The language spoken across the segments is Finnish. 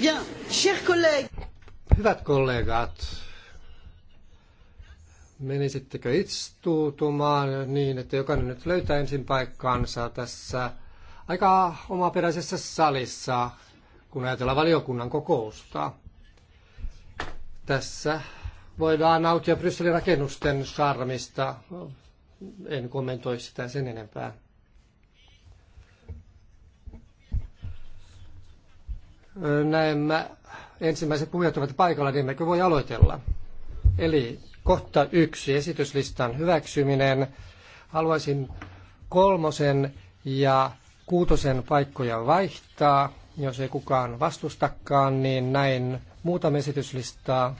Bien, chers collègues. Hyvät kollegat, menisittekö istuutumaan niin, että jokainen nyt löytää ensin paikkaansa tässä aika omaperäisessä salissa, kun ajatellaan valiokunnan kokousta. Tässä voidaan nauttia Brysselin rakennusten charmista. En kommentoi sitä sen enempää. Näemmä ensimmäiset puhujat ovat paikalla, niin mekö voi aloitella. Eli kohta yksi, esityslistan hyväksyminen. Haluaisin kolmosen ja kuutosen paikkoja vaihtaa. Jos ei kukaan vastustakaan, niin näin muutama esityslistaa.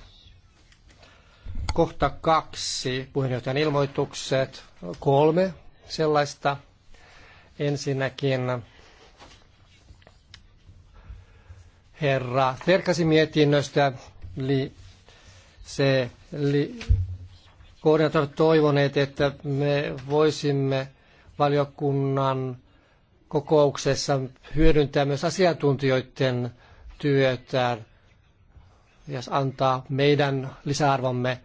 Kohta kaksi, puheenjohtajan ilmoitukset, kolme sellaista. Ensinnäkin herra Terkasi mietinnöstä. li se, li koordinaattorit toivoneet, että me voisimme valiokunnan kokouksessa hyödyntää myös asiantuntijoiden työtä ja antaa meidän lisäarvomme.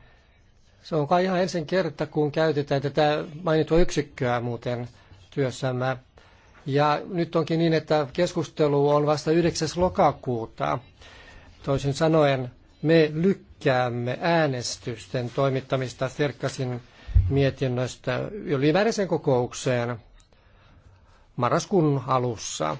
Se on kai ihan ensin kerta, kun käytetään tätä mainittua yksikköä muuten työssämme. Ja nyt onkin niin, että keskustelu on vasta 9. lokakuuta. Toisin sanoen me lykkäämme äänestysten toimittamista Serkkasin mietinnöstä ylimääräiseen kokoukseen marraskuun alussa.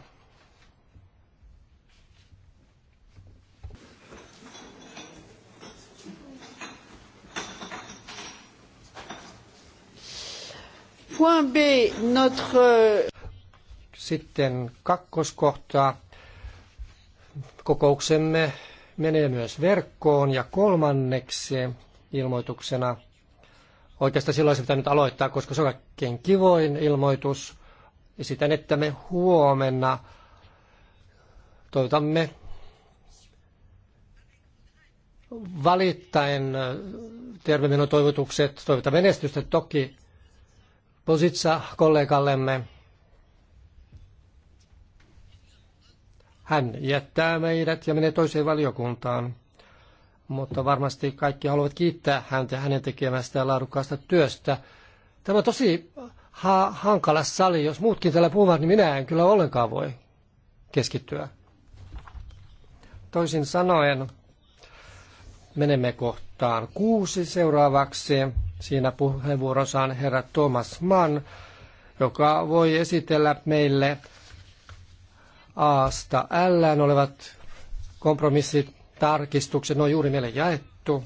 Point B, notre... Sitten kakkoskohtaa Kokouksemme menee myös verkkoon ja kolmanneksi ilmoituksena. Oikeastaan silloin se pitää nyt aloittaa, koska se on kaikkein kivoin ilmoitus. Esitän, että me huomenna toivotamme valittain terveydenhoitoivotukset, toivotan menestystä toki Positsa kollegallemme Hän jättää meidät ja menee toiseen valiokuntaan. Mutta varmasti kaikki haluavat kiittää häntä hänen ja laadukkaasta työstä. Tämä on tosi ha- hankala sali. Jos muutkin täällä puhuvat, niin minä en kyllä ollenkaan voi keskittyä. Toisin sanoen, menemme kohtaan kuusi seuraavaksi. Siinä on herra Thomas Mann, joka voi esitellä meille Asta L olevat kompromissitarkistukset, ne on juuri meille jaettu.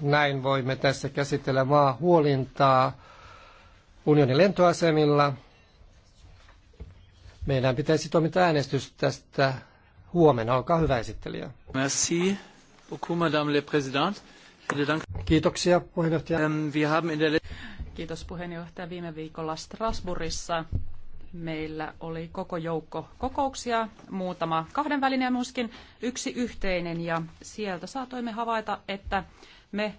Näin voimme tässä käsitellä huolintaa unionin lentoasemilla. Meidän pitäisi toimita äänestys tästä huomenna. Olkaa hyvä esittelijä. Merci beaucoup, madame le président. Kiitoksia puheenjohtaja. Ähm, Kiitos puheenjohtaja. Viime viikolla Strasbourgissa meillä oli koko joukko kokouksia, muutama kahdenvälinen ja myöskin yksi yhteinen. Ja sieltä saatoimme havaita, että me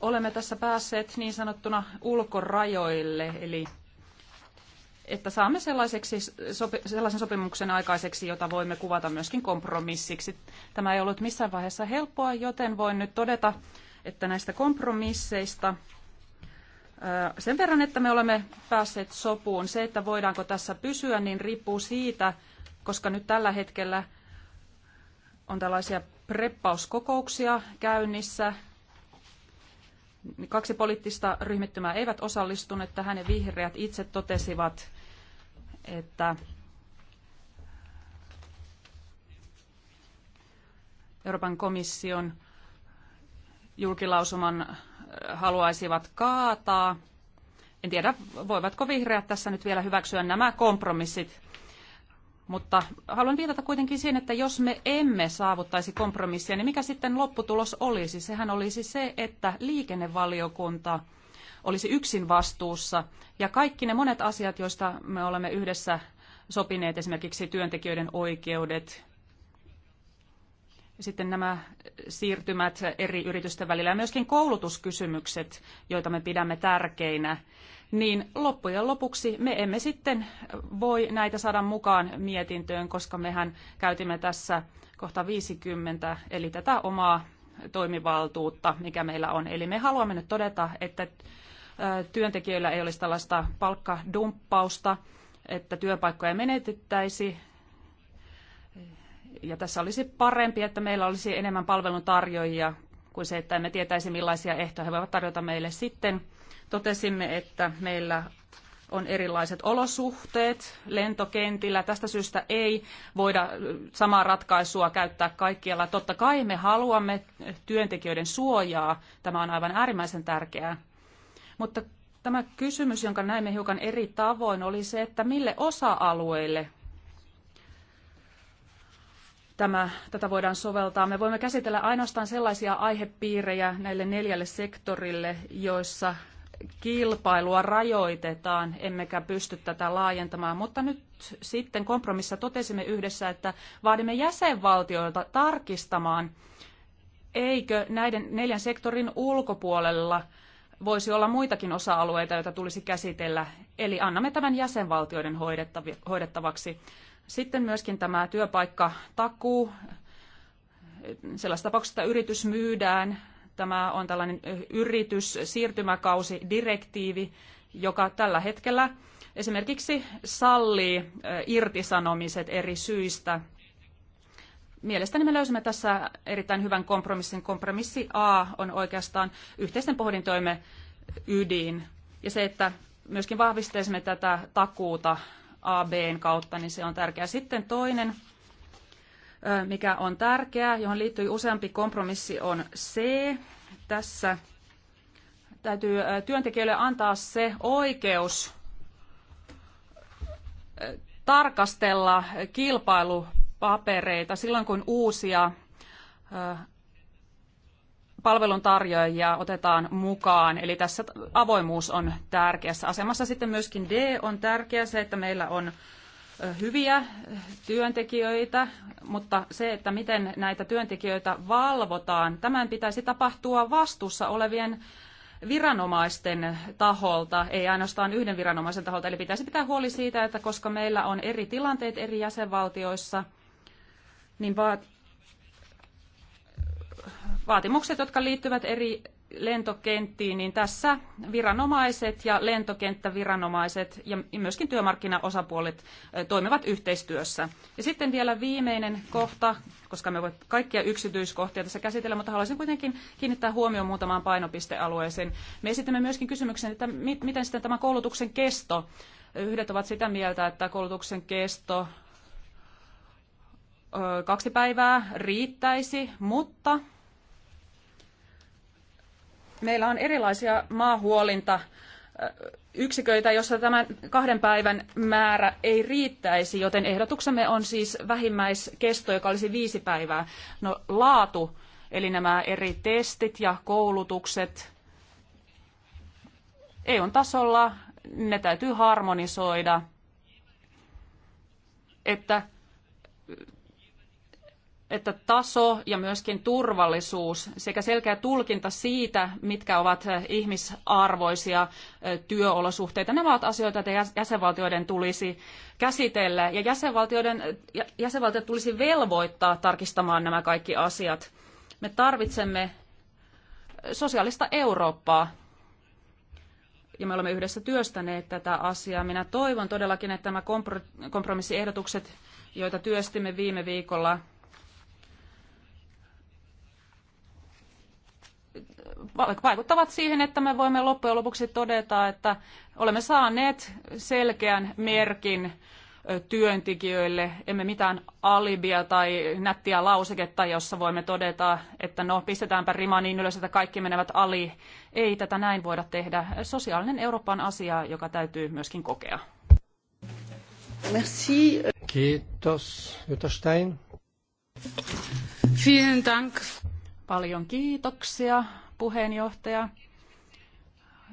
olemme tässä päässeet niin sanottuna ulkorajoille, eli että saamme sellaiseksi, sopi, sellaisen sopimuksen aikaiseksi, jota voimme kuvata myöskin kompromissiksi. Tämä ei ollut missään vaiheessa helppoa, joten voin nyt todeta, että näistä kompromisseista sen verran, että me olemme päässeet sopuun. Se, että voidaanko tässä pysyä, niin riippuu siitä, koska nyt tällä hetkellä on tällaisia preppauskokouksia käynnissä. Kaksi poliittista ryhmittymää eivät osallistuneet tähän ja vihreät itse totesivat, että Euroopan komission julkilausuman haluaisivat kaataa. En tiedä, voivatko vihreät tässä nyt vielä hyväksyä nämä kompromissit, mutta haluan viitata kuitenkin siihen, että jos me emme saavuttaisi kompromissia, niin mikä sitten lopputulos olisi? Sehän olisi se, että liikennevaliokunta olisi yksin vastuussa ja kaikki ne monet asiat, joista me olemme yhdessä sopineet, esimerkiksi työntekijöiden oikeudet, sitten nämä siirtymät eri yritysten välillä ja myöskin koulutuskysymykset, joita me pidämme tärkeinä, niin loppujen lopuksi me emme sitten voi näitä saada mukaan mietintöön, koska mehän käytimme tässä kohta 50, eli tätä omaa toimivaltuutta, mikä meillä on. Eli me haluamme nyt todeta, että työntekijöillä ei olisi tällaista palkkadumppausta, että työpaikkoja menetettäisi ja tässä olisi parempi, että meillä olisi enemmän palveluntarjoajia kuin se, että emme tietäisi millaisia ehtoja he voivat tarjota meille. Sitten totesimme, että meillä on erilaiset olosuhteet lentokentillä. Tästä syystä ei voida samaa ratkaisua käyttää kaikkialla. Totta kai me haluamme työntekijöiden suojaa. Tämä on aivan äärimmäisen tärkeää. Mutta tämä kysymys, jonka näimme hiukan eri tavoin, oli se, että mille osa-alueille tämä, tätä voidaan soveltaa. Me voimme käsitellä ainoastaan sellaisia aihepiirejä näille neljälle sektorille, joissa kilpailua rajoitetaan, emmekä pysty tätä laajentamaan. Mutta nyt sitten kompromissa totesimme yhdessä, että vaadimme jäsenvaltioilta tarkistamaan, eikö näiden neljän sektorin ulkopuolella voisi olla muitakin osa-alueita, joita tulisi käsitellä. Eli annamme tämän jäsenvaltioiden hoidettavaksi. Sitten myöskin tämä työpaikkatakuu. Sellaisessa tapauksessa, että yritys myydään, tämä on tällainen yritys siirtymäkausi direktiivi, joka tällä hetkellä esimerkiksi sallii irtisanomiset eri syistä. Mielestäni me löysimme tässä erittäin hyvän kompromissin. Kompromissi A on oikeastaan yhteisten pohdintoimme ydin ja se, että myöskin vahvistaisimme tätä takuuta ABn kautta, niin se on tärkeää. Sitten toinen, mikä on tärkeää, johon liittyy useampi kompromissi, on C. Tässä täytyy työntekijöille antaa se oikeus tarkastella kilpailupapereita silloin, kun uusia palveluntarjoajia otetaan mukaan. Eli tässä avoimuus on tärkeässä asemassa. Sitten myöskin D on tärkeä se, että meillä on hyviä työntekijöitä, mutta se, että miten näitä työntekijöitä valvotaan, tämän pitäisi tapahtua vastuussa olevien viranomaisten taholta, ei ainoastaan yhden viranomaisen taholta. Eli pitäisi pitää huoli siitä, että koska meillä on eri tilanteet eri jäsenvaltioissa, niin vaatimukset, jotka liittyvät eri lentokenttiin, niin tässä viranomaiset ja lentokenttäviranomaiset ja myöskin työmarkkinaosapuolet toimivat yhteistyössä. Ja sitten vielä viimeinen kohta, koska me voimme kaikkia yksityiskohtia tässä käsitellä, mutta haluaisin kuitenkin kiinnittää huomioon muutamaan painopistealueeseen. Me esitämme myöskin kysymyksen, että miten sitten tämä koulutuksen kesto, yhdet ovat sitä mieltä, että koulutuksen kesto kaksi päivää riittäisi, mutta Meillä on erilaisia maahuolinta yksiköitä, jossa tämän kahden päivän määrä ei riittäisi, joten ehdotuksemme on siis vähimmäiskesto, joka olisi viisi päivää. No laatu, eli nämä eri testit ja koulutukset EUn tasolla, ne täytyy harmonisoida, että että taso ja myöskin turvallisuus sekä selkeä tulkinta siitä, mitkä ovat eh, ihmisarvoisia eh, työolosuhteita, nämä ovat asioita, joita jäsenvaltioiden tulisi käsitellä ja jäsenvaltioiden, eh, jäsenvaltiot tulisi velvoittaa tarkistamaan nämä kaikki asiat. Me tarvitsemme sosiaalista Eurooppaa, ja me olemme yhdessä työstäneet tätä asiaa. Minä toivon todellakin, että nämä kompromissiehdotukset, joita työstimme viime viikolla, vaikuttavat siihen, että me voimme loppujen lopuksi todeta, että olemme saaneet selkeän merkin työntekijöille, emme mitään alibia tai nättiä lauseketta, jossa voimme todeta, että no pistetäänpä rima niin ylös, että kaikki menevät ali. Ei tätä näin voida tehdä. Sosiaalinen Eurooppa on asia, joka täytyy myöskin kokea. Merci. Kiitos, Jutta Stein. Vielen Dank. Paljon kiitoksia puheenjohtaja.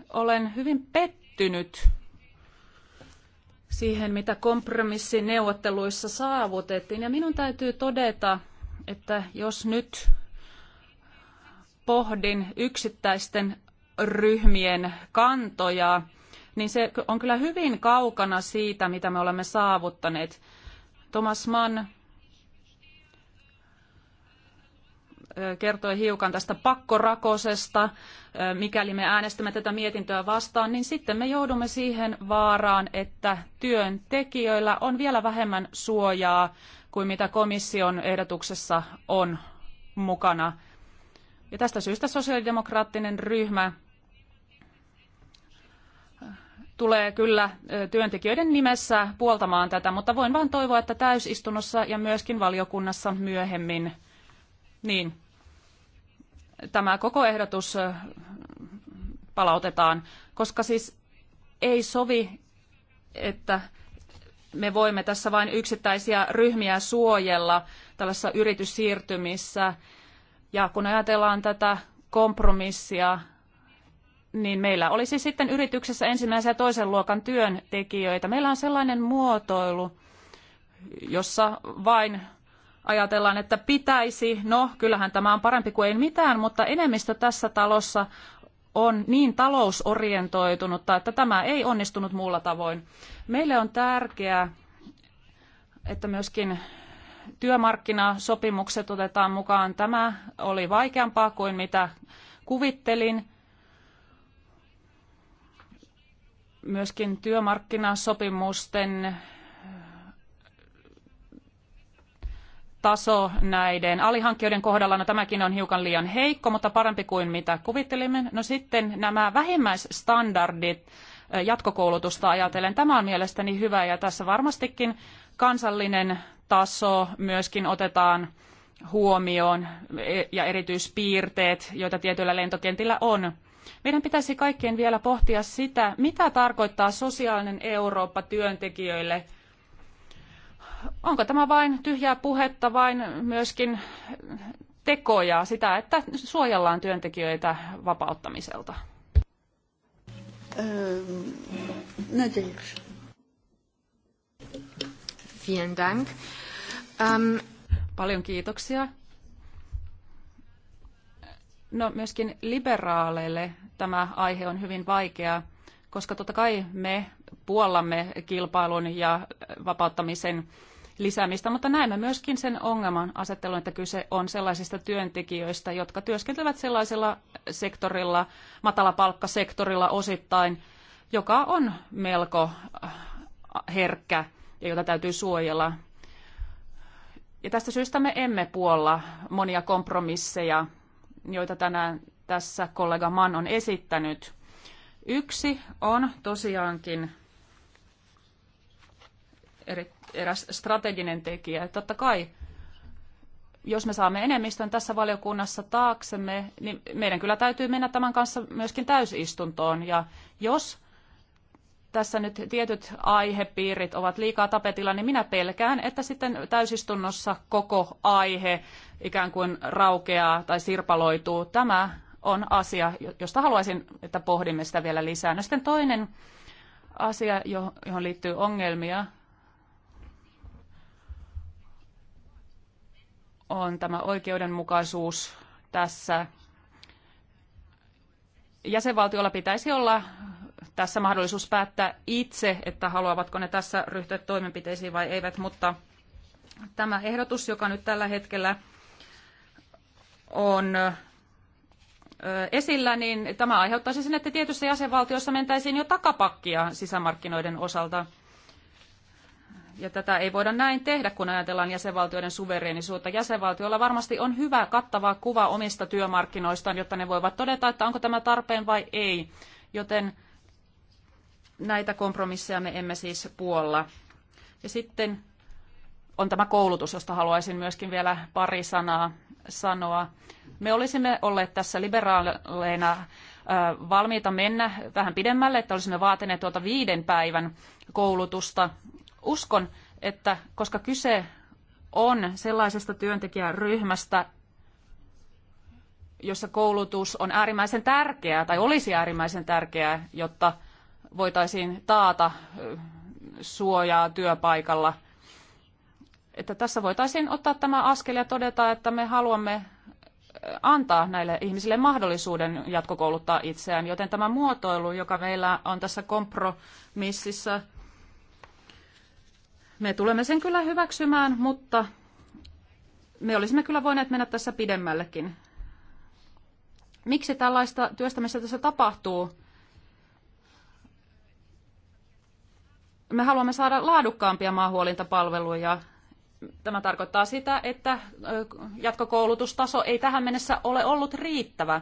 Olen hyvin pettynyt siihen, mitä kompromissineuvotteluissa saavutettiin. Ja minun täytyy todeta, että jos nyt pohdin yksittäisten ryhmien kantoja, niin se on kyllä hyvin kaukana siitä, mitä me olemme saavuttaneet. Thomas Mann kertoi hiukan tästä pakkorakosesta. Mikäli me äänestämme tätä mietintöä vastaan, niin sitten me joudumme siihen vaaraan, että työntekijöillä on vielä vähemmän suojaa kuin mitä komission ehdotuksessa on mukana. Ja tästä syystä sosiaalidemokraattinen ryhmä tulee kyllä työntekijöiden nimessä puoltamaan tätä, mutta voin vain toivoa, että täysistunnossa ja myöskin valiokunnassa myöhemmin niin tämä koko ehdotus palautetaan, koska siis ei sovi, että me voimme tässä vain yksittäisiä ryhmiä suojella tällaisessa yrityssiirtymissä. Ja kun ajatellaan tätä kompromissia, niin meillä olisi sitten yrityksessä ensimmäisen ja toisen luokan työntekijöitä. Meillä on sellainen muotoilu, jossa vain ajatellaan, että pitäisi, no kyllähän tämä on parempi kuin ei mitään, mutta enemmistö tässä talossa on niin talousorientoitunutta, että tämä ei onnistunut muulla tavoin. Meille on tärkeää, että myöskin työmarkkinasopimukset otetaan mukaan. Tämä oli vaikeampaa kuin mitä kuvittelin. Myöskin työmarkkinasopimusten taso näiden alihankkijoiden kohdalla, no tämäkin on hiukan liian heikko, mutta parempi kuin mitä kuvittelimme. No sitten nämä vähimmäisstandardit jatkokoulutusta ajatellen, tämä on mielestäni hyvä ja tässä varmastikin kansallinen taso myöskin otetaan huomioon e, ja erityispiirteet, joita tietyillä lentokentillä on. Meidän pitäisi kaikkien vielä pohtia sitä, mitä tarkoittaa sosiaalinen Eurooppa työntekijöille – onko tämä vain tyhjää puhetta, vain myöskin tekoja, sitä, että suojellaan työntekijöitä vapauttamiselta? Ähm, no Vielen Dank. Ähm, Paljon kiitoksia. No myöskin liberaaleille tämä aihe on hyvin vaikea, koska totta kai me puollamme kilpailun ja vapauttamisen lisäämistä, mutta näemme myöskin sen ongelman asettelun, että kyse on sellaisista työntekijöistä, jotka työskentelevät sellaisella sektorilla, matalapalkkasektorilla osittain, joka on melko äh, herkkä ja jota täytyy suojella. Ja tästä syystä me emme puolla monia kompromisseja, joita tänään tässä kollega Mann on esittänyt. Yksi on tosiaankin erittäin eräs strateginen tekijä. Totta kai, jos me saamme enemmistön tässä valiokunnassa taaksemme, niin meidän kyllä täytyy mennä tämän kanssa myöskin täysistuntoon. Ja jos tässä nyt tietyt aihepiirit ovat liikaa tapetilla, niin minä pelkään, että sitten täysistunnossa koko aihe ikään kuin raukeaa tai sirpaloituu. Tämä on asia, josta haluaisin, että pohdimme sitä vielä lisää. No sitten toinen asia, johon liittyy ongelmia, on tämä oikeudenmukaisuus tässä. Jäsenvaltiolla pitäisi olla tässä mahdollisuus päättää itse, että haluavatko ne tässä ryhtyä toimenpiteisiin vai eivät, mutta tämä ehdotus, joka nyt tällä hetkellä on esillä, niin tämä aiheuttaisi sen, että tietyissä jäsenvaltioissa mentäisiin jo takapakkia sisämarkkinoiden osalta – ja tätä ei voida näin tehdä, kun ajatellaan jäsenvaltioiden suvereenisuutta. Jäsenvaltioilla varmasti on hyvä kattava kuva omista työmarkkinoistaan, jotta ne voivat todeta, että onko tämä tarpeen vai ei. Joten näitä kompromisseja me emme siis puolla. Ja sitten on tämä koulutus, josta haluaisin myöskin vielä pari sanaa sanoa. Me olisimme olleet tässä liberaaleina valmiita mennä vähän pidemmälle, että olisimme vaatineet tuota viiden päivän koulutusta Uskon, että koska kyse on sellaisesta työntekijäryhmästä, jossa koulutus on äärimmäisen tärkeää tai olisi äärimmäisen tärkeää, jotta voitaisiin taata suojaa työpaikalla. Että tässä voitaisiin ottaa tämä askel ja todeta, että me haluamme antaa näille ihmisille mahdollisuuden jatkokouluttaa itseään, joten tämä muotoilu, joka meillä on tässä kompromississa, me tulemme sen kyllä hyväksymään, mutta me olisimme kyllä voineet mennä tässä pidemmällekin. Miksi tällaista työstämistä tässä tapahtuu? Me haluamme saada laadukkaampia maahuolintapalveluja. Tämä tarkoittaa sitä, että jatkokoulutustaso ei tähän mennessä ole ollut riittävä.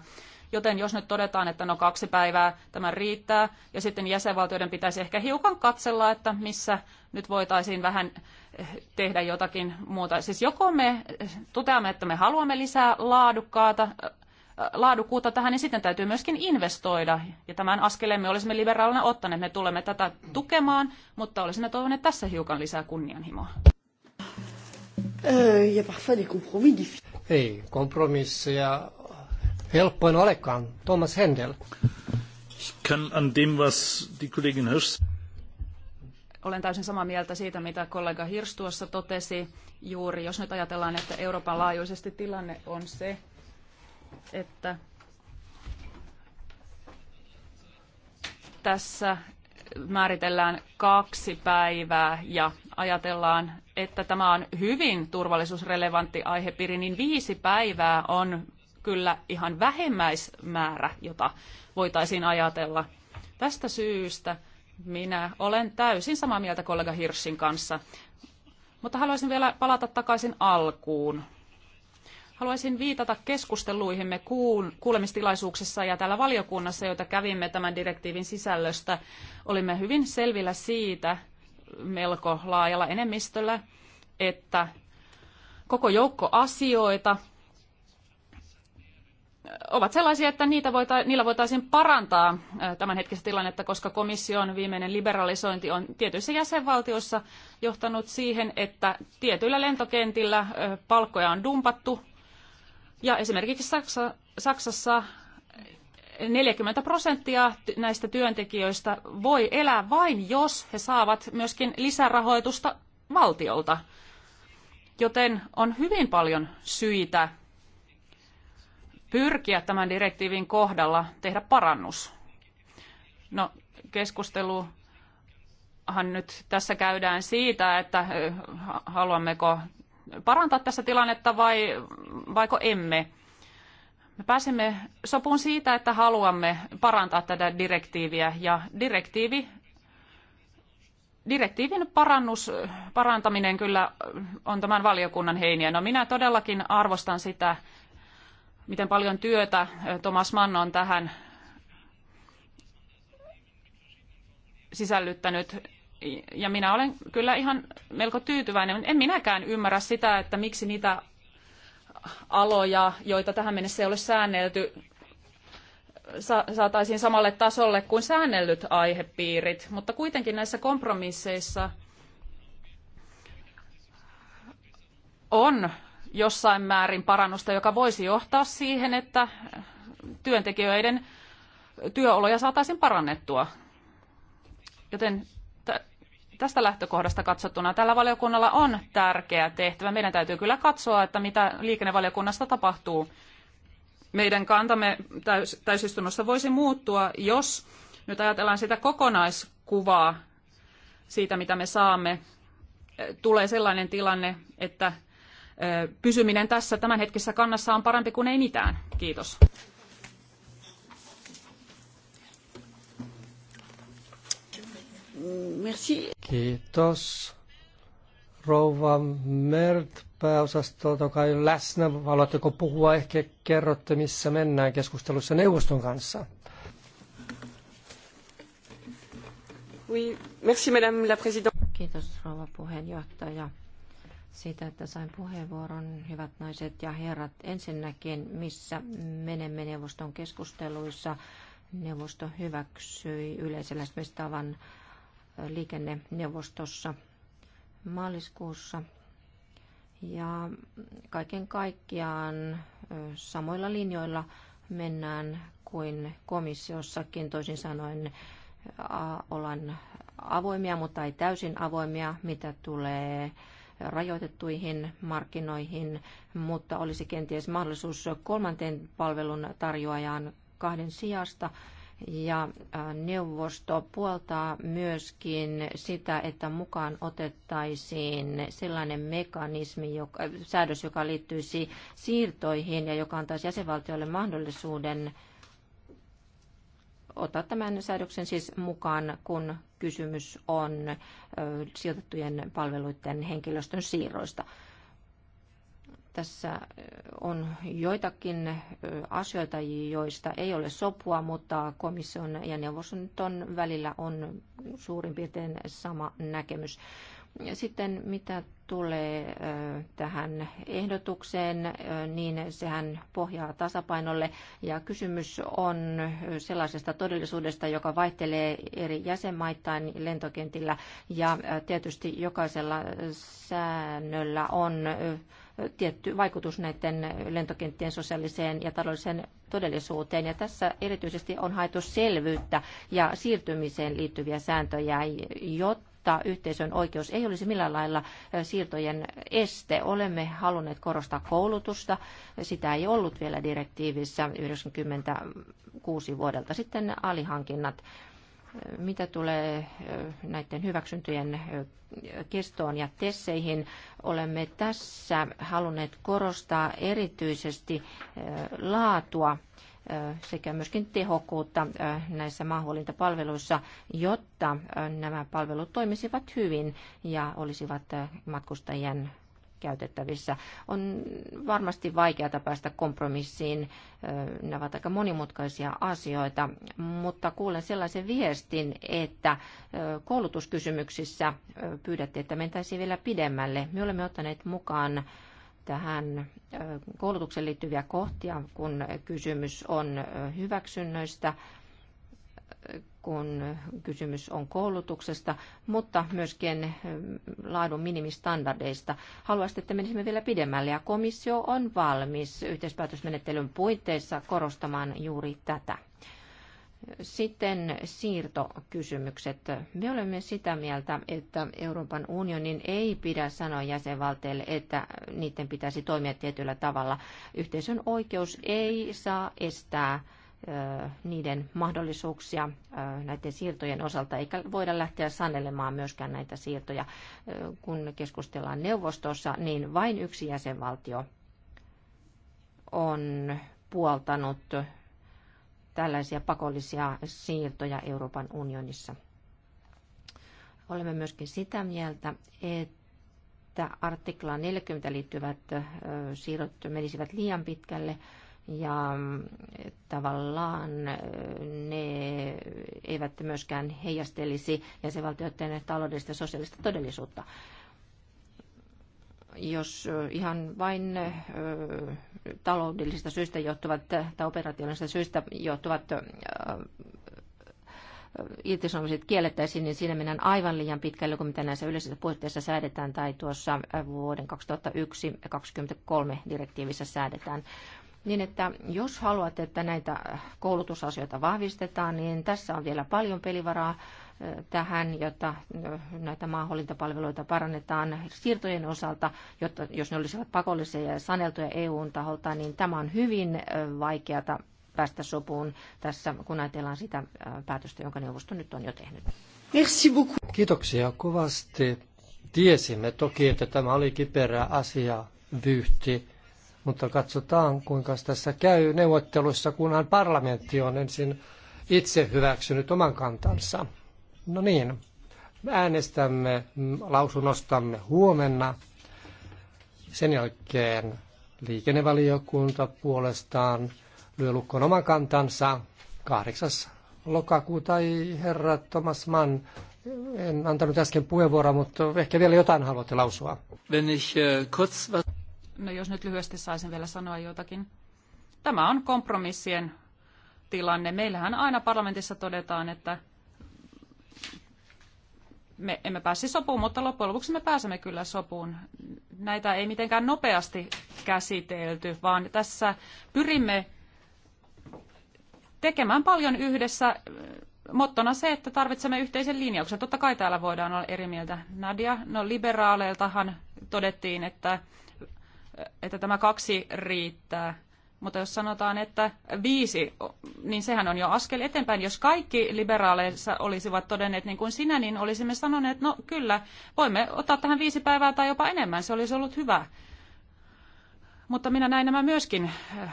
Joten jos nyt todetaan, että no kaksi päivää tämä riittää, ja sitten jäsenvaltioiden pitäisi ehkä hiukan katsella, että missä nyt voitaisiin vähän eh, tehdä jotakin muuta. Siis joko me eh, toteamme, että me haluamme lisää laadukkaata eh, laadukkuutta tähän, niin sitten täytyy myöskin investoida. Ja tämän askeleen me olisimme liberaalina ottaneet. Me tulemme tätä tukemaan, mutta olisimme toivoneet tässä hiukan lisää kunnianhimoa. Äh, Ei, kompromisseja helppoin olekaan. Thomas Händel. Olen täysin samaa mieltä siitä, mitä kollega Hirsch tuossa totesi juuri. Jos nyt ajatellaan, että Euroopan laajuisesti tilanne on se, että tässä määritellään kaksi päivää ja ajatellaan, että tämä on hyvin turvallisuusrelevantti aihepiiri, niin viisi päivää on kyllä ihan vähimmäismäärä, jota voitaisiin ajatella. Tästä syystä minä olen täysin samaa mieltä kollega Hirschin kanssa, mutta haluaisin vielä palata takaisin alkuun. Haluaisin viitata keskusteluihimme kuulemistilaisuuksessa ja täällä valiokunnassa, joita kävimme tämän direktiivin sisällöstä. Olimme hyvin selvillä siitä melko laajalla enemmistöllä, että koko joukko asioita, ovat sellaisia, että niitä voita, niillä voitaisiin parantaa tämänhetkistä tilannetta, koska komission viimeinen liberalisointi on tietyissä jäsenvaltioissa johtanut siihen, että tietyillä lentokentillä palkkoja on dumpattu. Ja esimerkiksi Saksa, Saksassa 40 prosenttia näistä työntekijöistä voi elää vain, jos he saavat myöskin lisärahoitusta valtiolta. Joten on hyvin paljon syitä pyrkiä tämän direktiivin kohdalla tehdä parannus? No, keskustelu hän nyt tässä käydään siitä, että haluammeko parantaa tässä tilannetta vai vaiko emme. Me pääsemme sopuun siitä, että haluamme parantaa tätä direktiiviä ja direktiivi, direktiivin parannus, parantaminen kyllä on tämän valiokunnan heiniä. No minä todellakin arvostan sitä, miten paljon työtä Thomas Mann on tähän sisällyttänyt. Ja minä olen kyllä ihan melko tyytyväinen. En minäkään ymmärrä sitä, että miksi niitä aloja, joita tähän mennessä ei ole säännelty, saataisiin samalle tasolle kuin säännellyt aihepiirit. Mutta kuitenkin näissä kompromisseissa on jossain määrin parannusta, joka voisi johtaa siihen, että työntekijöiden työoloja saataisiin parannettua. Joten tästä lähtökohdasta katsottuna tällä valiokunnalla on tärkeä tehtävä. Meidän täytyy kyllä katsoa, että mitä liikennevaliokunnasta tapahtuu. Meidän kantamme täys, täysistunnossa voisi muuttua, jos nyt ajatellaan sitä kokonaiskuvaa siitä, mitä me saamme. Tulee sellainen tilanne, että pysyminen tässä tämänhetkisessä kannassa on parempi kuin ei mitään. Kiitos. Merci. Kiitos. Rouva Mert pääosastolta, joka on läsnä. Haluatteko puhua? Ehkä kerrotte, missä mennään keskustelussa neuvoston kanssa. Oui, merci, madame la Kiitos, rouva puheenjohtaja siitä, että sain puheenvuoron, hyvät naiset ja herrat. Ensinnäkin, missä menemme neuvoston keskusteluissa. Neuvosto hyväksyi tavan liikenneneuvostossa maaliskuussa. Ja kaiken kaikkiaan samoilla linjoilla mennään kuin komissiossakin, toisin sanoen ollaan avoimia, mutta ei täysin avoimia, mitä tulee rajoitettuihin markkinoihin, mutta olisi kenties mahdollisuus kolmanteen palvelun tarjoajan kahden sijasta. Ja neuvosto puoltaa myöskin sitä, että mukaan otettaisiin sellainen mekanismi, joka, säädös, joka liittyisi siirtoihin ja joka antaisi jäsenvaltioille mahdollisuuden ottaa tämän säädöksen siis mukaan, kun kysymys on sijoitettujen palveluiden henkilöstön siirroista. Tässä on joitakin asioita, joista ei ole sopua, mutta komission ja neuvoston välillä on suurin piirtein sama näkemys. Sitten mitä tulee tähän ehdotukseen, niin sehän pohjaa tasapainolle ja kysymys on sellaisesta todellisuudesta, joka vaihtelee eri jäsenmaittain lentokentillä ja tietysti jokaisella säännöllä on tietty vaikutus näiden lentokenttien sosiaaliseen ja taloudelliseen todellisuuteen. Ja tässä erityisesti on haettu selvyyttä ja siirtymiseen liittyviä sääntöjä, jotta mutta yhteisön oikeus ei olisi millään lailla siirtojen este. Olemme halunneet korostaa koulutusta. Sitä ei ollut vielä direktiivissä 96 vuodelta. Sitten alihankinnat mitä tulee näiden hyväksyntöjen kestoon ja tesseihin, olemme tässä halunneet korostaa erityisesti laatua sekä myöskin tehokkuutta näissä maahuolintapalveluissa, jotta nämä palvelut toimisivat hyvin ja olisivat matkustajien käytettävissä. On varmasti vaikeata päästä kompromissiin. Nämä ovat aika monimutkaisia asioita, mutta kuulen sellaisen viestin, että koulutuskysymyksissä pyydätte, että mentäisiin vielä pidemmälle. Me olemme ottaneet mukaan tähän koulutukseen liittyviä kohtia, kun kysymys on hyväksynnöistä, kun kysymys on koulutuksesta, mutta myöskin laadun minimistandardeista. haluaisitte, että menisimme vielä pidemmälle ja komissio on valmis yhteispäätösmenettelyn puitteissa korostamaan juuri tätä. Sitten siirtokysymykset. Me olemme sitä mieltä, että Euroopan unionin ei pidä sanoa jäsenvaltioille, että niiden pitäisi toimia tietyllä tavalla. Yhteisön oikeus ei saa estää niiden mahdollisuuksia näiden siirtojen osalta, eikä voida lähteä sanelemaan myöskään näitä siirtoja. Kun keskustellaan neuvostossa, niin vain yksi jäsenvaltio on puoltanut tällaisia pakollisia siirtoja Euroopan unionissa. Olemme myöskin sitä mieltä, että artiklaan 40 liittyvät siirrot menisivät liian pitkälle ja mm, tavallaan ne eivät myöskään heijastelisi jäsenvaltioiden taloudellista ja sosiaalista todellisuutta jos ihan vain taloudellisista syistä johtuvat tai operationaalisista syistä johtuvat irtisanomiset kiellettäisiin, niin siinä mennään aivan liian pitkälle kuin mitä näissä yleisissä puitteissa säädetään tai tuossa vuoden 2001-2023 direktiivissä säädetään. Niin että jos haluat, että näitä koulutusasioita vahvistetaan, niin tässä on vielä paljon pelivaraa tähän, jotta näitä maahollintapalveluita parannetaan siirtojen osalta, jotta jos ne olisivat pakollisia ja saneltuja EUn taholta, niin tämä on hyvin vaikeata päästä sopuun tässä, kun ajatellaan sitä päätöstä, jonka neuvosto nyt on jo tehnyt. Merci beaucoup. Kiitoksia kovasti. Tiesimme toki, että tämä oli kiperä asia, vyhti, mutta katsotaan, kuinka tässä käy neuvotteluissa, kunhan parlamentti on ensin itse hyväksynyt oman kantansa. No niin, äänestämme lausunnostamme huomenna. Sen jälkeen liikennevaliokunta puolestaan lyö lukkoon oman kantansa 8. lokakuuta. Ei herra Thomas Mann, en antanut äsken puheenvuoroa, mutta ehkä vielä jotain haluatte lausua. Äh, no jos nyt lyhyesti saisin vielä sanoa jotakin. Tämä on kompromissien tilanne. Meillähän aina parlamentissa todetaan, että me emme pääse sopuun, mutta loppujen lopuksi me pääsemme kyllä sopuun. Näitä ei mitenkään nopeasti käsitelty, vaan tässä pyrimme tekemään paljon yhdessä. Mottona se, että tarvitsemme yhteisen linjauksen. Totta kai täällä voidaan olla eri mieltä. Nadia, no liberaaleiltahan todettiin, että, että tämä kaksi riittää. Mutta jos sanotaan, että viisi, niin sehän on jo askel eteenpäin. Jos kaikki liberaaleissa olisivat todenneet niin kuin sinä, niin olisimme sanoneet, että no kyllä, voimme ottaa tähän viisi päivää tai jopa enemmän, se olisi ollut hyvä. Mutta minä näin nämä myöskin eh,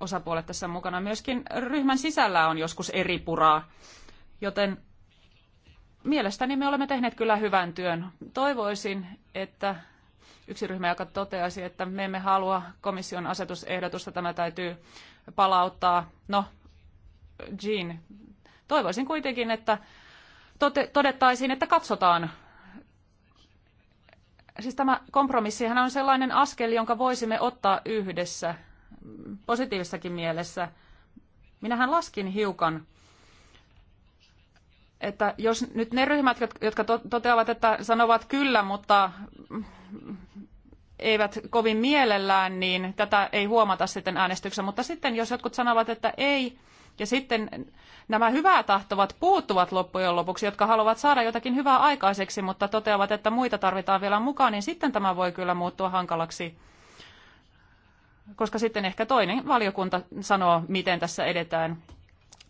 osapuolet tässä mukana. Myöskin ryhmän sisällä on joskus eri puraa, joten mielestäni me olemme tehneet kyllä hyvän työn. Toivoisin, että yksi ryhmä, joka toteasi, että me emme halua komission asetusehdotusta, tämä täytyy palauttaa. No, Jean, toivoisin kuitenkin, että tote, todettaisiin, että katsotaan. Siis tämä kompromissihan on sellainen askel, jonka voisimme ottaa yhdessä, positiivissakin mielessä. Minähän laskin hiukan että jos nyt ne ryhmät, jotka toteavat, että sanovat kyllä, mutta eivät kovin mielellään, niin tätä ei huomata sitten äänestyksessä. Mutta sitten jos jotkut sanovat, että ei, ja sitten nämä hyvää tahtovat puuttuvat loppujen lopuksi, jotka haluavat saada jotakin hyvää aikaiseksi, mutta toteavat, että muita tarvitaan vielä mukaan, niin sitten tämä voi kyllä muuttua hankalaksi. Koska sitten ehkä toinen valiokunta sanoo, miten tässä edetään.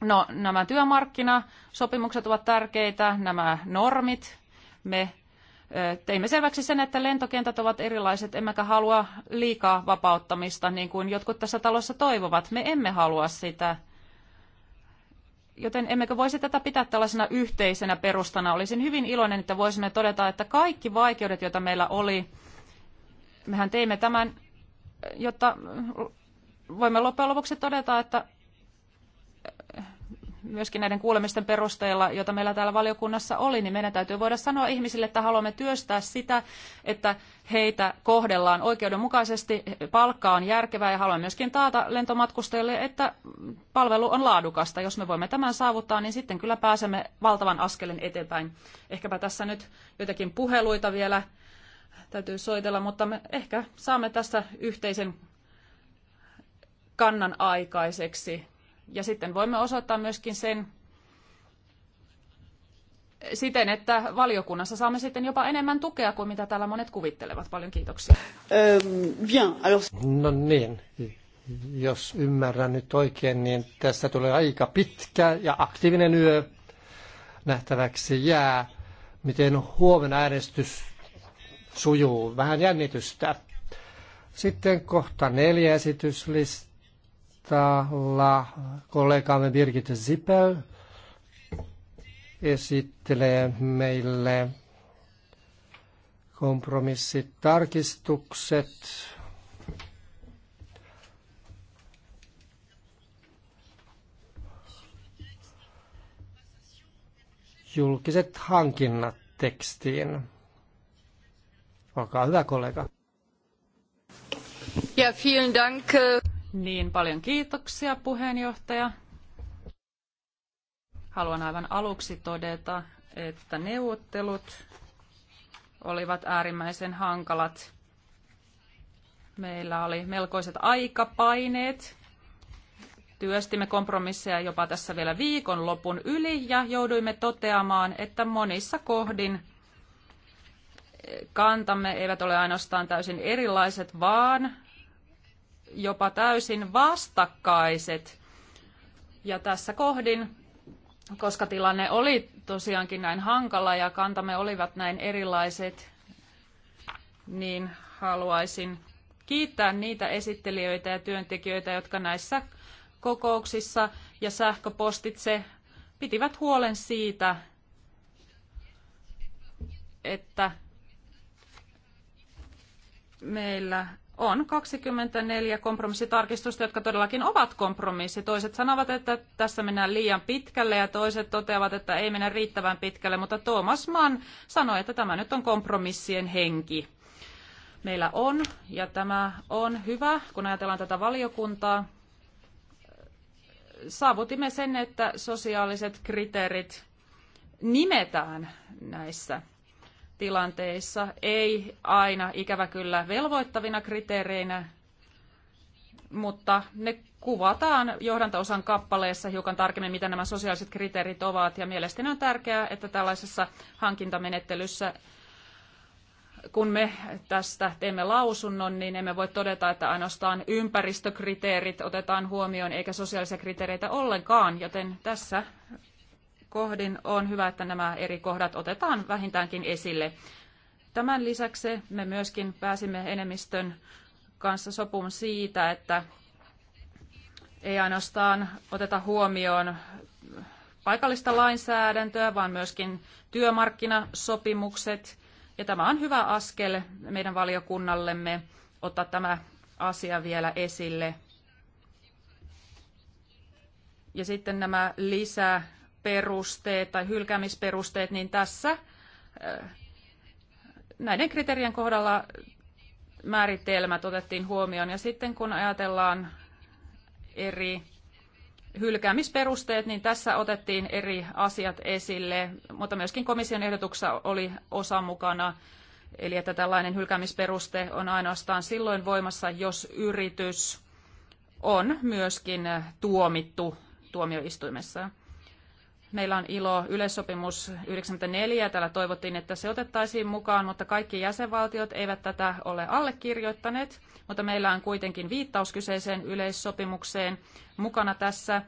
No, nämä työmarkkinasopimukset ovat tärkeitä, nämä normit. Me teimme selväksi sen, että lentokentät ovat erilaiset, emmekä halua liikaa vapauttamista, niin kuin jotkut tässä talossa toivovat. Me emme halua sitä. Joten emmekö voisi tätä pitää tällaisena yhteisenä perustana? Olisin hyvin iloinen, että voisimme todeta, että kaikki vaikeudet, joita meillä oli, mehän teimme tämän, jotta voimme loppujen lopuksi todeta, että myöskin näiden kuulemisten perusteella, jota meillä täällä valiokunnassa oli, niin meidän täytyy voida sanoa ihmisille, että haluamme työstää sitä, että heitä kohdellaan oikeudenmukaisesti, palkka on järkevää ja haluamme myöskin taata lentomatkustajille, että palvelu on laadukasta. Jos me voimme tämän saavuttaa, niin sitten kyllä pääsemme valtavan askelen eteenpäin. Ehkäpä tässä nyt jotakin puheluita vielä täytyy soitella, mutta me ehkä saamme tässä yhteisen kannan aikaiseksi ja sitten voimme osoittaa myöskin sen siten, että valiokunnassa saamme sitten jopa enemmän tukea kuin mitä täällä monet kuvittelevat. Paljon kiitoksia. Ähm, no niin, jos ymmärrän nyt oikein, niin tästä tulee aika pitkä ja aktiivinen yö nähtäväksi jää. Miten huomenna äänestys sujuu? Vähän jännitystä. Sitten kohta neljä esityslista Hautala, kollegamme Birgitte Zippel esittelee meille kompromissitarkistukset. Julkiset hankinnat tekstiin. Olkaa hyvä kollega. Ja, vielen Dank. Äh, niin paljon kiitoksia puheenjohtaja. Haluan aivan aluksi todeta, että neuvottelut olivat äärimmäisen hankalat. Meillä oli melkoiset aikapaineet. Työstimme kompromisseja jopa tässä vielä viikon lopun yli ja jouduimme toteamaan, että monissa kohdin kantamme eivät ole ainoastaan täysin erilaiset, vaan jopa täysin vastakkaiset. Ja tässä kohdin, koska tilanne oli tosiaankin näin hankala ja kantamme olivat näin erilaiset, niin haluaisin kiittää niitä esittelijöitä ja työntekijöitä, jotka näissä kokouksissa ja sähköpostitse pitivät huolen siitä, että meillä on 24 kompromissitarkistusta, jotka todellakin ovat kompromissi. Toiset sanovat, että tässä mennään liian pitkälle ja toiset toteavat, että ei mennä riittävän pitkälle, mutta Thomas Mann sanoi, että tämä nyt on kompromissien henki. Meillä on, ja tämä on hyvä, kun ajatellaan tätä valiokuntaa. Saavutimme sen, että sosiaaliset kriteerit nimetään näissä tilanteissa, ei aina ikävä kyllä velvoittavina kriteereinä, mutta ne kuvataan johdantaosan kappaleessa hiukan tarkemmin, mitä nämä sosiaaliset kriteerit ovat. Ja mielestäni on tärkeää, että tällaisessa hankintamenettelyssä, kun me tästä teemme lausunnon, niin emme voi todeta, että ainoastaan ympäristökriteerit otetaan huomioon eikä sosiaalisia kriteereitä ollenkaan, joten tässä kohdin, on hyvä, että nämä eri kohdat otetaan vähintäänkin esille. Tämän lisäksi me myöskin pääsimme enemmistön kanssa sopuun siitä, että ei ainoastaan oteta huomioon paikallista lainsäädäntöä, vaan myöskin työmarkkinasopimukset. Ja tämä on hyvä askel meidän valiokunnallemme ottaa tämä asia vielä esille. Ja sitten nämä lisää perusteet tai hylkäämisperusteet, niin tässä äh, näiden kriteerien kohdalla määritelmät otettiin huomioon. Ja sitten kun ajatellaan eri hylkäämisperusteet, niin tässä otettiin eri asiat esille, mutta myöskin komission ehdotuksessa oli osa mukana, eli että tällainen hylkäämisperuste on ainoastaan silloin voimassa, jos yritys on myöskin tuomittu tuomioistuimessa. Meillä on ilo yleissopimus 94, täällä toivottiin, että se otettaisiin mukaan, mutta kaikki jäsenvaltiot eivät tätä ole allekirjoittaneet, mutta meillä on kuitenkin viittaus kyseiseen yleissopimukseen mukana tässä.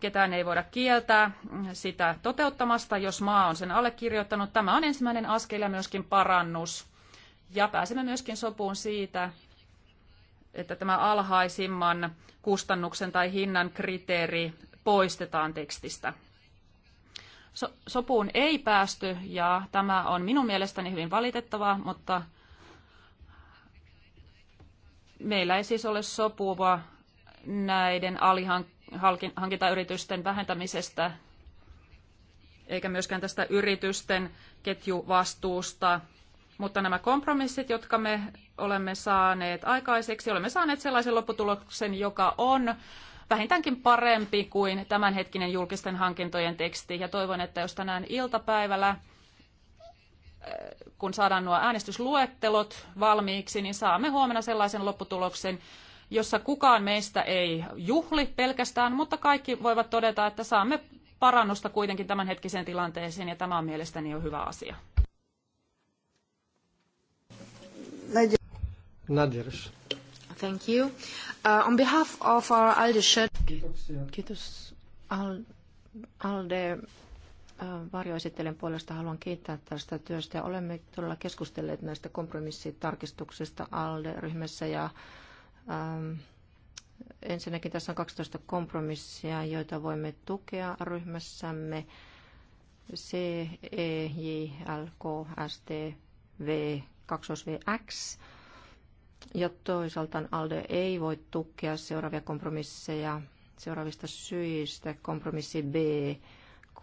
Ketään ei voida kieltää sitä toteuttamasta, jos maa on sen allekirjoittanut. Tämä on ensimmäinen askel ja myöskin parannus. Ja pääsemme myöskin sopuun siitä, että tämä alhaisimman kustannuksen tai hinnan kriteeri poistetaan tekstistä. So- sopuun ei päästy ja tämä on minun mielestäni hyvin valitettavaa, mutta meillä ei siis ole sopua näiden alihankintayritysten vähentämisestä eikä myöskään tästä yritysten ketjuvastuusta. Mutta nämä kompromissit, jotka me olemme saaneet aikaiseksi, olemme saaneet sellaisen lopputuloksen, joka on vähintäänkin parempi kuin tämänhetkinen julkisten hankintojen teksti. Ja toivon, että jos tänään iltapäivällä äh, kun saadaan nuo äänestysluettelot valmiiksi, niin saamme huomenna sellaisen lopputuloksen, jossa kukaan meistä ei juhli pelkästään, mutta kaikki voivat todeta, että saamme parannusta kuitenkin tämänhetkiseen tilanteeseen, ja tämä on mielestäni jo hyvä asia. Nadjers. Thank you. Uh, on behalf of our ALDE shed... Kiitoksia. Kiitos ALDE uh, varjoesittelijän puolesta haluan kiittää tästä työstä. Olemme todella keskustelleet näistä kompromissitarkistuksista ALDE-ryhmässä ja um, ensinnäkin tässä on 12 kompromissia, joita voimme tukea ryhmässämme. C, E, J, L, K, S, T, V, 2 V, X. Ja toisaalta ALDE ei voi tukea seuraavia kompromisseja seuraavista syistä. Kompromissi B,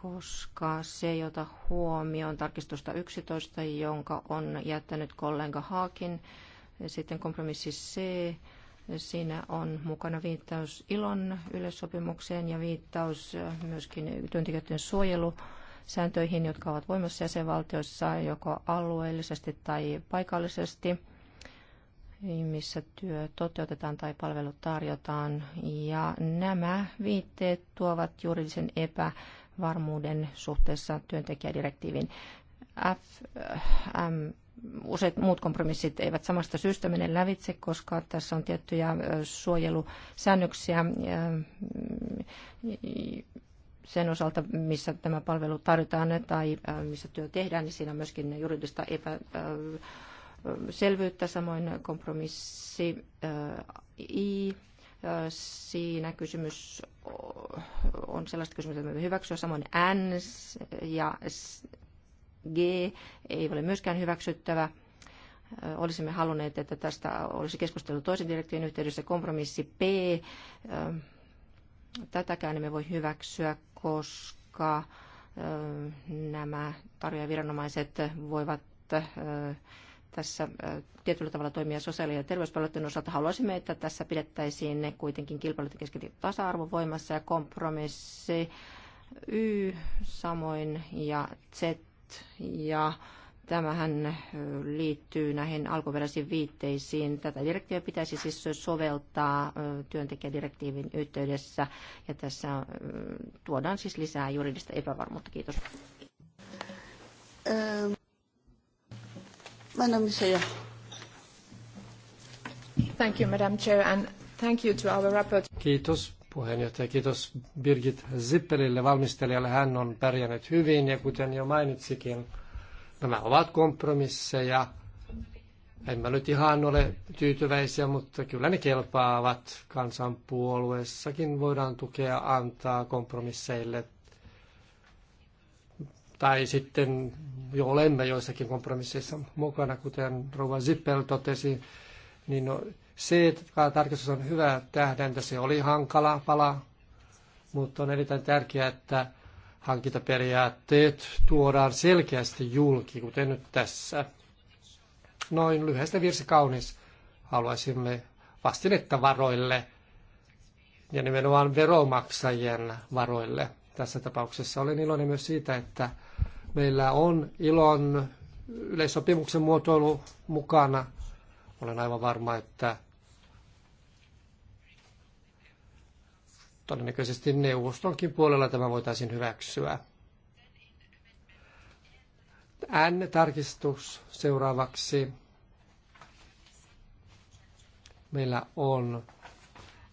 koska se ei ota huomioon tarkistusta 11, jonka on jättänyt kollega Haakin. Sitten kompromissi C, Siinä on mukana viittaus ilon yleissopimukseen ja viittaus myöskin työntekijöiden suojelusääntöihin, jotka ovat voimassa jäsenvaltioissa joko alueellisesti tai paikallisesti missä työ toteutetaan tai palvelut tarjotaan. Ja nämä viitteet tuovat juridisen epävarmuuden suhteessa työntekijädirektiivin. FM. Äh, useat muut kompromissit eivät samasta syystä mene lävitse, koska tässä on tiettyjä äh, suojelusäännöksiä äh, sen osalta, missä tämä palvelu tarjotaan tai missä työ tehdään, niin siinä on myöskin juridista epä, selvyyttä, samoin kompromissi I siinä kysymys on sellaista kysymystä, että me hyväksyä. Samoin N ja G ei ole myöskään hyväksyttävä. Olisimme halunneet, että tästä olisi keskustelu toisen direktiivin yhteydessä. Kompromissi P, tätäkään emme voi hyväksyä, koska nämä tarjoajaviranomaiset voivat tässä tietyllä tavalla toimia sosiaali- ja terveyspalveluiden osalta. Haluaisimme, että tässä pidettäisiin ne kuitenkin kilpailut keskityt tasa-arvo voimassa ja kompromissi Y samoin ja Z ja tämähän liittyy näihin alkuperäisiin viitteisiin. Tätä direktiiviä pitäisi siis soveltaa työntekijädirektiivin yhteydessä ja tässä tuodaan siis lisää juridista epävarmuutta. Kiitos. Ähm. Madam Chair. Thank you, Madam Chair, and thank you to our Kiitos puheenjohtaja. Kiitos Birgit Zippelille valmistelijalle. Hän on pärjännyt hyvin ja kuten jo mainitsikin, nämä ovat kompromisseja. En mä nyt ihan ole tyytyväisiä, mutta kyllä ne kelpaavat. Kansanpuolueessakin voidaan tukea antaa kompromisseille. Tai sitten jo olemme joissakin kompromisseissa mukana, kuten Rova Zippel totesi, niin no, se, että tarkistus on hyvä tähdäntä, se oli hankala pala, mutta on erittäin tärkeää, että hankintaperiaatteet tuodaan selkeästi julki, kuten nyt tässä. Noin lyhyesti virsi kaunis haluaisimme vastinetta varoille ja nimenomaan veromaksajien varoille. Tässä tapauksessa olen iloinen myös siitä, että Meillä on ilon yleissopimuksen muotoilu mukana. Olen aivan varma, että todennäköisesti neuvostonkin puolella tämä voitaisiin hyväksyä. N-tarkistus seuraavaksi. Meillä on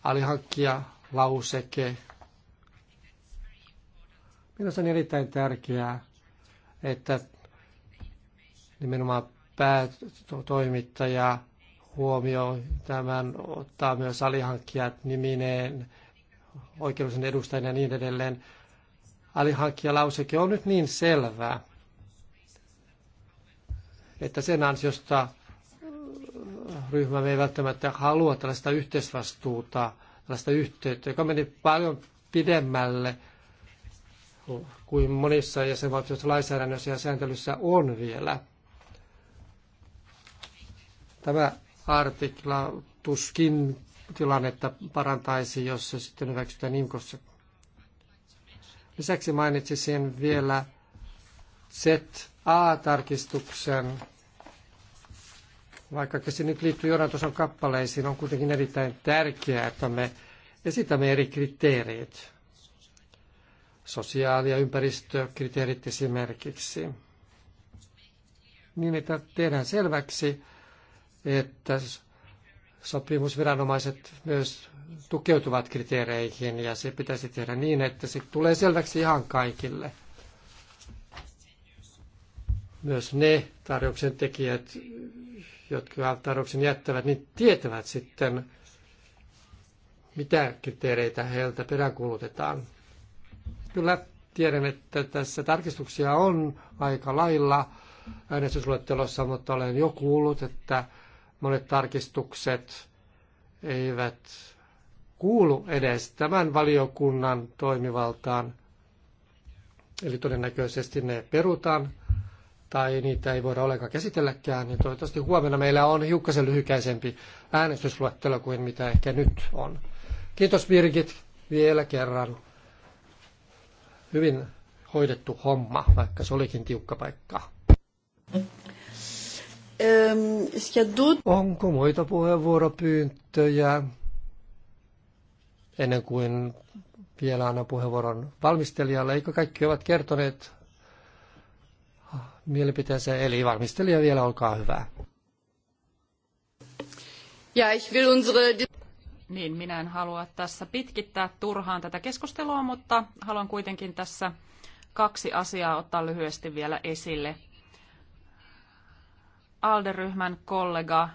alihankkija lauseke. Minusta on erittäin tärkeää, että nimenomaan päätoimittaja huomioi tämän ottaa myös alihankkijat nimineen, oikeudellisen edustajan ja niin edelleen. Alihankkijalauseke on nyt niin selvää, että sen ansiosta ryhmämme ei välttämättä halua tällaista yhteisvastuuta, tällaista yhteyttä, joka meni paljon pidemmälle kuin monissa jäsenvaltioissa lainsäädännössä ja sääntelyssä on vielä. Tämä artikla tuskin tilannetta parantaisi, jos se sitten hyväksytään Imkossa. Lisäksi mainitsisin vielä ZA-tarkistuksen. Vaikka se nyt liittyy jonain tuossa kappaleisiin, on kuitenkin erittäin tärkeää, että me esitämme eri kriteerit sosiaali- ja ympäristökriteerit esimerkiksi. Niin, että tehdään selväksi, että sopimusviranomaiset myös tukeutuvat kriteereihin ja se pitäisi tehdä niin, että se tulee selväksi ihan kaikille. Myös ne tarjouksen tekijät, jotka tarjouksen jättävät, niin tietävät sitten, mitä kriteereitä heiltä peräänkuulutetaan. Kyllä tiedän, että tässä tarkistuksia on aika lailla äänestysluettelossa, mutta olen jo kuullut, että monet tarkistukset eivät kuulu edes tämän valiokunnan toimivaltaan. Eli todennäköisesti ne perutaan tai niitä ei voida ollenkaan käsitelläkään, niin toivottavasti huomenna meillä on hiukkasen lyhykäisempi äänestysluettelo kuin mitä ehkä nyt on. Kiitos Birgit vielä kerran hyvin hoidettu homma, vaikka se olikin tiukka paikka. Ähm, Onko muita puheenvuoropyyntöjä? Ennen kuin vielä annan puheenvuoron valmistelijalle, eikö kaikki ovat kertoneet mielipiteensä? Eli valmistelija vielä, olkaa hyvä. Ja, ich will unsere niin minä en halua tässä pitkittää turhaan tätä keskustelua, mutta haluan kuitenkin tässä kaksi asiaa ottaa lyhyesti vielä esille. Alderyhmän kollega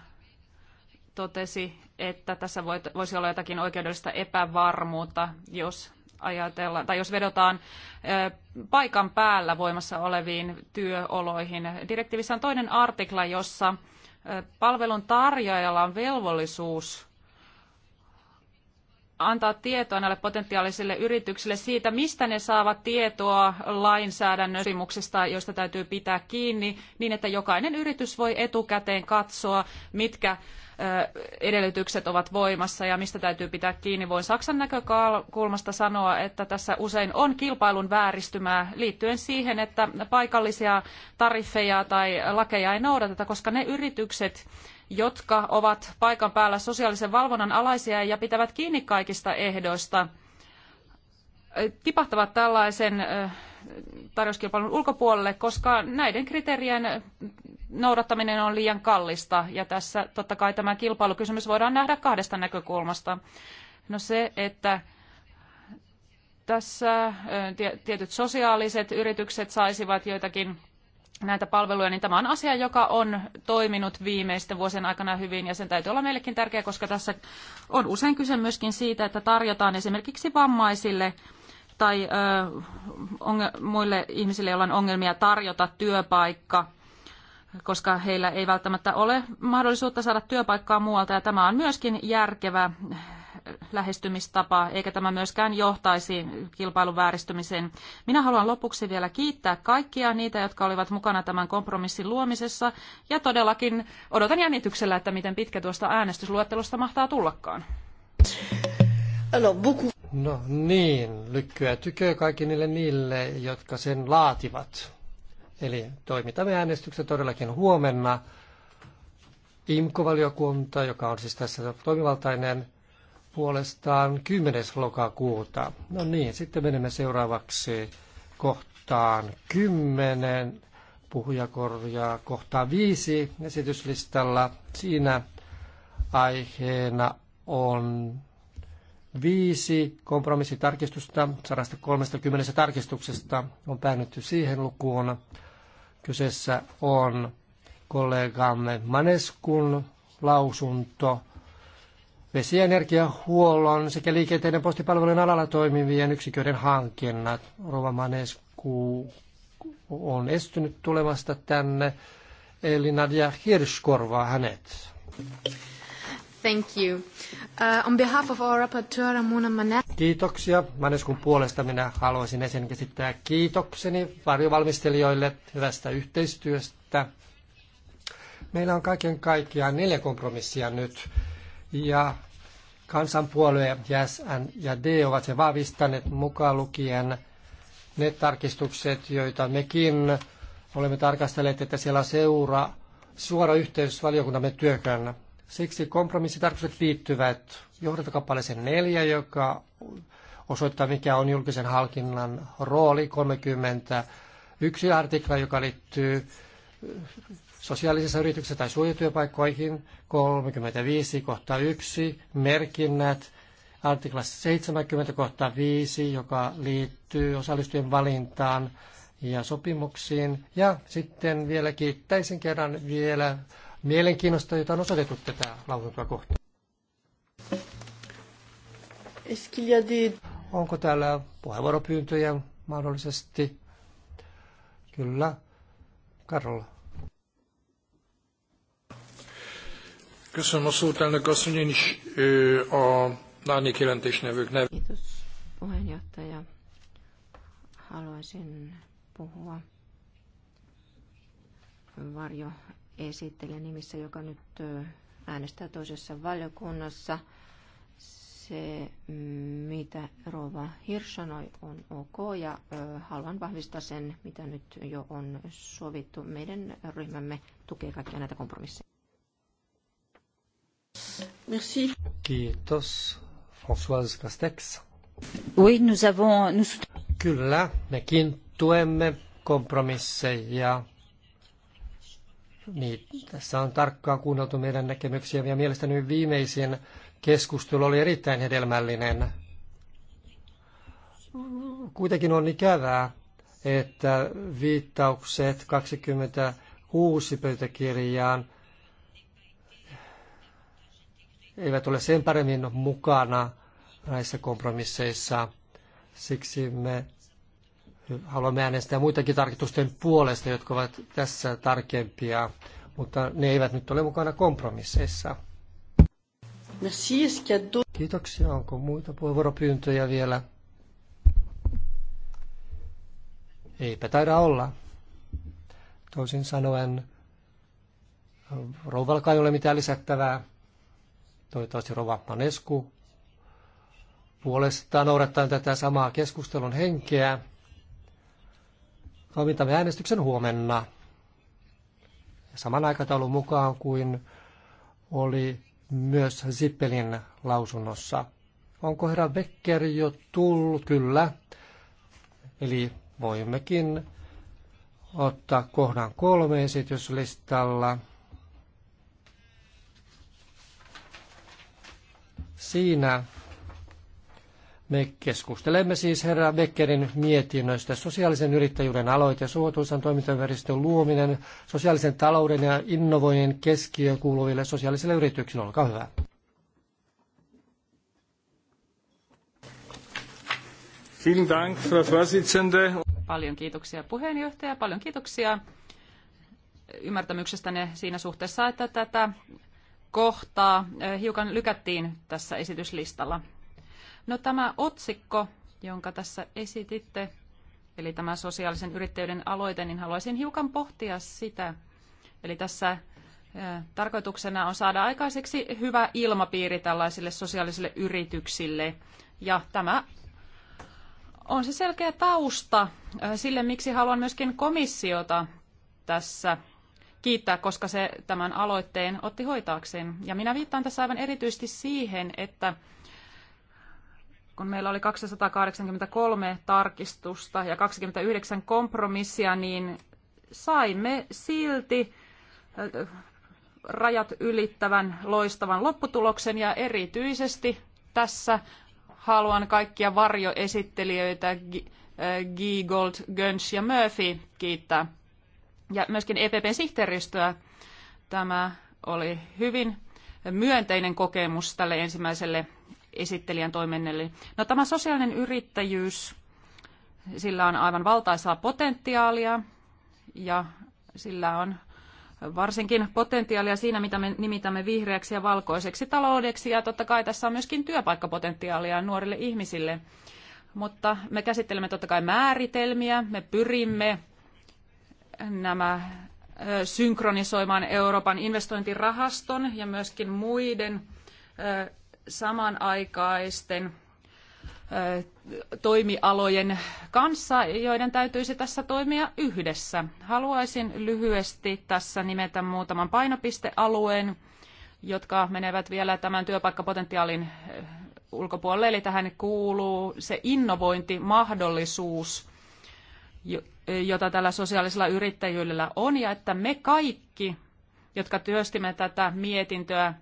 totesi, että tässä voisi olla jotakin oikeudellista epävarmuutta, jos ajatellaan, tai jos vedotaan paikan päällä voimassa oleviin työoloihin. Direktiivissä on toinen artikla, jossa palvelun tarjoajalla on velvollisuus antaa tietoa näille potentiaalisille yrityksille siitä, mistä ne saavat tietoa sopimuksista, joista täytyy pitää kiinni, niin että jokainen yritys voi etukäteen katsoa, mitkä edellytykset ovat voimassa ja mistä täytyy pitää kiinni. Voin Saksan näkökulmasta sanoa, että tässä usein on kilpailun vääristymää liittyen siihen, että paikallisia tariffeja tai lakeja ei noudateta, koska ne yritykset, jotka ovat paikan päällä sosiaalisen valvonnan alaisia ja pitävät kiinni kaikista ehdoista, tipahtavat tällaisen tarjouskilpailun ulkopuolelle, koska näiden kriteerien noudattaminen on liian kallista. Ja tässä totta kai tämä kilpailukysymys voidaan nähdä kahdesta näkökulmasta. No se, että tässä tietyt sosiaaliset yritykset saisivat joitakin näitä palveluja, niin tämä on asia, joka on toiminut viimeisten vuosien aikana hyvin ja sen täytyy olla meillekin tärkeä, koska tässä on usein kyse myöskin siitä, että tarjotaan esimerkiksi vammaisille tai ö, onge- muille ihmisille, joilla on ongelmia tarjota työpaikka, koska heillä ei välttämättä ole mahdollisuutta saada työpaikkaa muualta ja tämä on myöskin järkevä lähestymistapa, eikä tämä myöskään johtaisi kilpailun vääristymiseen. Minä haluan lopuksi vielä kiittää kaikkia niitä, jotka olivat mukana tämän kompromissin luomisessa, ja todellakin odotan jännityksellä, että miten pitkä tuosta äänestysluettelosta mahtaa tullakaan. No niin, lykkyä tykö kaikille niille, jotka sen laativat. Eli toimitamme äänestyksen todellakin huomenna. IMKO-valiokunta, joka on siis tässä toimivaltainen, puolestaan 10. lokakuuta. No niin, sitten menemme seuraavaksi kohtaan 10 puhujakorjaa kohtaan 5 esityslistalla. Siinä aiheena on viisi kompromissitarkistusta 130 tarkistuksesta on päännytty siihen lukuun. Kyseessä on kollegamme Maneskun lausunto – vesienergiahuollon sekä liikenteiden postipalvelujen alalla toimivien yksiköiden hankinnat. Rova Manesku on estynyt tulemasta tänne, eli Nadia Hirsch korvaa hänet. Thank you. Uh, on behalf of our rapporteur Ramona Manes... Kiitoksia. Maneskun puolesta minä haluaisin ensin esittää kiitokseni varjovalmistelijoille hyvästä yhteistyöstä. Meillä on kaiken kaikkiaan neljä kompromissia nyt ja kansanpuolue ja D ovat se vahvistaneet mukaan lukien ne tarkistukset, joita mekin olemme tarkastelleet, että siellä on seura, suora yhteys valiokuntamme työkön. Siksi kompromissitarkoitukset liittyvät johdantokappaleeseen neljä, joka osoittaa, mikä on julkisen halkinnan rooli 31 artikla, joka liittyy sosiaalisissa yrityksissä tai suojatyöpaikkoihin, 35 kohta 1, merkinnät, artikla 70 kohta 5, joka liittyy osallistujien valintaan ja sopimuksiin. Ja sitten vielä kiittäisin kerran vielä mielenkiinnosta, jota on osoitettu tätä lausuntoa kohtaan. Onko täällä puheenvuoropyyntöjä mahdollisesti? Kyllä. Karola. Köszönöm a szót, elnök asszony. Én is a Nárnyék jelentésnevők nev... Kiitos puheenjohtaja. Haluaisin puhua varjo esittelijä nimissä, joka nyt äänestää toisessa valiokunnassa. Se, mitä Rova Hirsch sanoi, on ok ja ö, haluan vahvistaa sen, mitä nyt jo on sovittu. Meidän ryhmämme tukee kaikkia näitä kompromisseja. Merci. Kiitos. Françoise Castex. Oui, nous avons, nous... Kyllä, mekin tuemme kompromisseja. Niin, tässä on tarkkaan kuunneltu meidän näkemyksiä ja mielestäni viimeisin keskustelu oli erittäin hedelmällinen. Kuitenkin on ikävää, että viittaukset 26 pöytäkirjaan eivät ole sen paremmin mukana näissä kompromisseissa. Siksi me haluamme äänestää muitakin tarkoitusten puolesta, jotka ovat tässä tarkempia, mutta ne eivät nyt ole mukana kompromisseissa. Kiitoksia. Onko muita puheenvuoropyyntöjä vielä? Eipä taida olla. Toisin sanoen, rouvalla ei ole mitään lisättävää. Toivottavasti Rova Manesku puolestaan noudattaen tätä samaa keskustelun henkeä. Toimintamme äänestyksen huomenna ja saman aikataulun mukaan kuin oli myös Zippelin lausunnossa. Onko herra Becker jo tullut? Kyllä. Eli voimmekin ottaa kohdan kolme esityslistalla. Siinä me keskustelemme siis herra Beckerin mietinnöistä sosiaalisen yrittäjyyden aloite, suotuisan toimintaympäristön luominen, sosiaalisen talouden ja innovoinnin keskiöön kuuluville sosiaalisille yrityksille. Olkaa hyvä. Paljon kiitoksia puheenjohtaja, paljon kiitoksia ymmärtämyksestäne siinä suhteessa, että tätä kohtaa hiukan lykättiin tässä esityslistalla. No tämä otsikko, jonka tässä esititte, eli tämä sosiaalisen yrittäjyyden aloite, niin haluaisin hiukan pohtia sitä. Eli tässä tarkoituksena on saada aikaiseksi hyvä ilmapiiri tällaisille sosiaalisille yrityksille. Ja tämä on se selkeä tausta sille, miksi haluan myöskin komissiota tässä kiittää, koska se tämän aloitteen otti hoitaakseen. Ja minä viittaan tässä aivan erityisesti siihen, että kun meillä oli 283 tarkistusta ja 29 kompromissia, niin saimme silti äh, rajat ylittävän loistavan lopputuloksen ja erityisesti tässä haluan kaikkia varjoesittelijöitä äh, Giegold, Gönsch ja Murphy kiittää ja myöskin EPPn sihteeristöä. Tämä oli hyvin myönteinen kokemus tälle ensimmäiselle esittelijän toimennelle. No tämä sosiaalinen yrittäjyys, sillä on aivan valtaisaa potentiaalia ja sillä on varsinkin potentiaalia siinä, mitä me nimitämme vihreäksi ja valkoiseksi taloudeksi. Ja totta kai tässä on myöskin työpaikkapotentiaalia nuorille ihmisille. Mutta me käsittelemme totta kai määritelmiä, me pyrimme nämä synkronisoimaan Euroopan investointirahaston ja myöskin muiden samanaikaisten toimialojen kanssa, joiden täytyisi tässä toimia yhdessä. Haluaisin lyhyesti tässä nimetä muutaman painopistealueen, jotka menevät vielä tämän työpaikkapotentiaalin ulkopuolelle, eli tähän kuuluu se innovointimahdollisuus, jota tällä sosiaalisella yrittäjyydellä on, ja että me kaikki, jotka työstimme tätä mietintöä,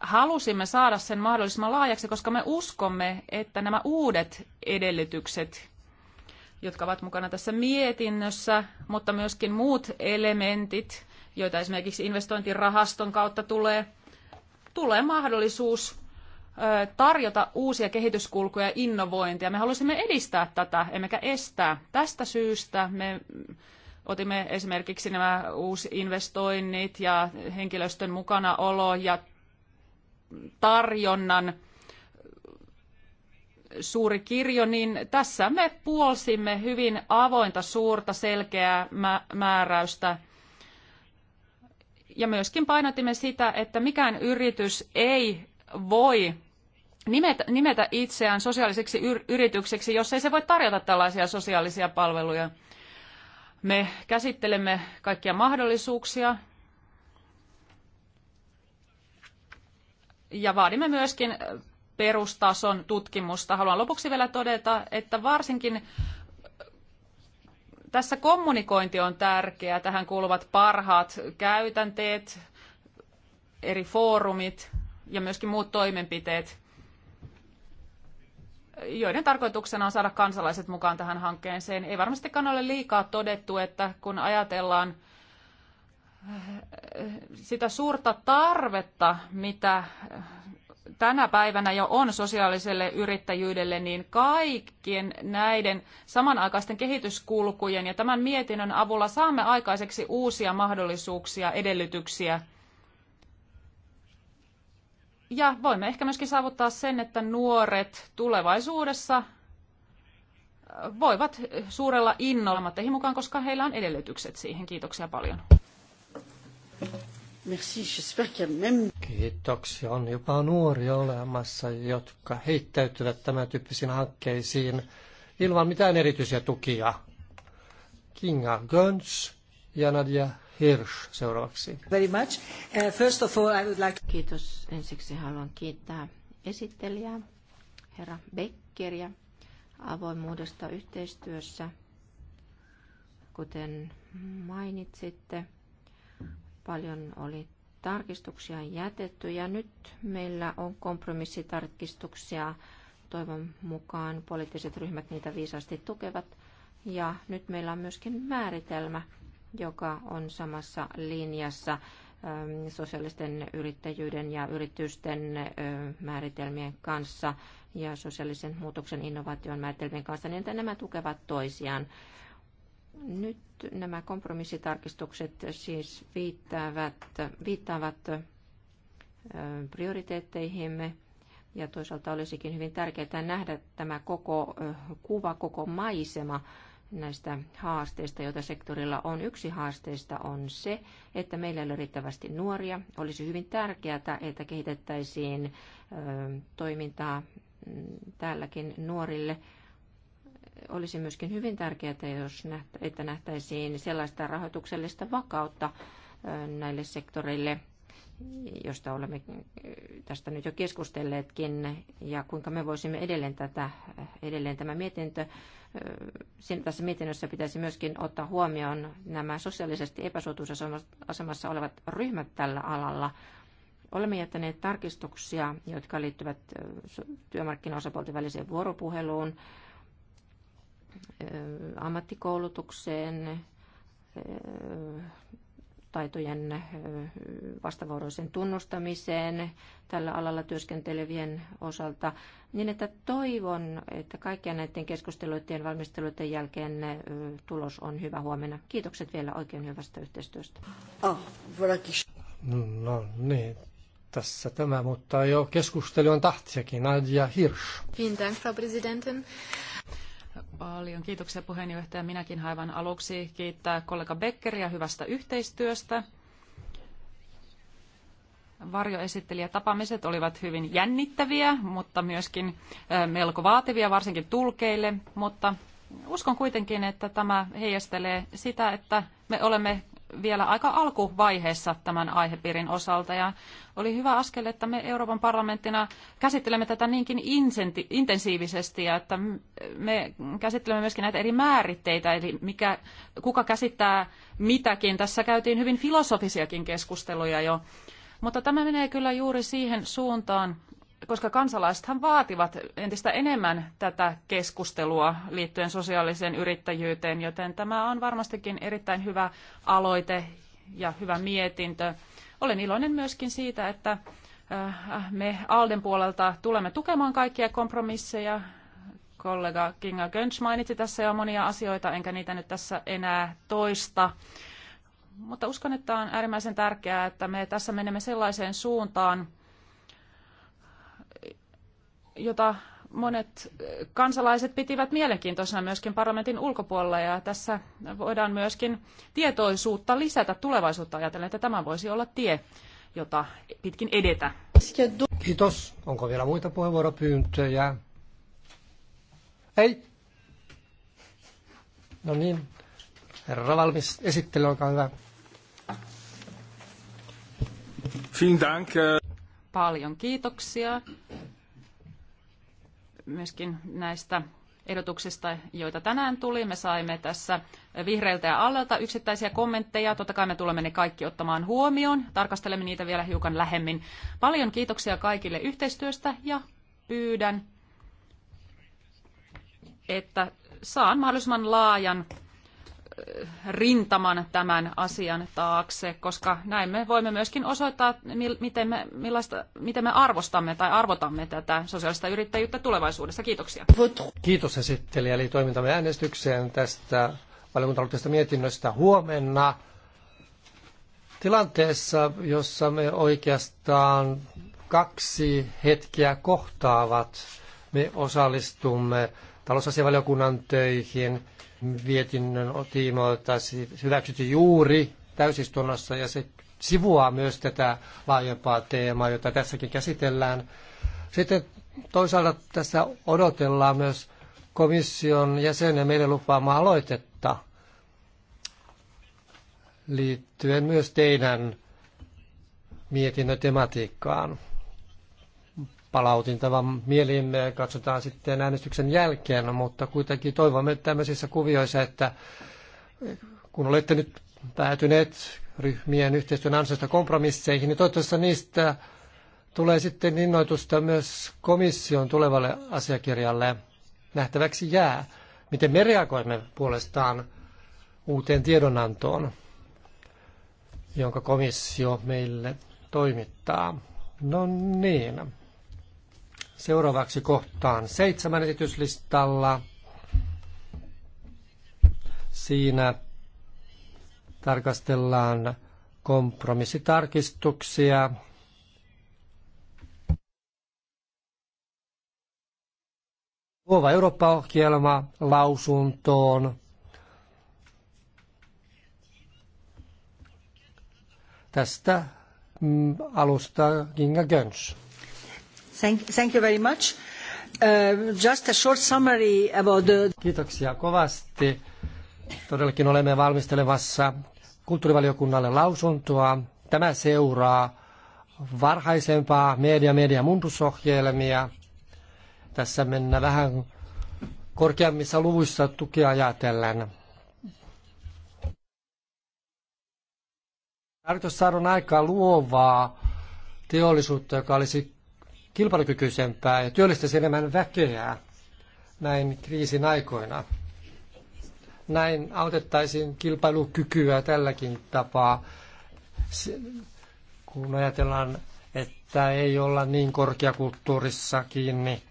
halusimme saada sen mahdollisimman laajaksi, koska me uskomme, että nämä uudet edellytykset, jotka ovat mukana tässä mietinnössä, mutta myöskin muut elementit, joita esimerkiksi investointirahaston kautta tulee, tulee mahdollisuus tarjota uusia kehityskulkuja ja innovointia. Me halusimme edistää tätä, emmekä estää. Tästä syystä me otimme esimerkiksi nämä uusinvestoinnit ja henkilöstön mukanaolo ja tarjonnan suuri kirjo, niin tässä me puolsimme hyvin avointa, suurta, selkeää määräystä. Ja myöskin painotimme sitä, että mikään yritys ei voi nimetä, nimetä itseään sosiaaliseksi yr- yritykseksi, jos ei se voi tarjota tällaisia sosiaalisia palveluja. Me käsittelemme kaikkia mahdollisuuksia ja vaadimme myöskin perustason tutkimusta. Haluan lopuksi vielä todeta, että varsinkin tässä kommunikointi on tärkeää. Tähän kuuluvat parhaat käytänteet, eri foorumit ja myöskin muut toimenpiteet joiden tarkoituksena on saada kansalaiset mukaan tähän hankkeeseen. Ei varmastikaan ole liikaa todettu, että kun ajatellaan eh, sitä suurta tarvetta, mitä tänä päivänä jo on sosiaaliselle yrittäjyydelle, niin kaikkien näiden samanaikaisten kehityskulkujen ja tämän mietinnön avulla saamme aikaiseksi uusia mahdollisuuksia, edellytyksiä – ja voimme ehkä myöskin saavuttaa sen, että nuoret tulevaisuudessa voivat suurella innolla ammatteihin mukaan, koska heillä on edellytykset siihen. Kiitoksia paljon. Merci, Kiitoksia. On jopa nuoria olemassa, jotka heittäytyvät tämän tyyppisiin hankkeisiin ilman mitään erityisiä tukia. Kinga Göns ja Nadia Hirsch seuraavaksi. Very much. Uh, first of all, I would like... Kiitos. Ensiksi haluan kiittää esittelijää, herra Beckeria, avoimuudesta yhteistyössä. Kuten mainitsitte, paljon oli tarkistuksia jätetty ja nyt meillä on kompromissitarkistuksia. Toivon mukaan poliittiset ryhmät niitä viisaasti tukevat. Ja nyt meillä on myöskin määritelmä – joka on samassa linjassa ähm, sosiaalisten yrittäjyyden ja yritysten äh, määritelmien kanssa ja sosiaalisen muutoksen innovaation määritelmien kanssa, niin että nämä tukevat toisiaan. Nyt nämä kompromissitarkistukset siis viittaavat, viittaavat äh, prioriteetteihimme ja toisaalta olisikin hyvin tärkeää nähdä tämä koko äh, kuva, koko maisema – näistä haasteista, joita sektorilla on. Yksi haasteista on se, että meillä ei ole riittävästi nuoria. Olisi hyvin tärkeää, että kehitettäisiin toimintaa mm, täälläkin nuorille. Olisi myöskin hyvin tärkeää, jos nähtä, että nähtäisiin sellaista rahoituksellista vakautta näille sektoreille, josta olemme tästä nyt jo keskustelleetkin, ja kuinka me voisimme edelleen, tätä, edelleen tämä mietintö siinä tässä mietinnössä pitäisi myöskin ottaa huomioon nämä sosiaalisesti asemassa olevat ryhmät tällä alalla. Olemme jättäneet tarkistuksia, jotka liittyvät työmarkkinaosapuolten väliseen vuoropuheluun, ammattikoulutukseen, taitojen vastavuoroisen tunnustamiseen tällä alalla työskentelevien osalta, niin että toivon, että kaikkien näiden keskusteluiden ja valmisteluiden jälkeen tulos on hyvä huomenna. Kiitokset vielä oikein hyvästä yhteistyöstä. Oh, no niin, tässä tämä, mutta jo keskustelu on tahtiakin. Nadja Hirsch. Vielen Dank, Frau Präsidentin. Paljon kiitoksia puheenjohtaja. Minäkin aivan aluksi kiittää kollega Beckeriä hyvästä yhteistyöstä. Varjoesittelijätapaamiset olivat hyvin jännittäviä, mutta myöskin melko vaativia, varsinkin tulkeille. Mutta uskon kuitenkin, että tämä heijastelee sitä, että me olemme vielä aika alkuvaiheessa tämän aihepiirin osalta ja oli hyvä askel, että me Euroopan parlamenttina käsittelemme tätä niinkin intensiivisesti ja että me käsittelemme myöskin näitä eri määritteitä, eli mikä, kuka käsittää mitäkin. Tässä käytiin hyvin filosofisiakin keskusteluja jo, mutta tämä menee kyllä juuri siihen suuntaan, koska kansalaisethan vaativat entistä enemmän tätä keskustelua liittyen sosiaaliseen yrittäjyyteen, joten tämä on varmastikin erittäin hyvä aloite ja hyvä mietintö. Olen iloinen myöskin siitä, että äh, me Alden puolelta tulemme tukemaan kaikkia kompromisseja. Kollega Kinga Gönsch mainitsi tässä jo monia asioita, enkä niitä nyt tässä enää toista. Mutta uskon, että on äärimmäisen tärkeää, että me tässä menemme sellaiseen suuntaan, jota monet eh, kansalaiset pitivät mielenkiintoisena myöskin parlamentin ulkopuolella ja tässä voidaan myöskin tietoisuutta lisätä tulevaisuutta ajatellen, että tämä voisi olla tie, jota pitkin edetä. Kiitos. Onko vielä muita puheenvuoropyyntöjä? Ei. No niin. Herra valmis esittely, olkaa hyvä. Vielen Dank. Äh. Paljon kiitoksia myöskin näistä ehdotuksista, joita tänään tuli. Me saimme tässä vihreiltä ja allelta yksittäisiä kommentteja. Totta kai me tulemme ne kaikki ottamaan huomioon. Tarkastelemme niitä vielä hiukan lähemmin. Paljon kiitoksia kaikille yhteistyöstä ja pyydän, että saan mahdollisimman laajan rintaman tämän asian taakse, koska näin me voimme myöskin osoittaa, miten me, millaista, miten me arvostamme tai arvotamme tätä sosiaalista yrittäjyyttä tulevaisuudessa. Kiitoksia. Kiitos esittelijä. Eli toimintamme äänestykseen tästä valiokunta mietinnöstä huomenna tilanteessa, jossa me oikeastaan kaksi hetkeä kohtaavat. Me osallistumme talousasiavaliokunnan töihin – mietinnön tiimoilta hyväksytty juuri täysistunnossa ja se sivuaa myös tätä laajempaa teemaa, jota tässäkin käsitellään. Sitten toisaalta tässä odotellaan myös komission jäsenen meille lupaamaa aloitetta liittyen myös teidän mietinnön tematiikkaan palautin tavan mieliimme, katsotaan sitten äänestyksen jälkeen, mutta kuitenkin toivomme tämmöisissä kuvioissa, että kun olette nyt päätyneet ryhmien yhteistyön ansiosta kompromisseihin, niin toivottavasti niistä tulee sitten innoitusta myös komission tulevalle asiakirjalle. Nähtäväksi jää, miten me reagoimme puolestaan uuteen tiedonantoon, jonka komissio meille toimittaa. No niin. Seuraavaksi kohtaan seitsemän esityslistalla. Siinä tarkastellaan kompromissitarkistuksia. Luova Eurooppa-ohjelma lausuntoon. Tästä mm, alusta Ginga Gönsch. Thank, you very much. Uh, just a short summary about the... Kiitoksia kovasti. Todellakin olemme valmistelemassa kulttuurivaliokunnalle lausuntoa. Tämä seuraa varhaisempaa media media mundusohjelmia. Tässä mennään vähän korkeammissa luvuissa tukea ajatellen. Tarkoitus saada aikaa luovaa teollisuutta, joka olisi kilpailukykyisempää ja työllistäisi enemmän väkeä näin kriisin aikoina. Näin autettaisiin kilpailukykyä tälläkin tapaa, kun ajatellaan, että ei olla niin korkeakulttuurissa kiinni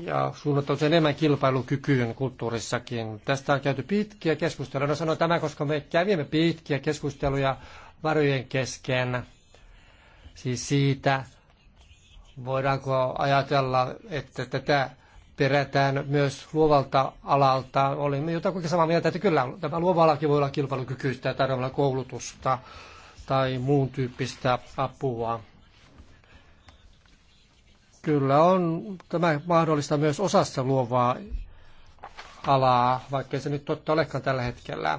ja suunnattaisi enemmän kilpailukykyyn kulttuurissakin. Tästä on käyty pitkiä keskusteluja. No sanon tämä, koska me kävimme pitkiä keskusteluja varojen kesken, siis siitä, Voidaanko ajatella, että tätä perätään myös luovalta alalta? Olimme jotakin samaa mieltä, että kyllä tämä luova alakin voi olla kilpailukykyistä tarjolla koulutusta tai muun tyyppistä apua. Kyllä on tämä mahdollista myös osassa luovaa alaa, vaikkei se nyt totta olekaan tällä hetkellä.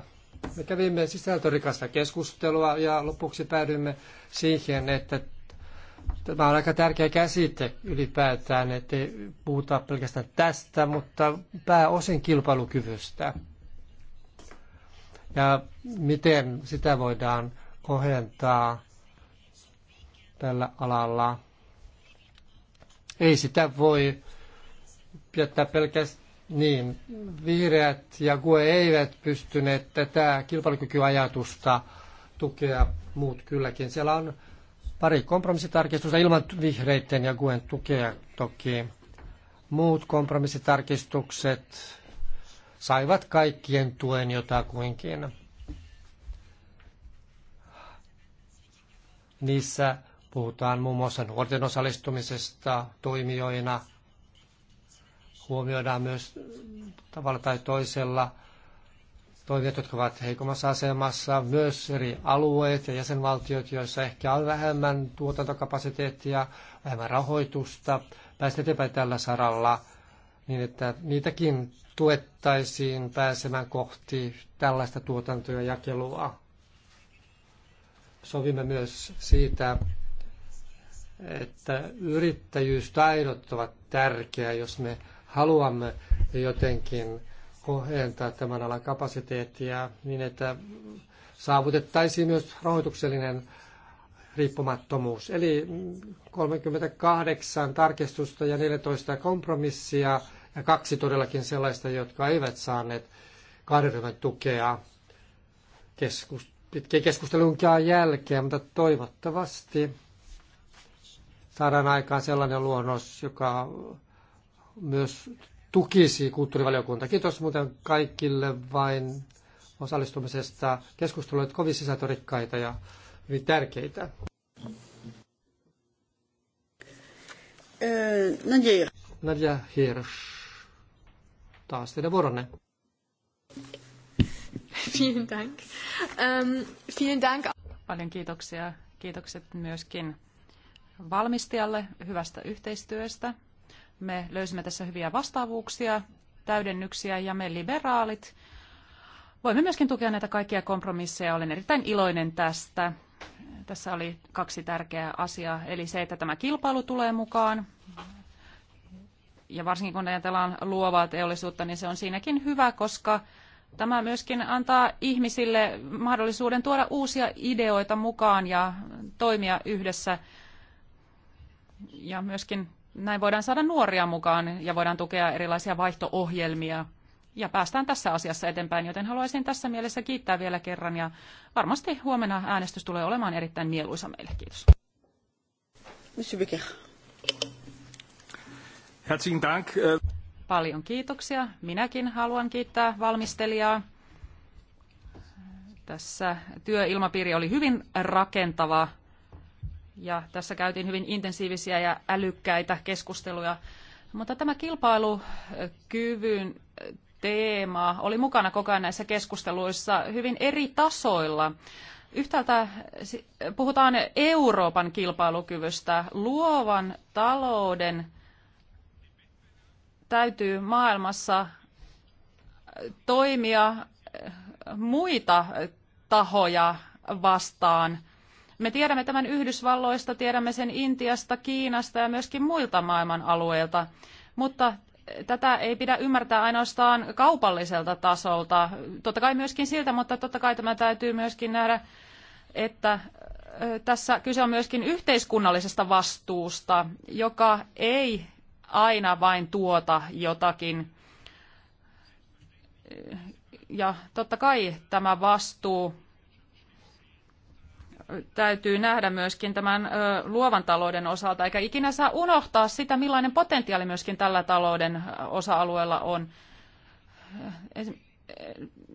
Me kävimme sisältörikasta keskustelua ja lopuksi päädyimme siihen, että Tämä on aika tärkeä käsite ylipäätään, ettei puhuta pelkästään tästä, mutta pääosin kilpailukyvystä. Ja miten sitä voidaan kohentaa tällä alalla. Ei sitä voi jättää pelkästään niin. Vihreät ja GUE eivät pystyneet tätä kilpailukykyajatusta tukea, muut kylläkin. Siellä on Pari kompromissitarkistusta ilman vihreiden ja Guen tukea toki. Muut kompromissitarkistukset saivat kaikkien tuen jotakuinkin. Niissä puhutaan muun muassa nuorten osallistumisesta toimijoina. Huomioidaan myös tavalla tai toisella – toimijat, jotka ovat heikommassa asemassa, myös eri alueet ja jäsenvaltiot, joissa ehkä on vähemmän tuotantokapasiteettia, vähemmän rahoitusta, päästä eteenpäin tällä saralla, niin että niitäkin tuettaisiin pääsemään kohti tällaista tuotantoa ja jakelua. Sovimme myös siitä, että yrittäjyystaidot ovat tärkeä, jos me haluamme jotenkin kohentaa tämän alan kapasiteettia niin, että saavutettaisiin myös rahoituksellinen riippumattomuus. Eli 38 tarkistusta ja 14 kompromissia ja kaksi todellakin sellaista, jotka eivät saaneet kahden tukea keskus, pitkien keskustelunkaan jälkeen, mutta toivottavasti saadaan aikaan sellainen luonnos, joka myös tukisi kulttuurivaliokunta. Kiitos muuten kaikille vain osallistumisesta. Keskustelu on kovin sisätorikkaita ja hyvin tärkeitä. Nadia. Nadia Hirsch. Taas teidän vuoronne. Vielen Dank. Ähm, vielen Dank. Paljon kiitoksia. Kiitokset myöskin valmistajalle hyvästä yhteistyöstä. Me löysimme tässä hyviä vastaavuuksia, täydennyksiä ja me liberaalit voimme myöskin tukea näitä kaikkia kompromisseja. Olen erittäin iloinen tästä. Tässä oli kaksi tärkeää asiaa, eli se, että tämä kilpailu tulee mukaan, ja varsinkin kun ajatellaan luovaa teollisuutta, niin se on siinäkin hyvä, koska tämä myöskin antaa ihmisille mahdollisuuden tuoda uusia ideoita mukaan ja toimia yhdessä. Ja myöskin näin voidaan saada nuoria mukaan ja voidaan tukea erilaisia vaihtoohjelmia Ja päästään tässä asiassa eteenpäin, joten haluaisin tässä mielessä kiittää vielä kerran ja varmasti huomenna äänestys tulee olemaan erittäin mieluisa meille. Kiitos. Herzlichen Dank. Paljon kiitoksia. Minäkin haluan kiittää valmistelijaa. Tässä työilmapiiri oli hyvin rakentava ja tässä käytiin hyvin intensiivisiä ja älykkäitä keskusteluja. Mutta tämä kilpailukyvyn äh, teema oli mukana koko ajan näissä keskusteluissa hyvin eri tasoilla. Yhtäältä puhutaan Euroopan kilpailukyvystä. Luovan talouden täytyy maailmassa äh, toimia äh, muita tahoja vastaan – me tiedämme tämän Yhdysvalloista, tiedämme sen Intiasta, Kiinasta ja myöskin muilta maailman alueilta, mutta tätä ei pidä ymmärtää ainoastaan kaupalliselta tasolta, totta kai myöskin siltä, mutta totta kai tämä täytyy myöskin nähdä, että tässä kyse on myöskin yhteiskunnallisesta vastuusta, joka ei aina vain tuota jotakin. Ja totta kai tämä vastuu täytyy nähdä myöskin tämän luovan talouden osalta, eikä ikinä saa unohtaa sitä, millainen potentiaali myöskin tällä talouden osa-alueella on.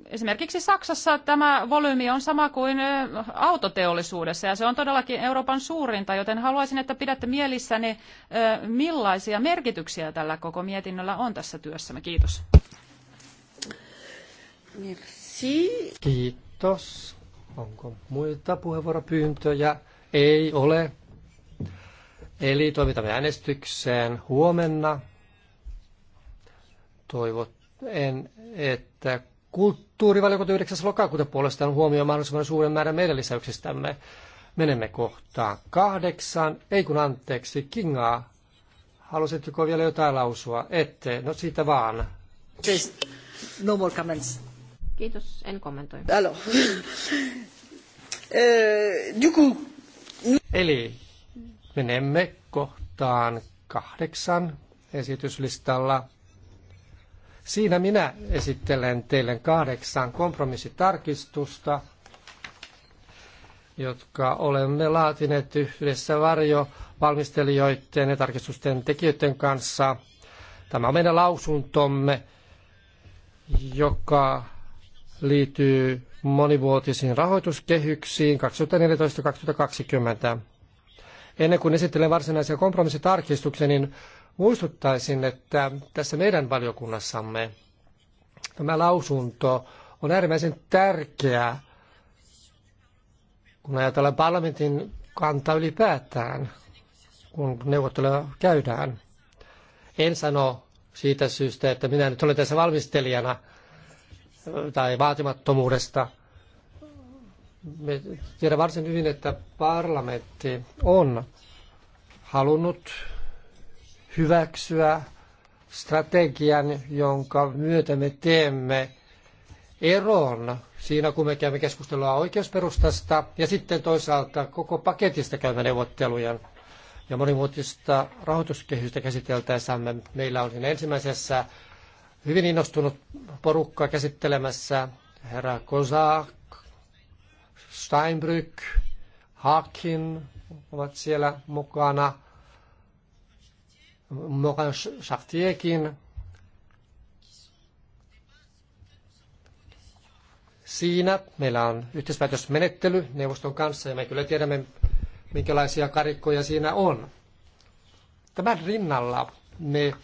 Esimerkiksi Saksassa tämä volyymi on sama kuin autoteollisuudessa ja se on todellakin Euroopan suurinta, joten haluaisin, että pidätte mielissäni, millaisia merkityksiä tällä koko mietinnöllä on tässä työssämme. Kiitos. Merci. Kiitos. Onko muita puheenvuoropyyntöjä? Ei ole. Eli toimitamme äänestykseen huomenna. Toivoten, että kulttuurivaliokunta 9. lokakuuta puolestaan huomioi mahdollisimman suuren määrän meidän lisäyksistämme. Menemme kohtaan kahdeksan. Ei kun anteeksi, Kingaa. Halusitko vielä jotain lausua? Ette. No siitä vaan. Just, No more comments. Kiitos, en kommentoi. Euh, Eli menemme kohtaan kahdeksan esityslistalla. Siinä minä esittelen teille kahdeksan kompromissitarkistusta, jotka olemme laatineet yhdessä varjo valmistelijoiden ja tarkistusten tekijöiden kanssa. Tämä on meidän lausuntomme, joka liittyy monivuotisiin rahoituskehyksiin 2014-2020. Ennen kuin esittelen varsinaisia kompromissitarkistuksia, niin muistuttaisin, että tässä meidän valiokunnassamme tämä lausunto on äärimmäisen tärkeä, kun ajatellaan parlamentin kanta ylipäätään, kun neuvotteluja käydään. En sano siitä syystä, että minä nyt olen tässä valmistelijana – tai vaatimattomuudesta. Me tiedän varsin hyvin, että parlamentti on halunnut hyväksyä strategian, jonka myötä me teemme eron siinä, kun me käymme keskustelua oikeusperustasta ja sitten toisaalta koko paketista käymme neuvotteluja ja monimuotoista rahoituskehystä käsiteltäessämme. Meillä on siinä ensimmäisessä hyvin innostunut porukka käsittelemässä. Herra Kozak, Steinbrück, Hakin ovat siellä mukana. Mokan Schachtiekin. Siinä meillä on yhteispäätösmenettely neuvoston kanssa ja me kyllä tiedämme, minkälaisia karikkoja siinä on. Tämän rinnalla me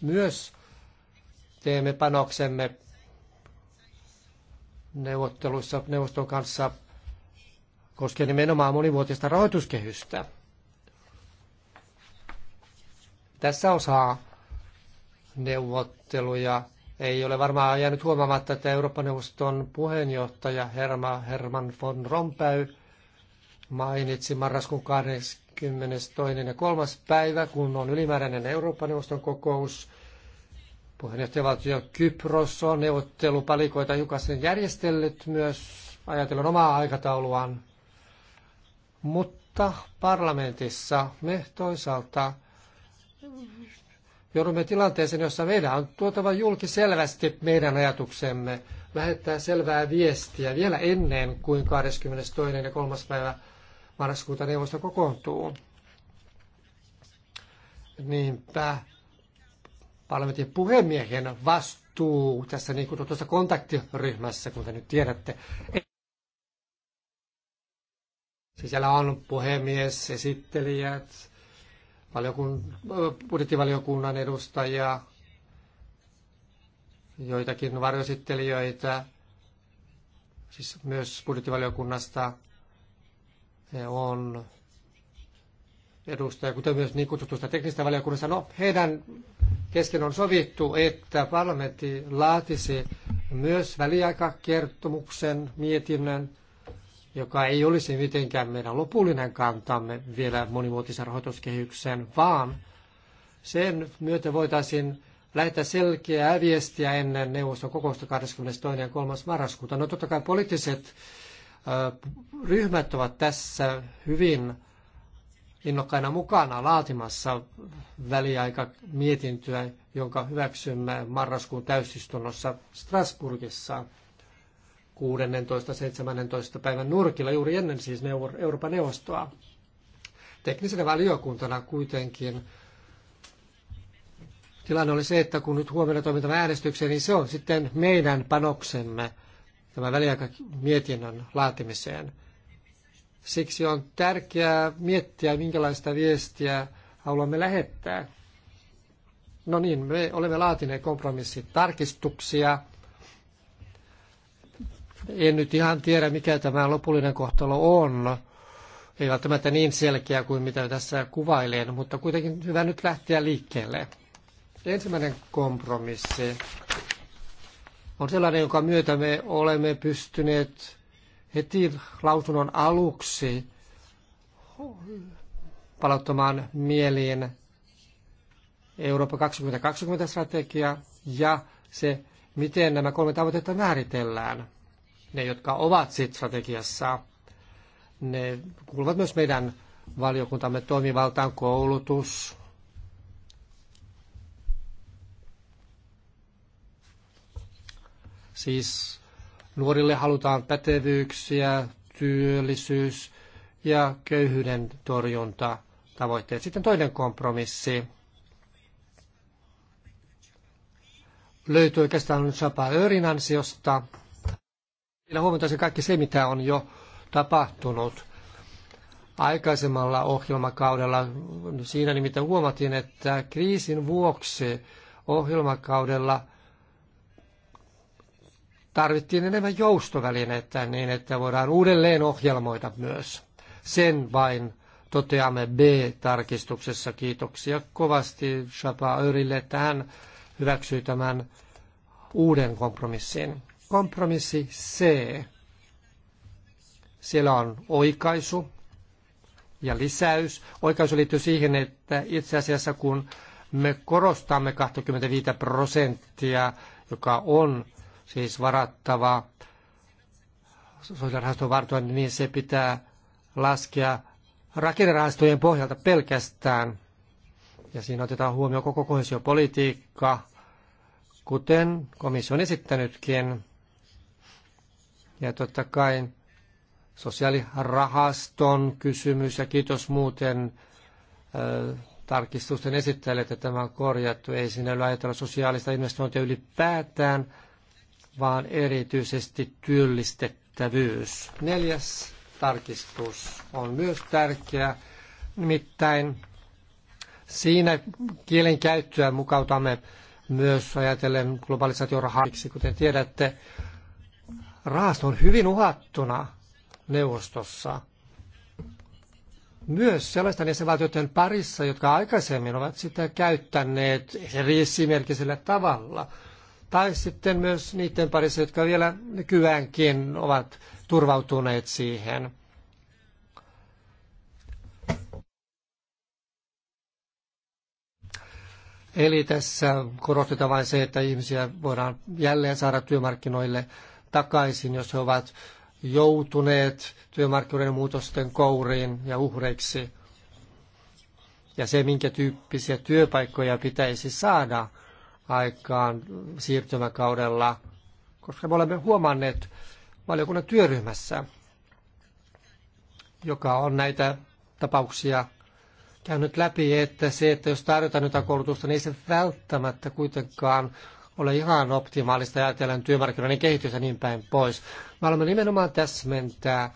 myös teemme panoksemme neuvotteluissa neuvoston kanssa koskien nimenomaan monivuotista rahoituskehystä. Tässä osaa neuvotteluja ei ole varmaan jäänyt huomaamatta, että Euroopan neuvoston puheenjohtaja Herma, Herman von Rompäy mainitsi marraskuun 22. ja 3. päivä, kun on ylimääräinen Euroopan neuvoston kokous – Puheenjohtajavaltio Kypros on neuvottelupalikoita hiukan järjestellyt myös ajatellen omaa aikatauluaan. Mutta parlamentissa me toisaalta joudumme tilanteeseen, jossa meidän on tuotava julki selvästi meidän ajatuksemme, lähettää selvää viestiä vielä ennen kuin 22. ja 3. päivä marraskuuta neuvosto kokoontuu. Niinpä parlamentin puhemiehen vastuu tässä niin kuin tuossa kontaktiryhmässä, te nyt tiedätte. Siis siellä on puhemies, esittelijät, valiokun, budjettivaliokunnan edustajia, joitakin varjoesittelijöitä, siis myös budjettivaliokunnasta on edustaja, kuten myös niin kutsutusta teknisestä valiokunnasta. No, heidän kesken on sovittu, että parlamentti laatisi myös väliaikakertomuksen mietinnön, joka ei olisi mitenkään meidän lopullinen kantamme vielä monimuotisen rahoituskehyksen, vaan sen myötä voitaisiin lähettää selkeää viestiä ennen neuvoston kokousta 22. ja 3. marraskuuta. No totta kai poliittiset ryhmät ovat tässä hyvin innokkaina mukana laatimassa väliaikamietintöä, jonka hyväksymme marraskuun täysistunnossa Strasburgissa 16-17 päivän nurkilla juuri ennen siis Euroopan neuvostoa. Teknisenä valiokuntana kuitenkin tilanne oli se, että kun nyt huomenna toimitamme äänestykseen, niin se on sitten meidän panoksemme tämän väliaikamietinnön laatimiseen – Siksi on tärkeää miettiä, minkälaista viestiä haluamme lähettää. No niin, me olemme laatineet kompromissitarkistuksia. En nyt ihan tiedä, mikä tämä lopullinen kohtalo on. Ei välttämättä niin selkeä kuin mitä tässä kuvailen, mutta kuitenkin hyvä nyt lähteä liikkeelle. Ensimmäinen kompromissi on sellainen, jonka myötä me olemme pystyneet heti lausunnon aluksi palauttamaan mieliin Eurooppa 2020 strategia ja se, miten nämä kolme tavoitetta määritellään. Ne, jotka ovat sit strategiassa, ne kuuluvat myös meidän valiokuntamme toimivaltaan koulutus, siis Nuorille halutaan pätevyyksiä, työllisyys ja köyhyyden torjunta tavoitteet. Sitten toinen kompromissi. Löytyy oikeastaan Chapa Örin ansiosta. Siinä huomataan kaikki se, mitä on jo tapahtunut aikaisemmalla ohjelmakaudella. Siinä nimittäin huomattiin, että kriisin vuoksi ohjelmakaudella – tarvittiin enemmän joustovälineitä niin, että voidaan uudelleen ohjelmoida myös. Sen vain toteamme B-tarkistuksessa. Kiitoksia kovasti Shapa Örille, että hän hyväksyi tämän uuden kompromissin. Kompromissi C. Siellä on oikaisu ja lisäys. Oikaisu liittyy siihen, että itse asiassa kun me korostamme 25 prosenttia, joka on siis varattava sosiaalirahaston vartoin, niin se pitää laskea rakennerahastojen pohjalta pelkästään. Ja siinä otetaan huomioon koko kohesiopolitiikka, kuten komissio on esittänytkin. Ja totta kai sosiaalirahaston kysymys ja kiitos muuten tarkistusten esittäjille, että tämä on korjattu. Ei siinä ole ajatella sosiaalista investointia ylipäätään, vaan erityisesti työllistettävyys. Neljäs tarkistus on myös tärkeä, nimittäin siinä kielen käyttöä mukautamme myös ajatellen globalisaatiorahaaksi, kuten tiedätte, rahasto on hyvin uhattuna neuvostossa. Myös sellaisten jäsenvaltioiden parissa, jotka aikaisemmin ovat sitä käyttäneet esimerkiksi tavalla – tai sitten myös niiden parissa, jotka vielä nykyäänkin ovat turvautuneet siihen. Eli tässä korostetaan vain se, että ihmisiä voidaan jälleen saada työmarkkinoille takaisin, jos he ovat joutuneet työmarkkinoiden muutosten kouriin ja uhreiksi. Ja se, minkä tyyppisiä työpaikkoja pitäisi saada, aikaan siirtymäkaudella, koska me olemme huomanneet valiokunnan työryhmässä, joka on näitä tapauksia käynyt läpi, että se, että jos tarjotaan jotain koulutusta, niin ei se välttämättä kuitenkaan ole ihan optimaalista ajatellen työmarkkinoiden kehitystä niin päin pois. Me haluamme nimenomaan täsmentää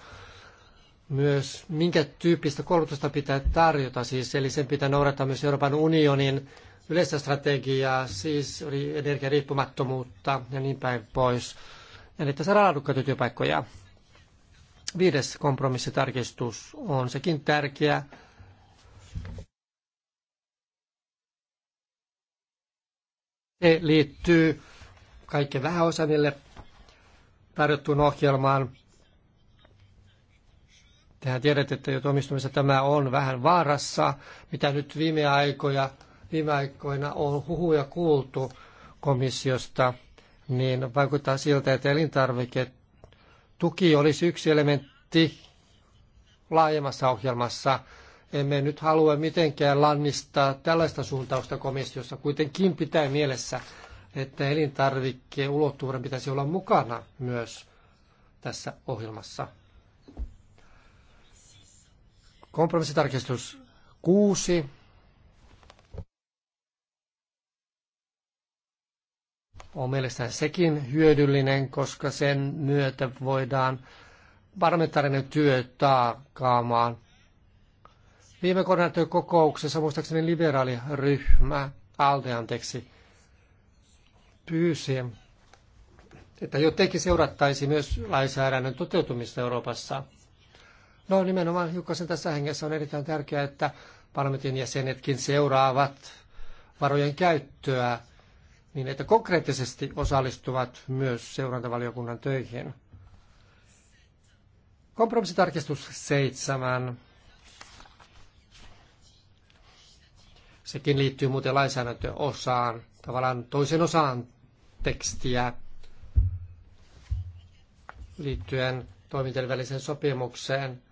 myös, minkä tyyppistä koulutusta pitää tarjota, siis, eli sen pitää noudattaa myös Euroopan unionin yleistä strategiaa, siis energiariippumattomuutta ja niin päin pois. Eli tässä laadukkaita työpaikkoja. Viides kompromissitarkistus on sekin tärkeä. Se liittyy kaikkein vähäosaisille tarjottuun ohjelmaan. Tehän tiedät, että jo tämä on vähän vaarassa, mitä nyt viime aikoja – viime aikoina on huhuja kuultu komissiosta, niin vaikuttaa siltä, että elintarviketuki tuki olisi yksi elementti laajemmassa ohjelmassa. Emme nyt halua mitenkään lannistaa tällaista suuntausta komissiossa. Kuitenkin pitää mielessä, että elintarvikkeen ulottuvuuden pitäisi olla mukana myös tässä ohjelmassa. Kompromissitarkistus 6 on mielestäni sekin hyödyllinen, koska sen myötä voidaan parlamentaarinen työ taakkaamaan. Viime koordinaatiokokouksessa muistaakseni liberaaliryhmä, ALDE anteeksi, pyysi, että jotenkin seurattaisi myös lainsäädännön toteutumista Euroopassa. No nimenomaan hiukkasen tässä hengessä on erittäin tärkeää, että parlamentin jäsenetkin seuraavat varojen käyttöä niin että konkreettisesti osallistuvat myös seurantavaliokunnan töihin. Kompromissitarkistus 7. Sekin liittyy muuten lainsäädäntöosaan, tavallaan toisen osaan tekstiä liittyen toimintojen sopimukseen.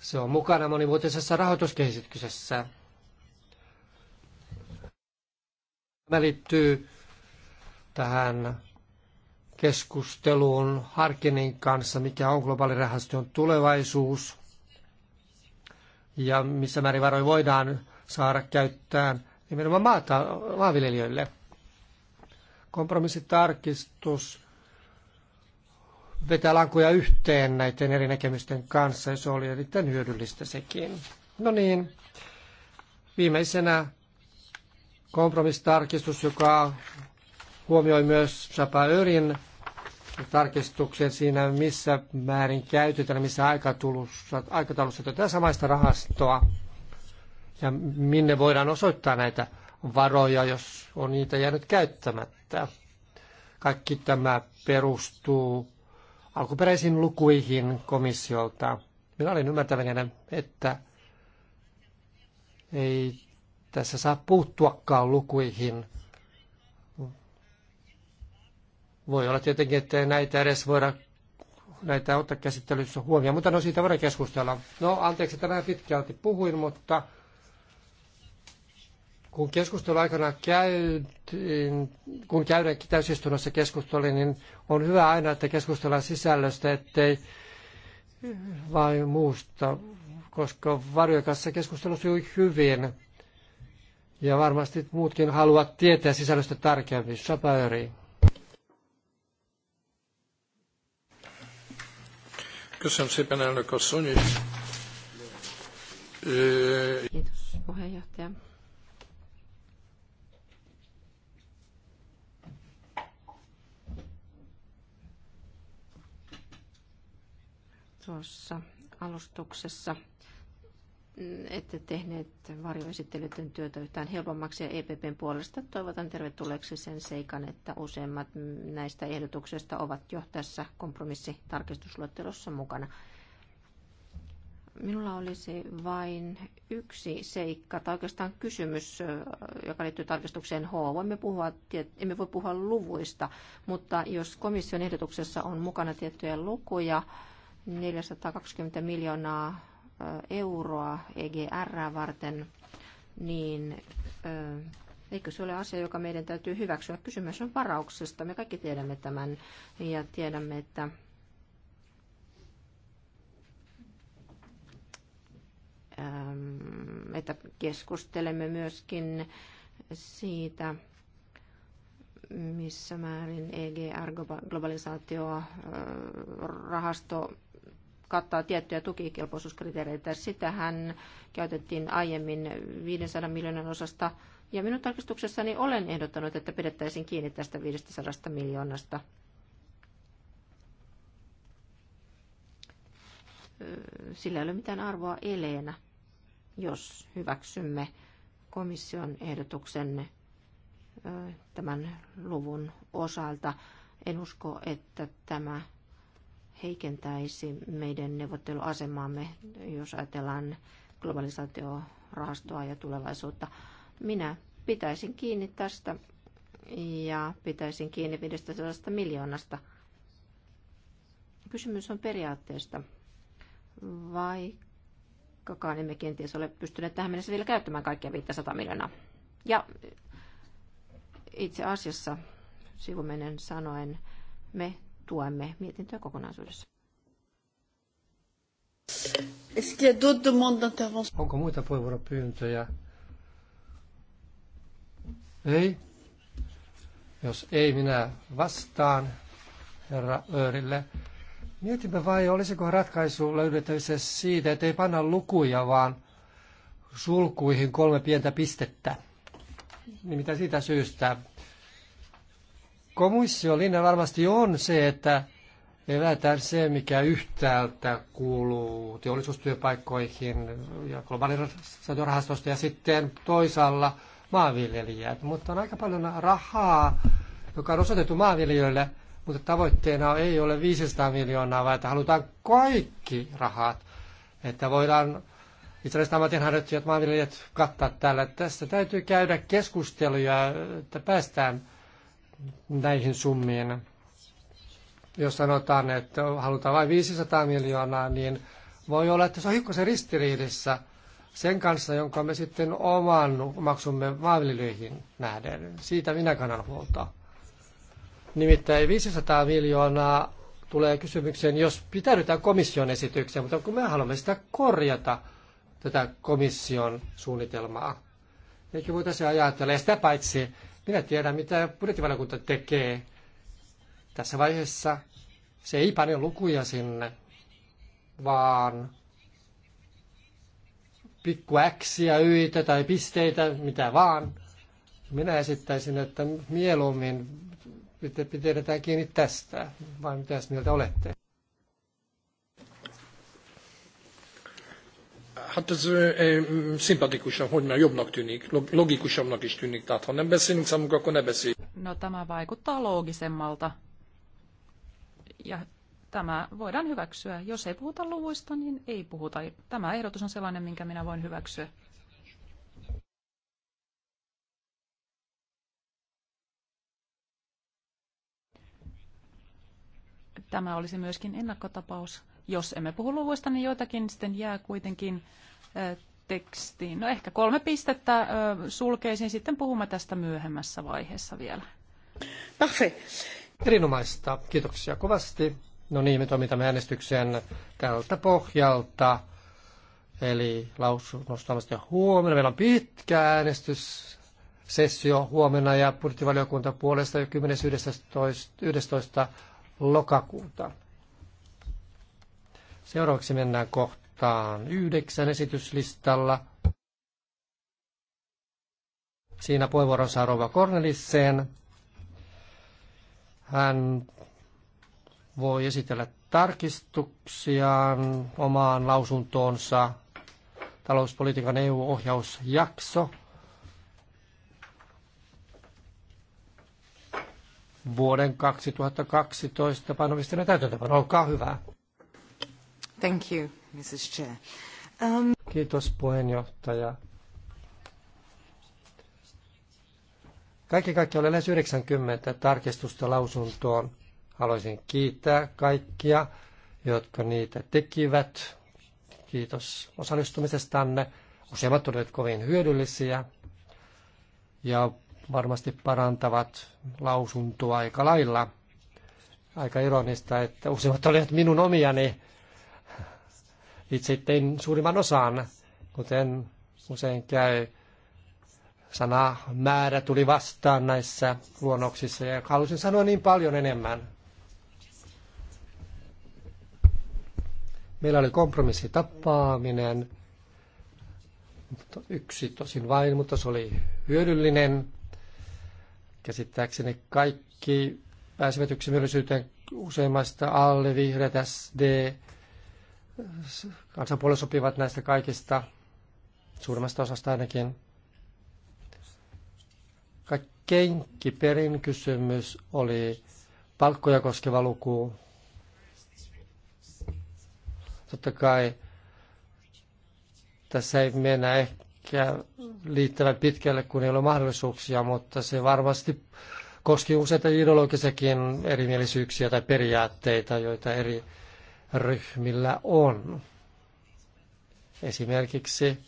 Se on mukana monivuotisessa rahoituskehityksessä. Tämä liittyy tähän keskusteluun Harkinin kanssa, mikä on globaalirahaston tulevaisuus ja missä määrin varoja voidaan saada käyttää nimenomaan maata, maanviljelijöille. Kompromissitarkistus vetää lankuja yhteen näiden eri näkemysten kanssa ja se oli erittäin hyödyllistä sekin. No niin, viimeisenä kompromissitarkistus, joka huomioi myös Örin tarkistuksen siinä, missä määrin käytetään, missä aikataulussa, aikataulussa tätä samaista rahastoa ja minne voidaan osoittaa näitä varoja, jos on niitä jäänyt käyttämättä. Kaikki tämä perustuu alkuperäisiin lukuihin komissiolta. Minä olin ymmärtävänä, että ei tässä saa puuttuakaan lukuihin – Voi olla tietenkin, että näitä edes voida näitä ottaa käsittelyssä huomioon, mutta no siitä voidaan keskustella. No anteeksi, että vähän pitkälti puhuin, mutta kun keskustelu aikana käytiin, kun käydään täysistunnossa keskustelua, niin on hyvä aina, että keskustellaan sisällöstä, ettei vain muusta, koska varjojen kanssa keskustelu sujui hyvin. Ja varmasti muutkin haluavat tietää sisällöstä tarkemmin. Sapa Köszönöm szépen, elnök asszony, és... Kiitos, puheenjohtaja. Tuossa alustuksessa ette tehneet varjoesittelyiden työtä yhtään helpommaksi ja EPPn puolesta toivotan tervetulleeksi sen seikan, että useimmat näistä ehdotuksista ovat jo tässä kompromissitarkistusluettelossa mukana. Minulla olisi vain yksi seikka, tai oikeastaan kysymys, joka liittyy tarkistukseen H. Voimme puhua, emme voi puhua luvuista, mutta jos komission ehdotuksessa on mukana tiettyjä lukuja, 420 miljoonaa euroa EGR varten, niin Eikö se ole asia, joka meidän täytyy hyväksyä? Kysymys on varauksesta. Me kaikki tiedämme tämän ja tiedämme, että että keskustelemme myöskin siitä, missä määrin EGR-globalisaatio rahasto kattaa tiettyjä tukikelpoisuuskriteereitä. Sitähän käytettiin aiemmin 500 miljoonan osasta. Ja minun tarkistuksessani olen ehdottanut, että pidettäisiin kiinni tästä 500 miljoonasta. Sillä ei ole mitään arvoa eleenä, jos hyväksymme komission ehdotuksen tämän luvun osalta. En usko, että tämä heikentäisi meidän neuvotteluasemaamme, jos ajatellaan globalisaatiorahastoa ja tulevaisuutta. Minä pitäisin kiinni tästä ja pitäisin kiinni 500 miljoonasta. Kysymys on periaatteesta, vaikkakaan emme kenties ole pystyneet tähän mennessä vielä käyttämään kaikkia 500 miljoonaa. Ja itse asiassa sivumenen sanoen me tuemme mietintöä kokonaisuudessa. Onko muita puheenvuoropyyntöjä? Ei. Jos ei, minä vastaan herra Öörille. Mietimme vai olisiko ratkaisu löydettävissä siitä, että ei panna lukuja, vaan sulkuihin kolme pientä pistettä. Niin mitä siitä syystä komissio linja varmasti on se, että evätään se, mikä yhtäältä kuuluu teollisuustyöpaikkoihin ja globaalirahastosta ja sitten toisaalla maanviljelijät. Mutta on aika paljon rahaa, joka on osoitettu maanviljelijöille, mutta tavoitteena ei ole 500 miljoonaa, vaan että halutaan kaikki rahat, että voidaan itse asiassa ammatinharjoittajat, maanviljelijät kattaa täällä. Tässä täytyy käydä keskusteluja, että päästään näihin summiin. Jos sanotaan, että halutaan vain 500 miljoonaa, niin voi olla, että se on hiukkasen ristiriidissä sen kanssa, jonka me sitten oman maksumme maanviljelijöihin nähden. Siitä minä kannan huolta. Nimittäin 500 miljoonaa tulee kysymykseen, jos pitäydytään komission esitykseen, mutta kun me haluamme sitä korjata, tätä komission suunnitelmaa. Eikö voitaisiin ajatella, ja sitä paitsi minä tiedän, mitä budjettivaliokunta tekee. Tässä vaiheessa se ei pane lukuja sinne, vaan pikku äksiä, yitä tai pisteitä, mitä vaan. Minä esittäisin, että mieluummin pitää kiinni tästä, vai mitä mieltä olette? hát ez szimpatikusan, hogy már jobbnak tűnik, logikusabbnak is tűnik. Tehát ha nem beszélünk számukra, akkor ne beszéljünk. No tämä vaikuttaa loogisemmalta. Ja tämä voidaan hyväksyä. Jos ei puhuta luvuista, niin ei puhuta. Tämä ehdotus on sellainen, minkä minä voin hyväksyä. Tämä olisi myöskin ennakkotapaus jos emme puhu luvuista, niin joitakin sitten jää kuitenkin tekstiin. No ehkä kolme pistettä sulkeisin, sitten puhumme tästä myöhemmässä vaiheessa vielä. Parfait. Erinomaista. Kiitoksia kovasti. No niin, me toimitamme äänestyksen tältä pohjalta. Eli lausunnosta ja huomenna. Meillä on pitkä äänestyssessio huomenna ja budjettivaliokunta puolesta 10.11. lokakuuta. Seuraavaksi mennään kohtaan yhdeksän esityslistalla. Siinä puheenvuoron saa Rova Cornelisseen. Hän voi esitellä tarkistuksiaan omaan lausuntoonsa talouspolitiikan EU-ohjausjakso vuoden 2012 painopisteiden täytäntöpano. Olkaa hyvä. Thank you, Mrs. Chair. Um... Kiitos puheenjohtaja. Kaikki kaikkiaan oli lähes 90 tarkistusta lausuntoon. Haluaisin kiittää kaikkia, jotka niitä tekivät. Kiitos osallistumisestanne. Useimmat olivat kovin hyödyllisiä ja varmasti parantavat lausuntoa aika lailla. Aika ironista, että useimmat olivat minun omiani itse tein suurimman osan, kuten usein käy. Sana määrä tuli vastaan näissä luonnoksissa ja halusin sanoa niin paljon enemmän. Meillä oli kompromissitapaaminen, yksi tosin vain, mutta se oli hyödyllinen. Käsittääkseni kaikki pääsivät yksimielisyyteen useimmasta alle vihreät SD, kansanpuolet sopivat näistä kaikista, suurimmasta osasta ainakin. Kaikkein kiperin kysymys oli palkkoja koskeva luku. Totta kai tässä ei mennä ehkä liittävän pitkälle, kun ei ole mahdollisuuksia, mutta se varmasti koski useita ideologisiakin erimielisyyksiä tai periaatteita, joita eri ryhmillä on. Esimerkiksi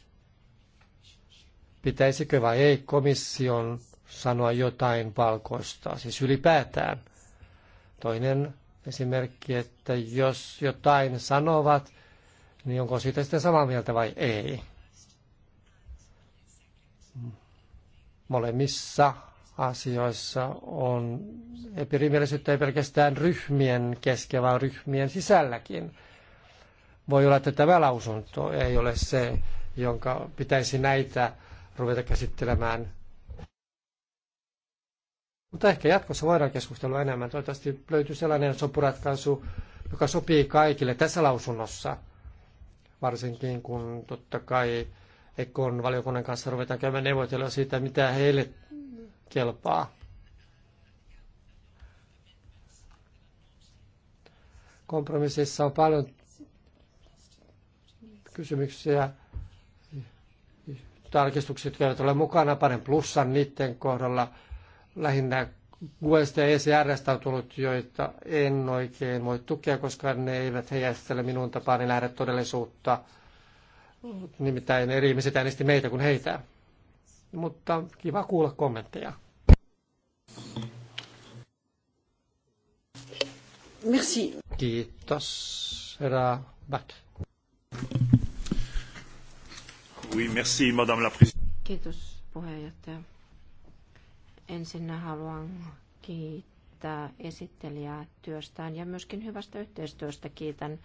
pitäisikö vai ei komission sanoa jotain palkoista, siis ylipäätään. Toinen esimerkki, että jos jotain sanovat, niin onko siitä sitten samaa mieltä vai ei. Molemmissa asioissa on epirimielisyyttä ei pelkästään ryhmien kesken, vaan ryhmien sisälläkin. Voi olla, että tämä lausunto ei ole se, jonka pitäisi näitä ruveta käsittelemään. Mutta ehkä jatkossa voidaan keskustella enemmän. Toivottavasti löytyy sellainen sopuratkaisu, joka sopii kaikille tässä lausunnossa. Varsinkin kun totta kai Ekon valiokunnan kanssa ruvetaan käymään neuvotella siitä, mitä heille kelpaa. Kompromisseissa on paljon kysymyksiä, tarkistukset, jotka eivät ole mukana, paljon plussan niiden kohdalla. Lähinnä Guesta ja ECRstä on tullut, joita en oikein voi tukea, koska ne eivät heijastele minun tapaani nähdä todellisuutta. Nimittäin eri ihmiset äänesti meitä kuin heitä mutta kiva kuulla kommentteja. Merci. Kiitos, herra Back. Oui, merci, madame la Kiitos, puheenjohtaja. Ensinnä haluan kiittää esittelijää työstään ja myöskin hyvästä yhteistyöstä kiitän.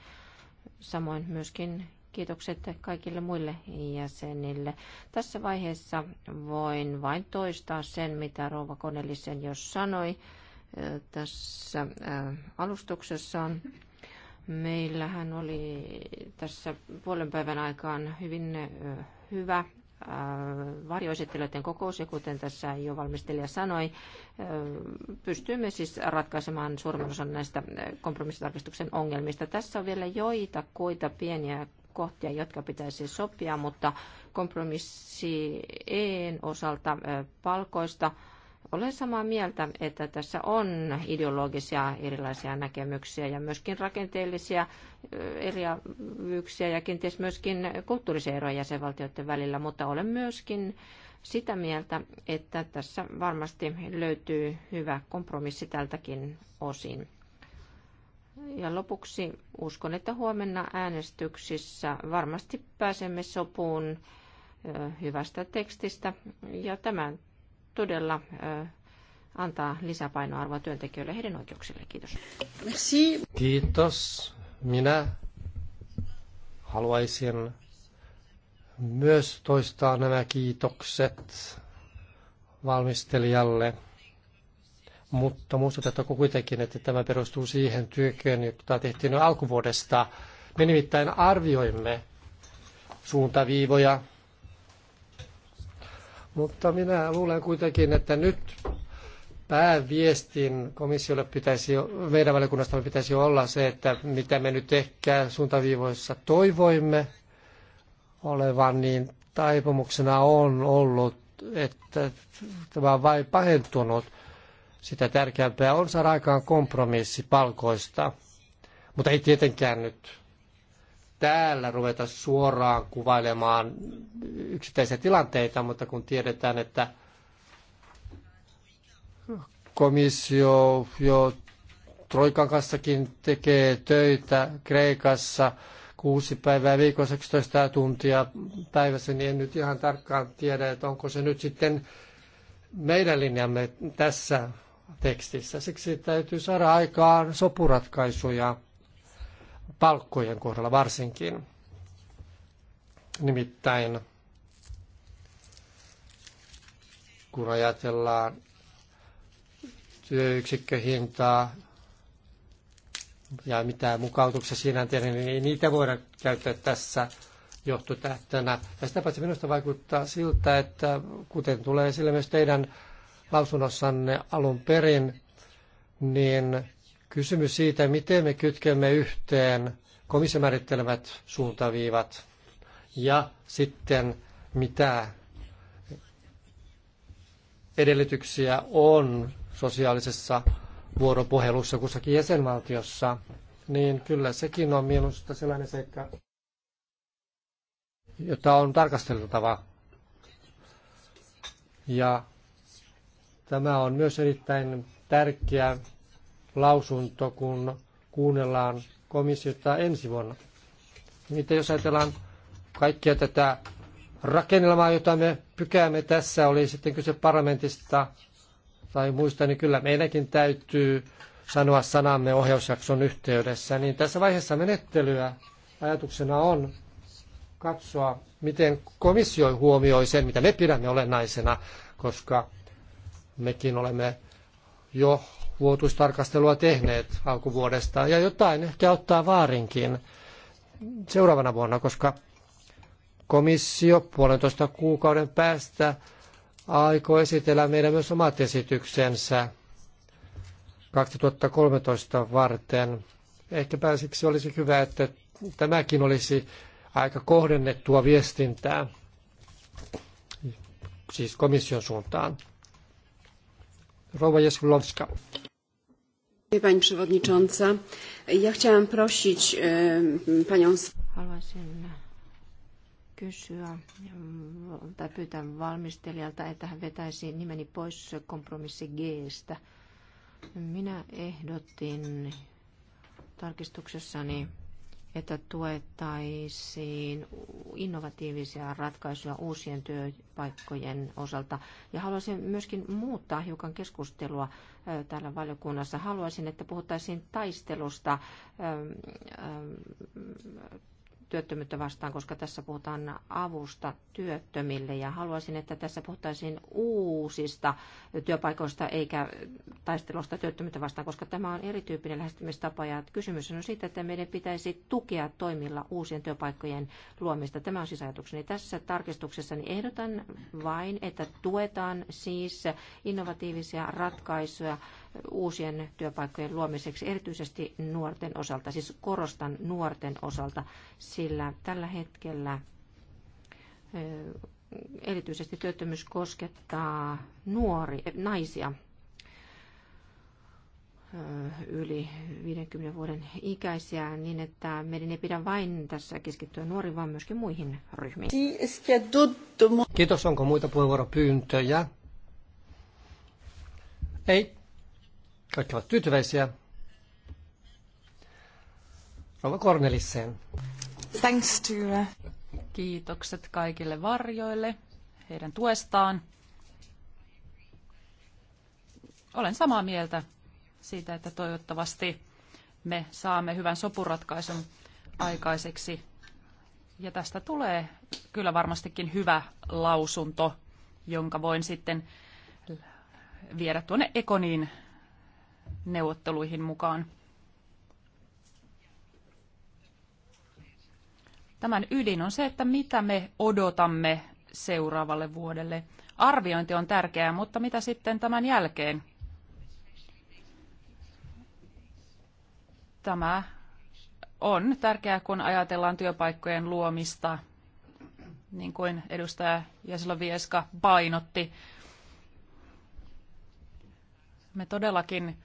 Samoin myöskin Kiitokset kaikille muille jäsenille. Tässä vaiheessa voin vain toistaa sen, mitä Rouva Konelisen jo sanoi eh, tässä eh, alustuksessaan. Meillähän oli tässä puolen päivän aikaan hyvin eh, hyvä varjoesittelijöiden kokous, ja kuten tässä jo valmistelija sanoi, pystyimme siis ratkaisemaan suurimman osan näistä kompromissitarkistuksen ongelmista. Tässä on vielä joita kuita pieniä kohtia, jotka pitäisi sopia, mutta kompromissi EEN osalta palkoista olen samaa mieltä, että tässä on ideologisia erilaisia näkemyksiä ja myöskin rakenteellisia eriävyyksiä ja kenties myöskin kulttuurisia eroja jäsenvaltioiden välillä, mutta olen myöskin sitä mieltä, että tässä varmasti löytyy hyvä kompromissi tältäkin osin. Ja lopuksi uskon, että huomenna äänestyksissä varmasti pääsemme sopuun hyvästä tekstistä. Ja tämä todella antaa lisäpainoarvoa työntekijöille ja heidän oikeuksilleen. Kiitos. Merci. Kiitos. Minä haluaisin myös toistaa nämä kiitokset valmistelijalle mutta muistutettaako kuitenkin, että tämä perustuu siihen työkön, jota tehtiin jo alkuvuodesta. Me nimittäin arvioimme suuntaviivoja, mutta minä luulen kuitenkin, että nyt pääviestin komissiolle pitäisi, meidän valiokunnastamme pitäisi olla se, että mitä me nyt ehkä suuntaviivoissa toivoimme olevan, niin taipumuksena on ollut, että tämä on vain pahentunut – sitä tärkeämpää on saada aikaan kompromissi palkoista. Mutta ei tietenkään nyt täällä ruveta suoraan kuvailemaan yksittäisiä tilanteita, mutta kun tiedetään, että komissio jo Troikan kanssakin tekee töitä Kreikassa kuusi päivää viikossa 11 tuntia päivässä, niin en nyt ihan tarkkaan tiedä, että onko se nyt sitten meidän linjamme tässä tekstissä. Siksi täytyy saada aikaan sopuratkaisuja palkkojen kohdalla varsinkin. Nimittäin kun ajatellaan työyksikköhintaa ja mitä mukautuksia siinä on tehnyt, niin niitä voidaan käyttää tässä johtotähtänä. Ja sitä paitsi minusta vaikuttaa siltä, että kuten tulee sille myös teidän lausunnossanne alun perin, niin kysymys siitä, miten me kytkemme yhteen komission määrittelemät suuntaviivat ja sitten mitä edellytyksiä on sosiaalisessa vuoropuhelussa kussakin jäsenvaltiossa, niin kyllä sekin on minusta sellainen seikka, jota on tarkasteltava. Ja Tämä on myös erittäin tärkeä lausunto, kun kuunnellaan komissiota ensi vuonna. Miten jos ajatellaan kaikkia tätä rakennelmaa, jota me pykäämme tässä, oli sitten kyse parlamentista tai muista, niin kyllä meidänkin täytyy sanoa sanamme ohjausjakson yhteydessä. Niin tässä vaiheessa menettelyä ajatuksena on katsoa, miten komissio huomioi sen, mitä me pidämme olennaisena, koska Mekin olemme jo vuotuistarkastelua tehneet alkuvuodesta ja jotain ehkä ottaa vaarinkin seuraavana vuonna, koska komissio puolentoista kuukauden päästä aikoo esitellä meidän myös omat esityksensä 2013 varten. Ehkäpä siksi olisi hyvä, että tämäkin olisi aika kohdennettua viestintää, siis komission suuntaan. Rouva Jesłowska. Pani przewodnicząca, ja chciałam prosić e, panią... Haluaisin kysyä mm, tai pyytää valmistelijalta, että hän vetäisi nimeni pois kompromissi Gstä. Minä ehdotin tarkistuksessani että tuettaisiin innovatiivisia ratkaisuja uusien työpaikkojen osalta. Ja haluaisin myöskin muuttaa hiukan keskustelua täällä valiokunnassa. Haluaisin, että puhuttaisiin taistelusta työttömyyttä vastaan, koska tässä puhutaan avusta työttömille ja haluaisin, että tässä puhuttaisiin uusista työpaikoista eikä taistelusta työttömyyttä vastaan, koska tämä on erityyppinen lähestymistapa ja kysymys on siitä, että meidän pitäisi tukea toimilla uusien työpaikkojen luomista. Tämä on siis ajatukseni. Tässä tarkistuksessa ehdotan vain, että tuetaan siis innovatiivisia ratkaisuja uusien työpaikkojen luomiseksi, erityisesti nuorten osalta, siis korostan nuorten osalta, sillä tällä hetkellä erityisesti työttömyys koskettaa nuori, eh, naisia yli 50 vuoden ikäisiä, niin että meidän ei pidä vain tässä keskittyä nuoriin, vaan myöskin muihin ryhmiin. Kiitos, onko muita puheenvuoropyyntöjä? Ei, kaikki ovat tyytyväisiä. Rova Kornelisseen. Thanks to you. Kiitokset kaikille varjoille heidän tuestaan. Olen samaa mieltä siitä, että toivottavasti me saamme hyvän sopuratkaisun aikaiseksi. Ja tästä tulee kyllä varmastikin hyvä lausunto, jonka voin sitten viedä tuonne Ekoniin neuvotteluihin mukaan. Tämän ydin on se, että mitä me odotamme seuraavalle vuodelle. Arviointi on tärkeää, mutta mitä sitten tämän jälkeen? Tämä on tärkeää, kun ajatellaan työpaikkojen luomista, niin kuin edustaja Vieska painotti. Me todellakin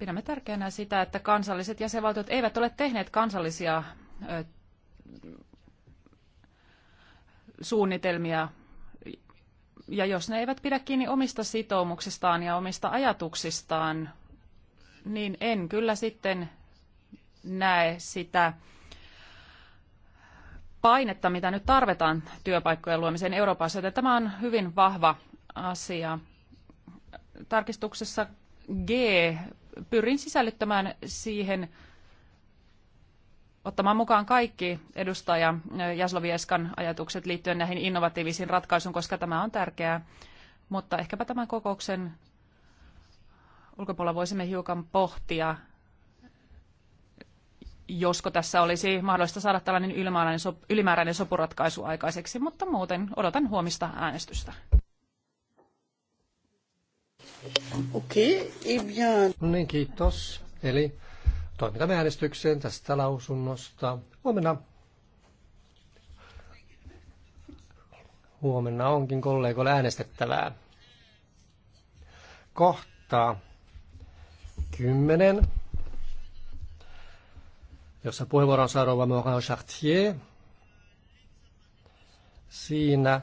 Pidämme tärkeänä sitä, että kansalliset jäsenvaltiot eivät ole tehneet kansallisia suunnitelmia ja jos ne eivät pidä kiinni omista sitoumuksistaan ja omista ajatuksistaan, niin en kyllä sitten näe sitä painetta, mitä nyt tarvitaan työpaikkojen luomiseen Euroopassa, joten tämä on hyvin vahva asia. Tarkistuksessa G pyrin sisällyttämään siihen, ottamaan mukaan kaikki edustaja Jaslovieskan ajatukset liittyen näihin innovatiivisiin ratkaisuun, koska tämä on tärkeää. Mutta ehkäpä tämän kokouksen ulkopuolella voisimme hiukan pohtia, josko tässä olisi mahdollista saada tällainen ylimääräinen, ylimääräinen sopuratkaisu aikaiseksi, mutta muuten odotan huomista äänestystä. Okei, okay, eh bien... Niin, kiitos. Eli toimitamme äänestykseen tästä lausunnosta huomenna. Huomenna onkin kollegoilla äänestettävää. Kohta 10, jossa puheenvuoron saa Rova Morin Chartier. Siinä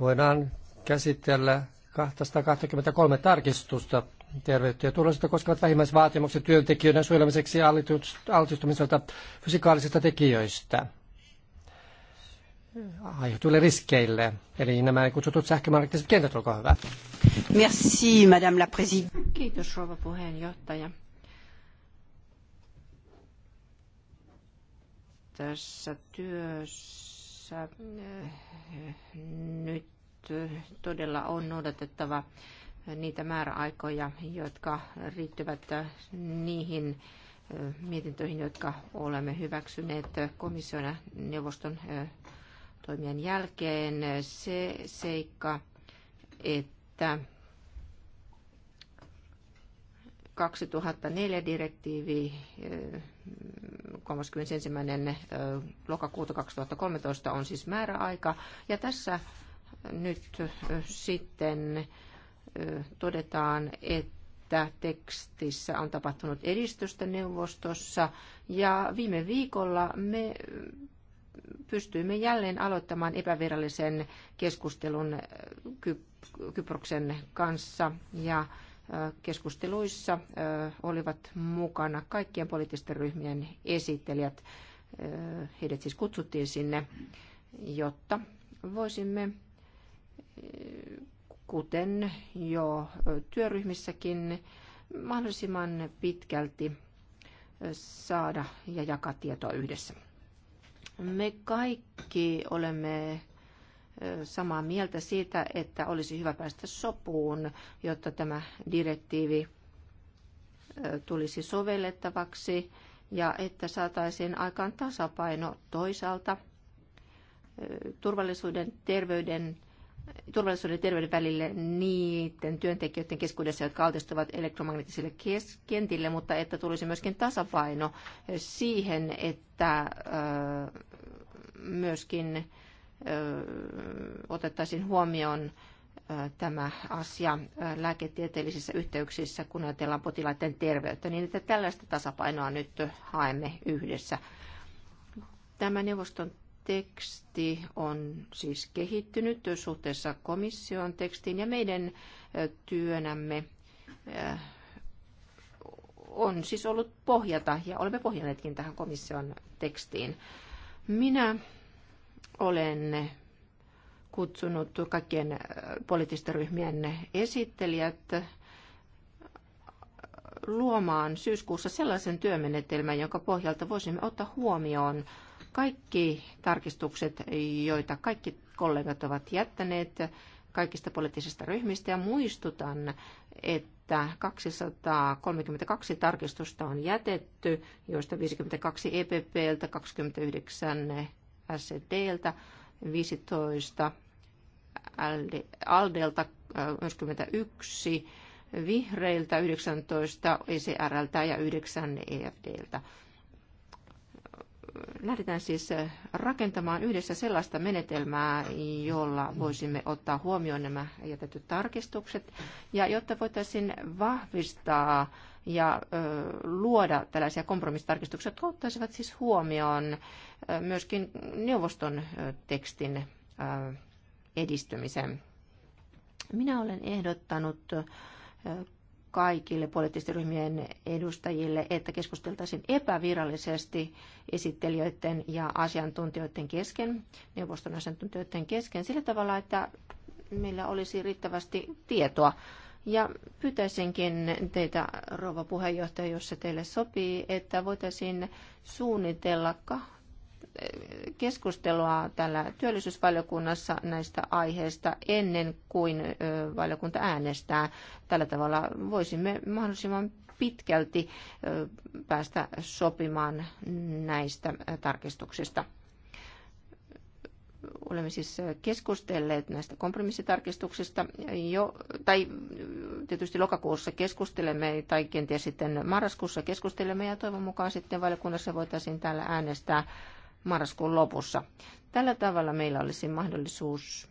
voidaan käsitellä 223 tarkistusta terveyttä ja turvallisuutta koskevat vähimmäisvaatimukset työntekijöiden suojelemiseksi altistumiselta fysikaalisista tekijöistä aiheutuville riskeille. Eli nämä kutsutut sähkömarkkinaiset kentät, olkaa hyvä. Merci, madame la présidente. Kiitos, rouva puheenjohtaja. Tässä työssä eh, nyt todella on noudatettava niitä määräaikoja, jotka riittyvät niihin mietintöihin, jotka olemme hyväksyneet komission ja neuvoston toimien jälkeen. Se seikka, että 2004 direktiivi 31. lokakuuta 2013 on siis määräaika. Ja tässä nyt sitten todetaan, että tekstissä on tapahtunut edistystä neuvostossa ja viime viikolla me pystyimme jälleen aloittamaan epävirallisen keskustelun Ky- Kyproksen kanssa ja keskusteluissa olivat mukana kaikkien poliittisten ryhmien esittelijät. Heidät siis kutsuttiin sinne, jotta voisimme kuten jo työryhmissäkin, mahdollisimman pitkälti saada ja jakaa tietoa yhdessä. Me kaikki olemme samaa mieltä siitä, että olisi hyvä päästä sopuun, jotta tämä direktiivi tulisi sovellettavaksi ja että saataisiin aikaan tasapaino toisaalta turvallisuuden, terveyden turvallisuuden ja terveyden välille niiden työntekijöiden keskuudessa, jotka altistuvat elektromagneettisille kentille, mutta että tulisi myöskin tasapaino siihen, että myöskin otettaisiin huomioon tämä asia lääketieteellisissä yhteyksissä, kun ajatellaan potilaiden terveyttä, niin että tällaista tasapainoa nyt haemme yhdessä. Tämä neuvoston teksti on siis kehittynyt suhteessa komission tekstiin ja meidän työnämme on siis ollut pohjata ja olemme pohjanneetkin tähän komission tekstiin. Minä olen kutsunut kaikkien poliittisten ryhmien esittelijät luomaan syyskuussa sellaisen työmenetelmän, jonka pohjalta voisimme ottaa huomioon kaikki tarkistukset, joita kaikki kollegat ovat jättäneet kaikista poliittisista ryhmistä ja muistutan, että 232 tarkistusta on jätetty, joista 52 EPPltä, 29 SCDltä, 15 ALDelta, 21 vihreiltä, 19 ECRltä ja 9 EFDltä lähdetään siis rakentamaan yhdessä sellaista menetelmää, jolla voisimme ottaa huomioon nämä jätetyt tarkistukset, ja jotta voitaisiin vahvistaa ja luoda tällaisia kompromissitarkistuksia, jotka ottaisivat siis huomioon myöskin neuvoston tekstin edistymisen. Minä olen ehdottanut kaikille poliittisten ryhmien edustajille, että keskusteltaisiin epävirallisesti esittelijöiden ja asiantuntijoiden kesken, neuvoston asiantuntijoiden kesken, sillä tavalla, että meillä olisi riittävästi tietoa. Ja pyytäisinkin teitä, rouva puheenjohtaja, jos se teille sopii, että voitaisiin suunnitella keskustelua täällä työllisyysvaliokunnassa näistä aiheista ennen kuin valiokunta äänestää. Tällä tavalla voisimme mahdollisimman pitkälti päästä sopimaan näistä tarkistuksista. Olemme siis keskustelleet näistä kompromissitarkistuksista jo, tai tietysti lokakuussa keskustelemme tai kenties sitten marraskuussa keskustelemme ja toivon mukaan sitten valiokunnassa voitaisiin täällä äänestää marraskuun lopussa. Tällä tavalla meillä olisi mahdollisuus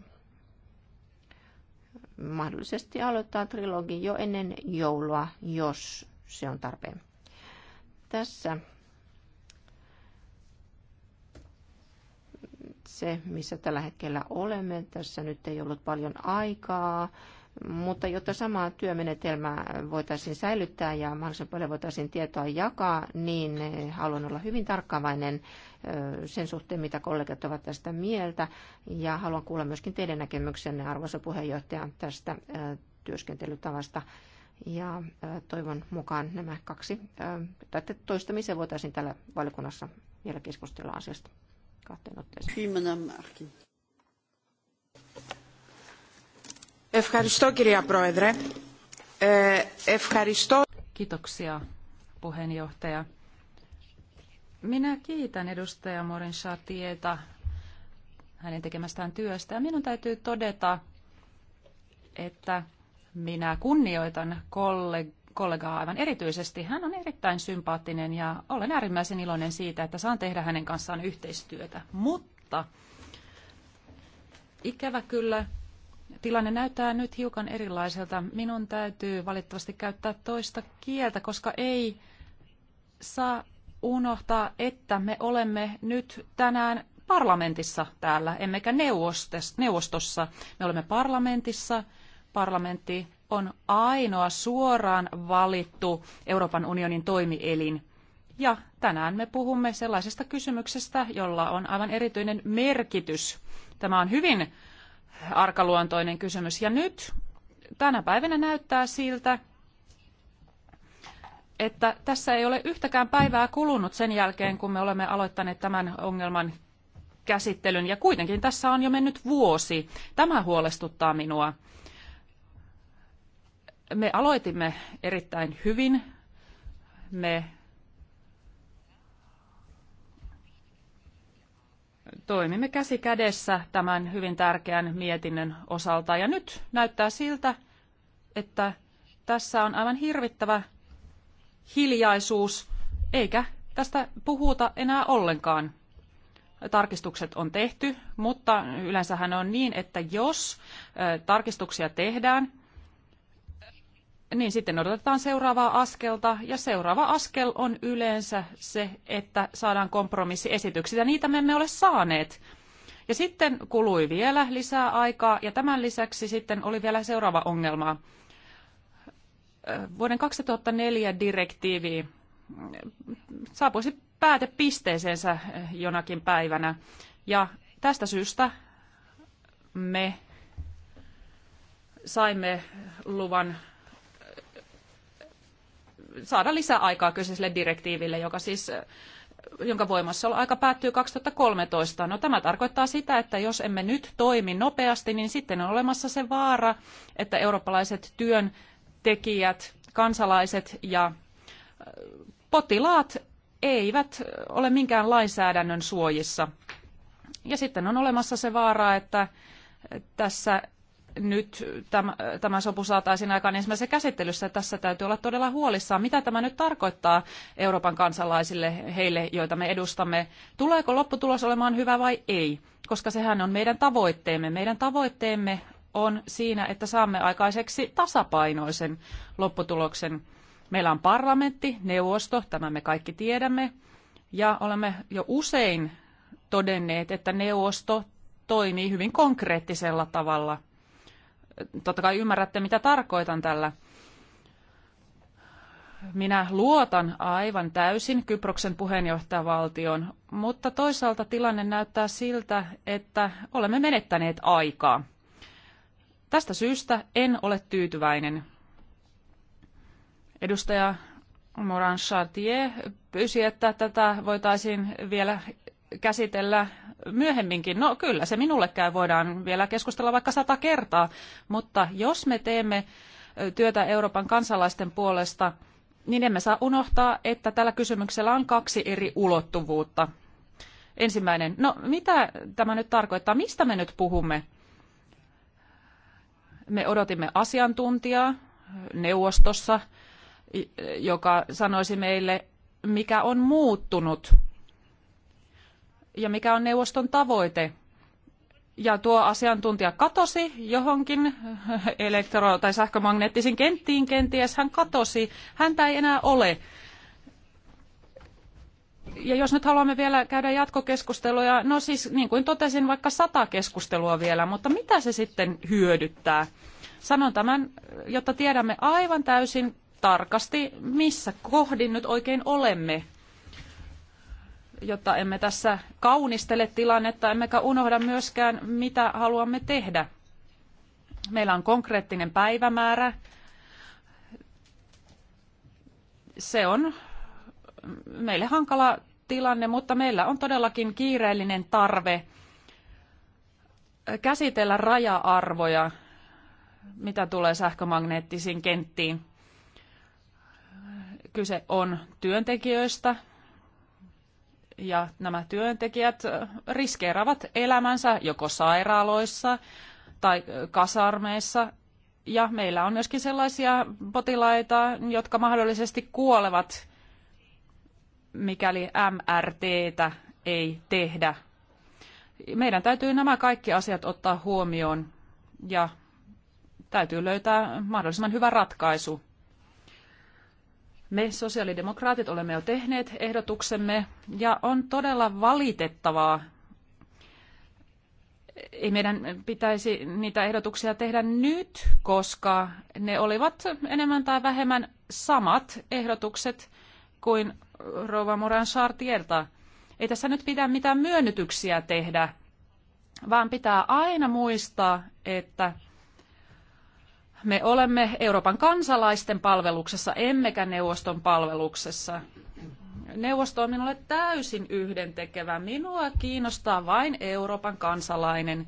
mahdollisesti aloittaa trilogi jo ennen joulua, jos se on tarpeen. Tässä se, missä tällä hetkellä olemme. Tässä nyt ei ollut paljon aikaa, mutta jotta samaa työmenetelmää voitaisiin säilyttää ja mahdollisimman paljon voitaisiin tietoa jakaa, niin haluan olla hyvin tarkkaavainen sen suhteen, mitä kollegat ovat tästä mieltä. Ja haluan kuulla myöskin teidän näkemyksenne, arvoisa puheenjohtaja, tästä työskentelytavasta. Ja toivon mukaan nämä kaksi, tai toistamiseen voitaisiin täällä valikunnassa vielä keskustella asiasta kahteen otteeseen. Kiitoksia puheenjohtaja. Minä kiitän edustaja Morin Chatieta hänen tekemästään työstä. Ja minun täytyy todeta, että minä kunnioitan kollegaa aivan erityisesti. Hän on erittäin sympaattinen ja olen äärimmäisen iloinen siitä, että saan tehdä hänen kanssaan yhteistyötä. Mutta ikävä kyllä tilanne näyttää nyt hiukan erilaiselta. Minun täytyy valitettavasti käyttää toista kieltä, koska ei saa unohtaa, että me olemme nyt tänään parlamentissa täällä, emmekä neuvostossa. Me olemme parlamentissa. Parlamentti on ainoa suoraan valittu Euroopan unionin toimielin. Ja tänään me puhumme sellaisesta kysymyksestä, jolla on aivan erityinen merkitys. Tämä on hyvin arkaluontoinen kysymys. Ja nyt tänä päivänä näyttää siltä, että tässä ei ole yhtäkään päivää kulunut sen jälkeen, kun me olemme aloittaneet tämän ongelman käsittelyn. Ja kuitenkin tässä on jo mennyt vuosi. Tämä huolestuttaa minua. Me aloitimme erittäin hyvin. Me toimimme käsi kädessä tämän hyvin tärkeän mietinnön osalta. Ja nyt näyttää siltä, että tässä on aivan hirvittävä hiljaisuus, eikä tästä puhuta enää ollenkaan. Tarkistukset on tehty, mutta yleensähän on niin, että jos tarkistuksia tehdään, niin sitten odotetaan seuraavaa askelta, ja seuraava askel on yleensä se, että saadaan kompromissiesityksiä. Niitä me emme ole saaneet. Ja sitten kului vielä lisää aikaa, ja tämän lisäksi sitten oli vielä seuraava ongelma vuoden 2004 direktiivi mm, saapuisi päätepisteeseensä jonakin päivänä. Ja tästä syystä me saimme luvan saada lisää aikaa kyseiselle direktiiville, joka siis, jonka voimassaoloaika päättyy 2013. No tämä tarkoittaa sitä, että jos emme nyt toimi nopeasti, niin sitten on olemassa se vaara, että eurooppalaiset työn tekijät, kansalaiset ja äh, potilaat eivät ole minkään lainsäädännön suojissa. Ja sitten on olemassa se vaara, että tässä nyt tämä sopu saataisiin aikaan ensimmäisessä käsittelyssä. Tässä täytyy olla todella huolissaan, mitä tämä nyt tarkoittaa Euroopan kansalaisille, heille, joita me edustamme. Tuleeko lopputulos olemaan hyvä vai ei? Koska sehän on meidän tavoitteemme. Meidän tavoitteemme on siinä, että saamme aikaiseksi tasapainoisen lopputuloksen. Meillä on parlamentti, neuvosto, tämä me kaikki tiedämme, ja olemme jo usein todenneet, että neuvosto toimii hyvin konkreettisella tavalla. Totta kai ymmärrätte, mitä tarkoitan tällä. Minä luotan aivan täysin Kyproksen puheenjohtajavaltion, mutta toisaalta tilanne näyttää siltä, että olemme menettäneet aikaa. Tästä syystä en ole tyytyväinen. Edustaja Moran Chartier pyysi, että tätä voitaisiin vielä käsitellä myöhemminkin. No kyllä, se minulle käy. Voidaan vielä keskustella vaikka sata kertaa, mutta jos me teemme työtä Euroopan kansalaisten puolesta, niin emme saa unohtaa, että tällä kysymyksellä on kaksi eri ulottuvuutta. Ensimmäinen, no mitä tämä nyt tarkoittaa? Mistä me nyt puhumme? Me odotimme asiantuntijaa neuvostossa, joka sanoisi meille, mikä on muuttunut ja mikä on neuvoston tavoite. Ja tuo asiantuntija katosi johonkin elektro- tai sähkömagneettisiin kenttiin kenties. Hän katosi. Häntä ei enää ole ja jos nyt haluamme vielä käydä jatkokeskusteluja, no siis niin kuin totesin, vaikka sata keskustelua vielä, mutta mitä se sitten hyödyttää? Sanon tämän, jotta tiedämme aivan täysin tarkasti, missä kohdin nyt oikein olemme, jotta emme tässä kaunistele tilannetta, emmekä unohda myöskään, mitä haluamme tehdä. Meillä on konkreettinen päivämäärä. Se on meille hankala tilanne, mutta meillä on todellakin kiireellinen tarve käsitellä raja-arvoja, mitä tulee sähkömagneettisiin kenttiin. Kyse on työntekijöistä, ja nämä työntekijät riskeeraavat elämänsä joko sairaaloissa tai kasarmeissa. Ja meillä on myöskin sellaisia potilaita, jotka mahdollisesti kuolevat mikäli MRTtä ei tehdä. Meidän täytyy nämä kaikki asiat ottaa huomioon ja täytyy löytää mahdollisimman hyvä ratkaisu. Me sosiaalidemokraatit olemme jo tehneet ehdotuksemme ja on todella valitettavaa, ei meidän pitäisi niitä ehdotuksia tehdä nyt, koska ne olivat enemmän tai vähemmän samat ehdotukset kuin rouva Moran Chartierta. Ei tässä nyt pidä mitään myönnytyksiä tehdä, vaan pitää aina muistaa, että me olemme Euroopan kansalaisten palveluksessa, emmekä neuvoston palveluksessa. Neuvosto on minulle täysin yhdentekevä. Minua kiinnostaa vain Euroopan kansalainen.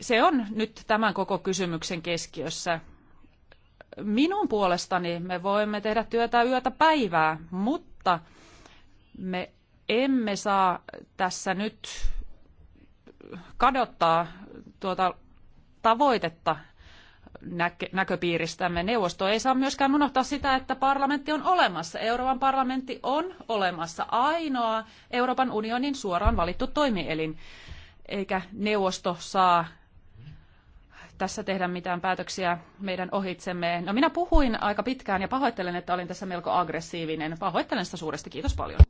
Se on nyt tämän koko kysymyksen keskiössä minun puolestani me voimme tehdä työtä yötä päivää, mutta me emme saa tässä nyt kadottaa tuota tavoitetta näkö- näköpiiristämme. Neuvosto ei saa myöskään unohtaa sitä, että parlamentti on olemassa. Euroopan parlamentti on olemassa ainoa Euroopan unionin suoraan valittu toimielin. Eikä neuvosto saa tässä tehdä mitään päätöksiä meidän ohitsemme. No minä puhuin aika pitkään ja pahoittelen, että olin tässä melko aggressiivinen. Pahoittelen sitä suuresti. Kiitos paljon.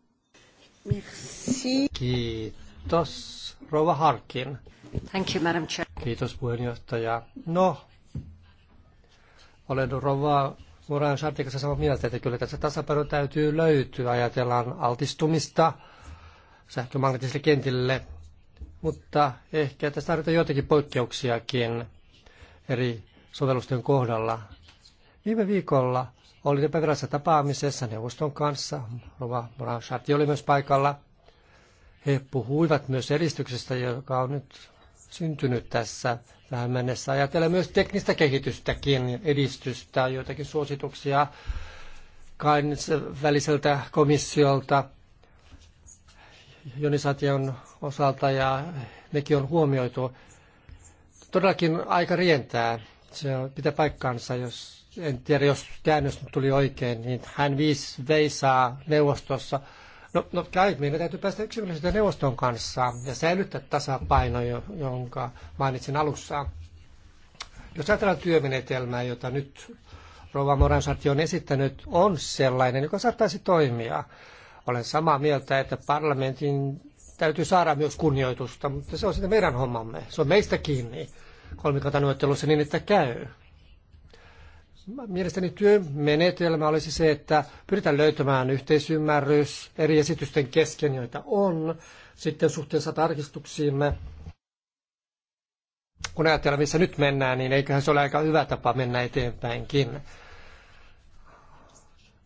Merci. Kiitos, Rova Harkin. Thank you, Madam Chair. Kiitos puheenjohtaja. No, olen Rova Moran Shartin kanssa samaa mieltä, että kyllä tässä tasapaino täytyy löytyä. Ajatellaan altistumista sähkömagnetiselle kentille, mutta ehkä tässä tarvitaan joitakin poikkeuksiakin eri sovellusten kohdalla. Viime viikolla oli epävirallisessa tapaamisessa neuvoston kanssa. Rova Branchardi oli myös paikalla. He puhuivat myös edistyksestä, joka on nyt syntynyt tässä tähän mennessä. Ajatellaan myös teknistä kehitystäkin, edistystä, joitakin suosituksia väliseltä komissiolta jonisaation osalta ja nekin on huomioitu. Todellakin aika rientää. Se pitää paikkaansa, jos en tiedä, jos käännös nyt tuli oikein, niin hän viis veisaa neuvostossa. No, no käy, meidän täytyy päästä yksimielisyyteen neuvoston kanssa ja säilyttää tasapaino, jonka mainitsin alussa. Jos ajatellaan työmenetelmää, jota nyt Rova Moransarti on esittänyt, on sellainen, joka saattaisi toimia. Olen samaa mieltä, että parlamentin täytyy saada myös kunnioitusta, mutta se on sitten meidän hommamme. Se on meistä kiinni kolmikantanoittelussa niin, että käy. Mielestäni työmenetelmä olisi se, että pyritään löytämään yhteisymmärrys eri esitysten kesken, joita on, sitten suhteessa tarkistuksiimme. Kun ajatellaan, missä nyt mennään, niin eiköhän se ole aika hyvä tapa mennä eteenpäinkin.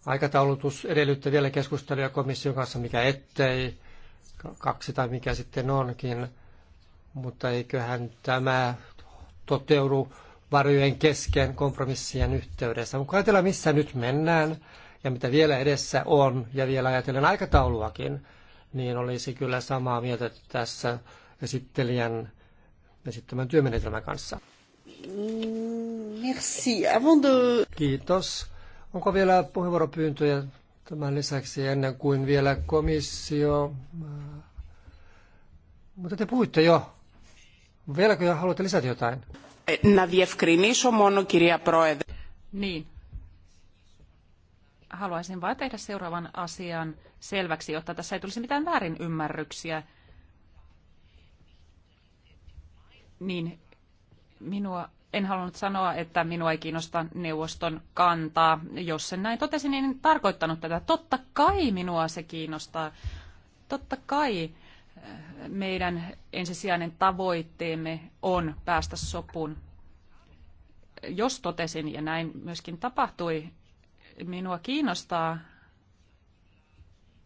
Aikataulutus edellyttää vielä keskustelua komission kanssa, mikä ettei kaksi tai mikä sitten onkin, mutta eiköhän tämä toteudu varjojen kesken kompromissien yhteydessä. Mutta ajatellaan, missä nyt mennään ja mitä vielä edessä on, ja vielä ajatellen aikatauluakin, niin olisi kyllä samaa mieltä tässä esittelijän esittämän työmenetelmän kanssa. Merci. Avant de... Kiitos. Onko vielä puheenvuoropyyntöjä Tämän lisäksi ennen kuin vielä komissio... Äh, mutta te puhuitte jo. Vieläkö haluatte lisätä jotain? Να διευκρινίσω μόνο, κυρία Πρόεδρε. Niin. Haluaisin vain tehdä seuraavan asian selväksi, jotta tässä ei tulisi mitään väärinymmärryksiä. Niin minua en halunnut sanoa, että minua ei kiinnosta neuvoston kantaa. Jos sen näin totesin, niin en tarkoittanut tätä. Totta kai minua se kiinnostaa. Totta kai eh, meidän ensisijainen tavoitteemme on päästä sopuun. Jos totesin, ja näin myöskin tapahtui, minua kiinnostaa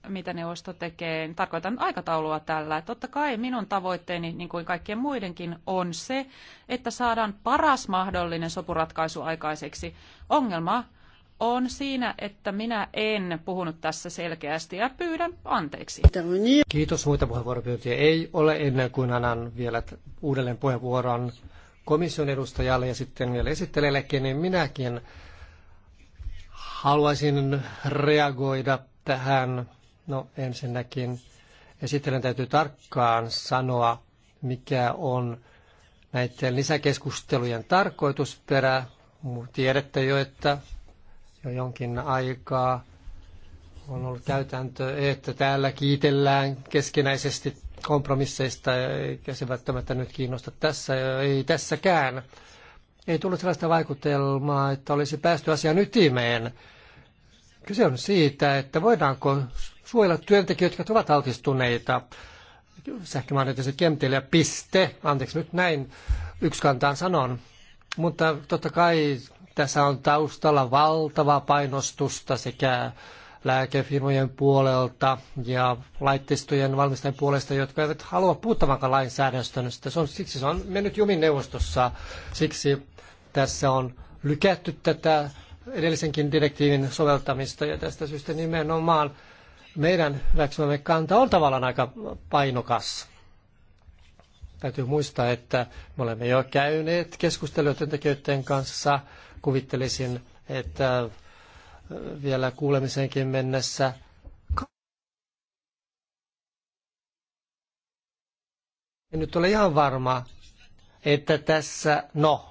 mitä neuvosto tekee. Tarkoitan aikataulua tällä. Totta kai minun tavoitteeni, niin kuin kaikkien muidenkin, on se, että saadaan paras mahdollinen sopuratkaisu aikaiseksi. Ongelma on siinä, että minä en puhunut tässä selkeästi ja pyydän anteeksi. Kiitos. Muita puheenvuoropyyntöjä ei ole ennen kuin annan vielä uudelleen puheenvuoron komission edustajalle ja sitten vielä esittelijällekin, niin minäkin haluaisin reagoida tähän No ensinnäkin esittelen täytyy tarkkaan sanoa, mikä on näiden lisäkeskustelujen tarkoitusperä. Tiedätte jo, että jo jonkin aikaa on ollut käytäntö, että täällä kiitellään keskinäisesti kompromisseista, eikä se välttämättä nyt kiinnosta tässä, ei tässäkään. Ei tullut sellaista vaikutelmaa, että olisi päästy asian ytimeen. Kyse on siitä, että voidaanko suojella työntekijöitä, jotka ovat altistuneita sähkömagneettiselle kemteille ja piste. Anteeksi nyt näin yksikantaan sanon. Mutta totta kai tässä on taustalla valtavaa painostusta sekä lääkefirmojen puolelta ja laitteistojen valmistajien puolesta, jotka eivät halua puuttamaankaan lainsäädännöstä. Se on, siksi se on mennyt jumin neuvostossa. Siksi tässä on lykätty tätä edellisenkin direktiivin soveltamista ja tästä syystä nimenomaan meidän hyväksymämme kanta on tavallaan aika painokas. Täytyy muistaa, että me olemme jo käyneet keskustelua työntekijöiden kanssa. Kuvittelisin, että äh, vielä kuulemisenkin mennessä En nyt ole ihan varma, että tässä, no,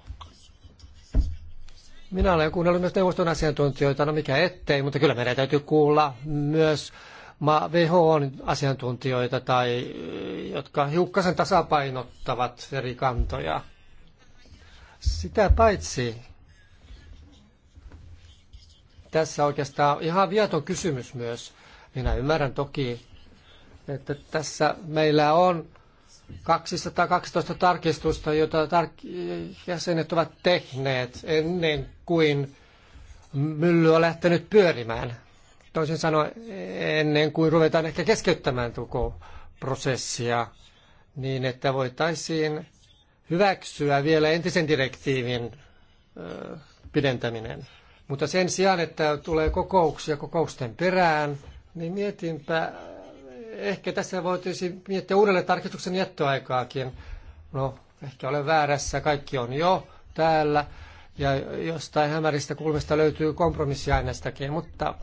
minä olen kuunnellut myös neuvoston asiantuntijoita, no mikä ettei, mutta kyllä meidän täytyy kuulla myös WHOn asiantuntijoita tai jotka hiukkasen tasapainottavat eri kantoja. Sitä paitsi tässä oikeastaan ihan viaton kysymys myös. Minä ymmärrän toki, että tässä meillä on 212 tarkistusta, joita tar- jäsenet ovat tehneet ennen kuin mylly on lähtenyt pyörimään toisin sanoen ennen kuin ruvetaan ehkä keskeyttämään tuko prosessia, niin että voitaisiin hyväksyä vielä entisen direktiivin pidentäminen. Mutta sen sijaan, että tulee kokouksia kokousten perään, niin mietinpä, ehkä tässä voitaisiin miettiä uudelleen tarkistuksen jättöaikaakin. No, ehkä olen väärässä, kaikki on jo täällä ja jostain hämäristä kulmista löytyy kompromissiainestakin, mutta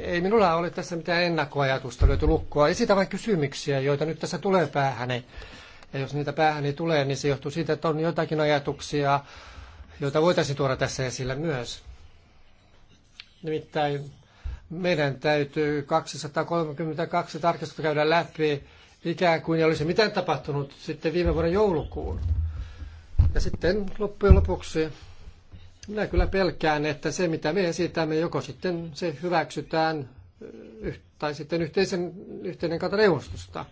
ei minulla ole tässä mitään ennakkoajatusta löyty lukkoa. Esitä vain kysymyksiä, joita nyt tässä tulee päähäni. Ja jos niitä päähäni tulee, niin se johtuu siitä, että on jotakin ajatuksia, joita voitaisiin tuoda tässä esille myös. Nimittäin meidän täytyy 232 tarkistusta käydä läpi ikään kuin ei olisi mitään tapahtunut sitten viime vuoden joulukuun. Ja sitten loppujen lopuksi minä kyllä pelkään, että se mitä me esitämme, joko sitten se hyväksytään tai sitten yhteisen, yhteinen kanta neuvostosta.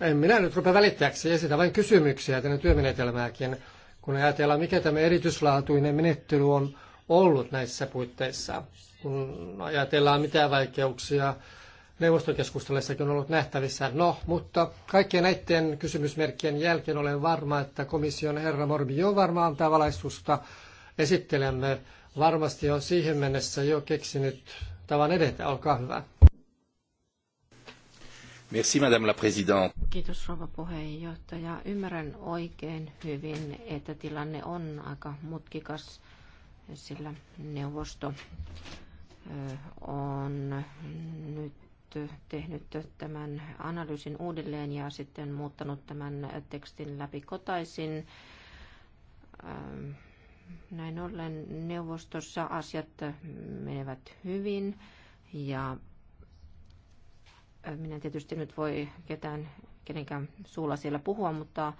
En minä nyt rupea välittäjäksi esitä vain kysymyksiä tänne työmenetelmääkin, kun ajatellaan, mikä tämä erityislaatuinen menettely on ollut näissä puitteissa. Kun ajatellaan, mitä vaikeuksia neuvostokeskustelussakin on ollut nähtävissä. No, mutta kaikkien näiden kysymysmerkkien jälkeen olen varma, että komission herra Morbion varmaan antaa valaistusta. Esittelemme varmasti on siihen mennessä jo keksinyt tavan edetä. Olkaa hyvä. Merci, Madame la Présidente. Kiitos, rouva puheenjohtaja. Ymmärrän oikein hyvin, että tilanne on aika mutkikas, sillä neuvosto on nyt tehnyt tämän analyysin uudelleen ja sitten muuttanut tämän tekstin läpi kotaisin. Ähm, näin ollen neuvostossa asiat menevät hyvin ja äh, minä tietysti nyt voi ketään, kenenkään suulla siellä puhua, mutta äh,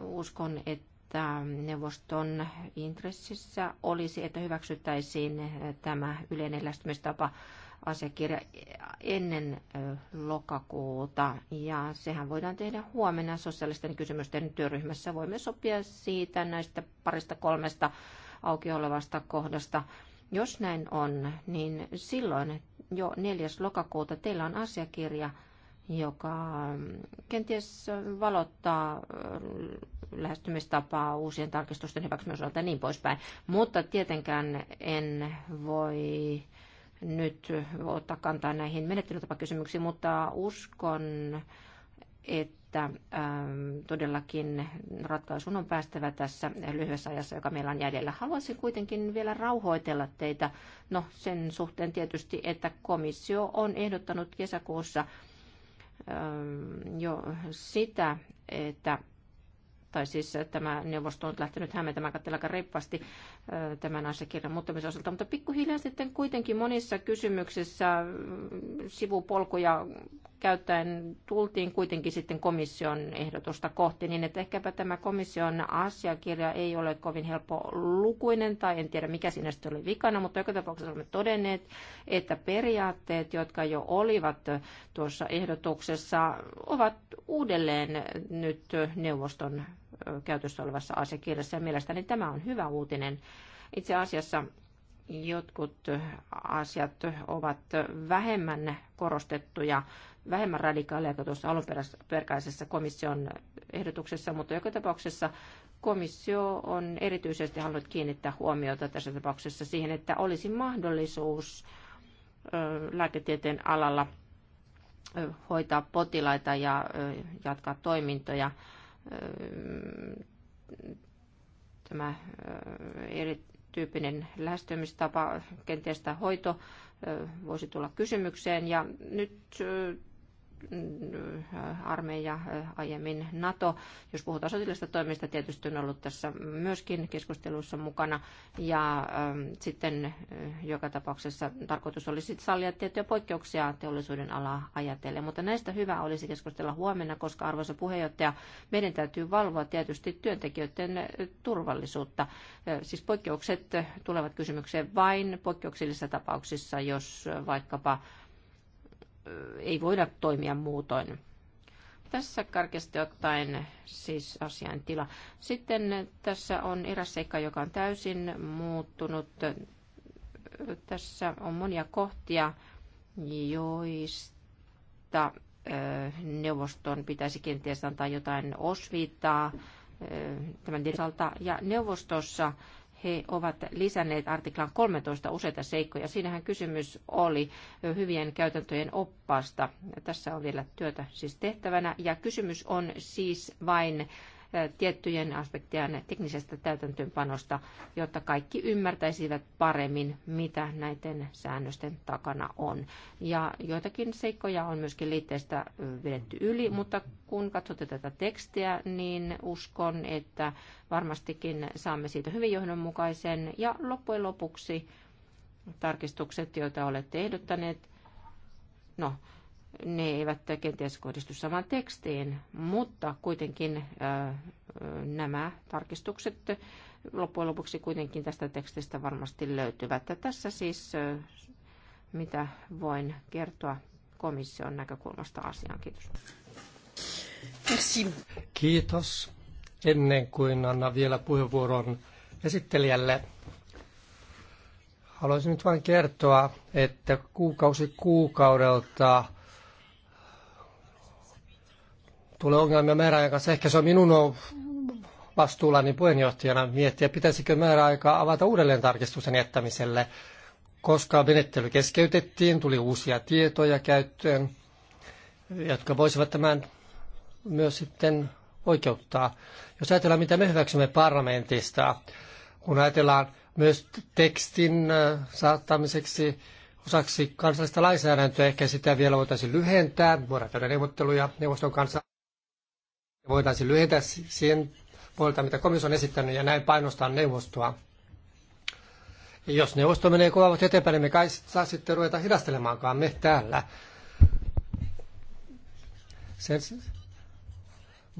uskon, että neuvoston intressissä olisi, että hyväksyttäisiin äh, tämä yleinen lähestymistapa asiakirja ennen lokakuuta. Ja sehän voidaan tehdä huomenna sosiaalisten kysymysten työryhmässä. Voimme sopia siitä näistä parista kolmesta auki olevasta kohdasta. Jos näin on, niin silloin jo 4. lokakuuta teillä on asiakirja, joka mm, kenties valottaa mm, lähestymistapaa uusien tarkistusten hyväksymisen osalta ja niin poispäin. Mutta tietenkään en voi nyt ottaa kantaa näihin menettelytapakysymyksiin, mutta uskon, että ähm, todellakin ratkaisun on päästävä tässä lyhyessä ajassa, joka meillä on jäljellä. Haluaisin kuitenkin vielä rauhoitella teitä, no sen suhteen tietysti, että komissio on ehdottanut kesäkuussa ähm, jo sitä, että tai siis tämä neuvosto on lähtenyt hämmentämään katsella aika reippaasti tämän asiakirjan muuttamisen osalta, mutta pikkuhiljaa sitten kuitenkin monissa kysymyksissä sivupolkuja käyttäen tultiin kuitenkin sitten komission ehdotusta kohti, niin että ehkäpä tämä komission asiakirja ei ole kovin helppo lukuinen, tai en tiedä mikä siinä sitten oli vikana, mutta joka tapauksessa olemme todenneet, että periaatteet, jotka jo olivat tuossa ehdotuksessa, ovat uudelleen nyt neuvoston käytössä olevassa asiakirjassa. Ja mielestäni tämä on hyvä uutinen. Itse asiassa jotkut asiat ovat vähemmän korostettuja, vähemmän radikaaleja kuin tuossa alunperäisessä komission ehdotuksessa, mutta joka tapauksessa komissio on erityisesti halunnut kiinnittää huomiota tässä tapauksessa siihen, että olisi mahdollisuus lääketieteen alalla hoitaa potilaita ja jatkaa toimintoja tämä erityyppinen lähestymistapa, kenties hoito voisi tulla kysymykseen. Ja nyt armeija, aiemmin NATO. Jos puhutaan sotilaista toimista, tietysti on ollut tässä myöskin keskustelussa mukana. Ja sitten joka tapauksessa tarkoitus oli sitten sallia tiettyjä poikkeuksia teollisuuden alaa ajatellen. Mutta näistä hyvä olisi keskustella huomenna, koska arvoisa puheenjohtaja, meidän täytyy valvoa tietysti työntekijöiden turvallisuutta. Siis poikkeukset tulevat kysymykseen vain poikkeuksellisissa tapauksissa, jos vaikkapa ei voida toimia muutoin. Tässä karkeasti ottaen siis asian tila. Sitten tässä on eräs seikka, joka on täysin muuttunut. Tässä on monia kohtia, joista neuvoston pitäisi kenties antaa jotain osviittaa tämän osalta. Ja neuvostossa he ovat lisänneet artiklan 13 useita seikkoja. Siinähän kysymys oli hyvien käytäntöjen oppaasta. Tässä on vielä työtä siis tehtävänä. Ja kysymys on siis vain tiettyjen aspektien teknisestä täytäntöönpanosta, jotta kaikki ymmärtäisivät paremmin, mitä näiden säännösten takana on. Ja joitakin seikkoja on myöskin liitteestä vedetty yli, mutta kun katsotte tätä tekstiä, niin uskon, että varmastikin saamme siitä hyvin johdonmukaisen. Ja loppujen lopuksi tarkistukset, joita olette ehdottaneet, no, ne eivät kenties kohdistu samaan tekstiin, mutta kuitenkin äh, nämä tarkistukset loppujen lopuksi kuitenkin tästä tekstistä varmasti löytyvät. Ja tässä siis äh, mitä voin kertoa komission näkökulmasta asiaan. Kiitos. Kiitos. Ennen kuin annan vielä puheenvuoron esittelijälle, haluaisin nyt vain kertoa, että kuukausi kuukaudelta – tulee ongelmia määräajan kanssa. Ehkä se on minun vastuullani puheenjohtajana miettiä, pitäisikö määräaikaa avata uudelleen tarkistuksen jättämiselle, koska menettely keskeytettiin, tuli uusia tietoja käyttöön, jotka voisivat tämän myös sitten oikeuttaa. Jos ajatellaan, mitä me hyväksymme parlamentista, kun ajatellaan myös tekstin saattamiseksi osaksi kansallista lainsäädäntöä, ehkä sitä vielä voitaisiin lyhentää, voidaan käydä neuvotteluja neuvoston kanssa voitaisiin lyhentää siihen puolelta, mitä komissio on esittänyt, ja näin painostaa neuvostoa. Jos neuvosto menee kovasti eteenpäin, niin me kai saa sitten ruveta hidastelemaankaan me täällä. Sen,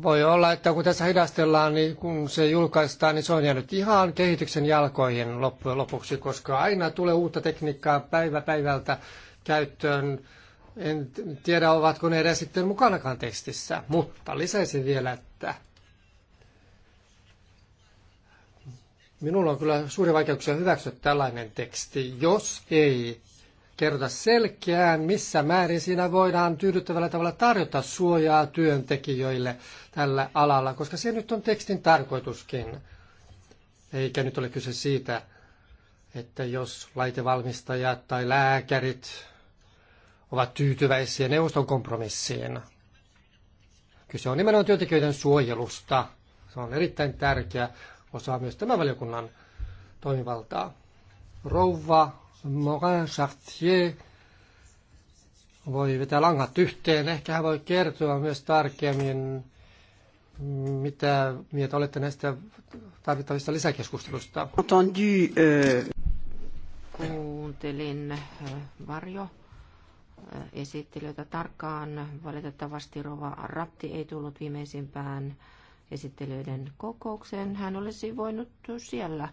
voi olla, että kun tässä hidastellaan, niin kun se julkaistaan, niin se on jäänyt ihan kehityksen jalkoihin loppujen lopuksi, koska aina tulee uutta tekniikkaa päivä päivältä käyttöön en tiedä, ovatko ne edes sitten mukanakaan tekstissä, mutta lisäisin vielä, että minulla on kyllä suuri vaikeuksia hyväksyä tällainen teksti, jos ei kerrota selkeään, missä määrin siinä voidaan tyydyttävällä tavalla tarjota suojaa työntekijöille tällä alalla, koska se nyt on tekstin tarkoituskin. Eikä nyt ole kyse siitä, että jos laitevalmistajat tai lääkärit ovat tyytyväisiä neuvoston kompromissiin. Kyse on nimenomaan työntekijöiden suojelusta. Se on erittäin tärkeä osa myös tämän valiokunnan toimivaltaa. Rouva Morin Chartier voi vetää langat yhteen. Ehkä hän voi kertoa myös tarkemmin, mitä mieltä olette näistä tarvittavista lisäkeskustelusta. Kuuntelin varjo esittelijöitä tarkkaan. Valitettavasti Rova Ratti ei tullut viimeisimpään esittelijöiden kokoukseen. Hän olisi voinut siellä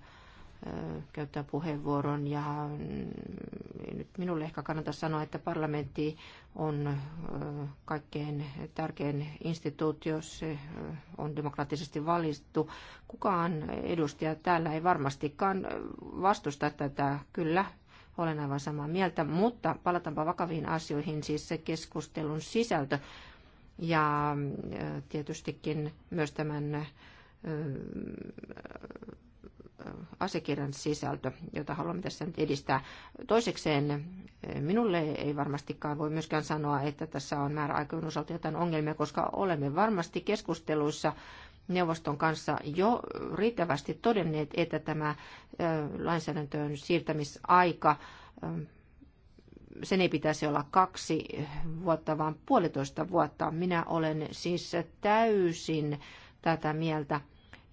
käyttää puheenvuoron ja mm, nyt minulle ehkä kannata sanoa, että parlamentti on kaikkein tärkein instituutio, se on demokraattisesti valistu, Kukaan edustaja täällä ei varmastikaan vastusta tätä. Kyllä, olen aivan samaa mieltä, mutta palataanpa vakaviin asioihin, siis se keskustelun sisältö ja tietystikin myös tämän asiakirjan sisältö, jota haluamme tässä nyt edistää. Toisekseen minulle ei varmastikaan voi myöskään sanoa, että tässä on määräaikojen osalta jotain ongelmia, koska olemme varmasti keskusteluissa neuvoston kanssa jo riittävästi todenneet, että tämä lainsäädäntöön siirtämisaika sen ei pitäisi olla kaksi vuotta, vaan puolitoista vuotta. Minä olen siis täysin tätä mieltä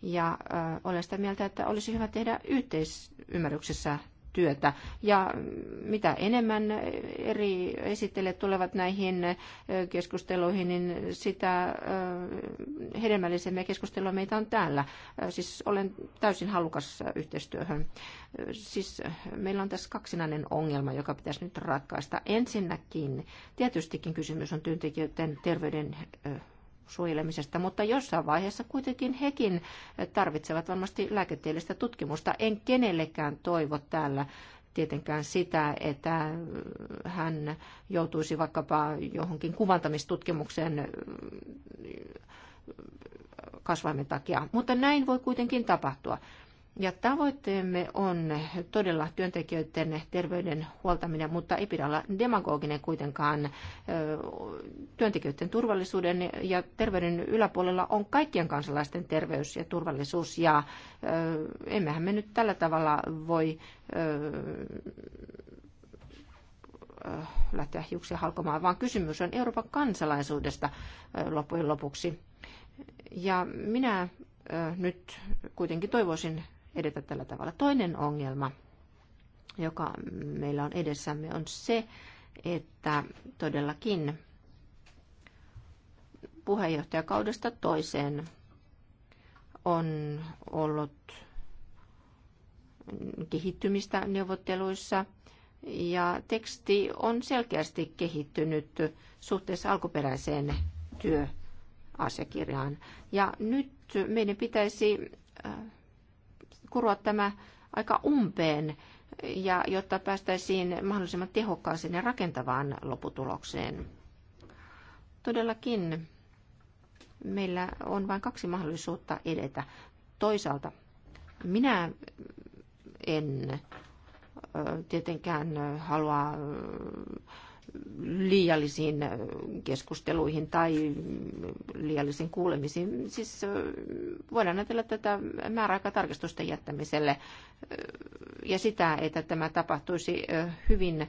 ja olen sitä mieltä, että olisi hyvä tehdä yhteisymmärryksessä työtä. Ja mitä enemmän eri esittelijät tulevat näihin keskusteluihin, niin sitä hedelmällisemmin keskustelua meitä on täällä. Siis olen täysin halukas yhteistyöhön. Siis meillä on tässä kaksinainen ongelma, joka pitäisi nyt ratkaista. Ensinnäkin tietystikin kysymys on työntekijöiden terveyden suojelemisesta, mutta jossain vaiheessa kuitenkin hekin tarvitsevat varmasti lääketieteellistä tutkimusta. En kenellekään toivo täällä tietenkään sitä, että hän joutuisi vaikkapa johonkin kuvantamistutkimukseen mm, kasvaimen takia, mutta näin voi kuitenkin tapahtua. Ja tavoitteemme on todella työntekijöiden terveyden huoltaminen, mutta ei pidä olla demagoginen kuitenkaan. Työntekijöiden turvallisuuden ja terveyden yläpuolella on kaikkien kansalaisten terveys ja turvallisuus. Ja emmehän me nyt tällä tavalla voi lähteä hiuksia halkomaan, vaan kysymys on Euroopan kansalaisuudesta loppujen lopuksi. Ja minä nyt kuitenkin toivoisin edetä tällä tavalla. Toinen ongelma, joka meillä on edessämme, on se, että todellakin puheenjohtajakaudesta toiseen on ollut kehittymistä neuvotteluissa ja teksti on selkeästi kehittynyt suhteessa alkuperäiseen työasiakirjaan. Ja nyt meidän pitäisi äh, kuroa tämä aika umpeen ja jotta päästäisiin mahdollisimman tehokkaaseen ja rakentavaan lopputulokseen. Todellakin meillä on vain kaksi mahdollisuutta edetä. Toisaalta minä en tietenkään halua liiallisiin keskusteluihin tai liiallisiin kuulemisiin. Siis voidaan ajatella tätä määräaikatarkistusten jättämiselle ja sitä, että tämä tapahtuisi hyvin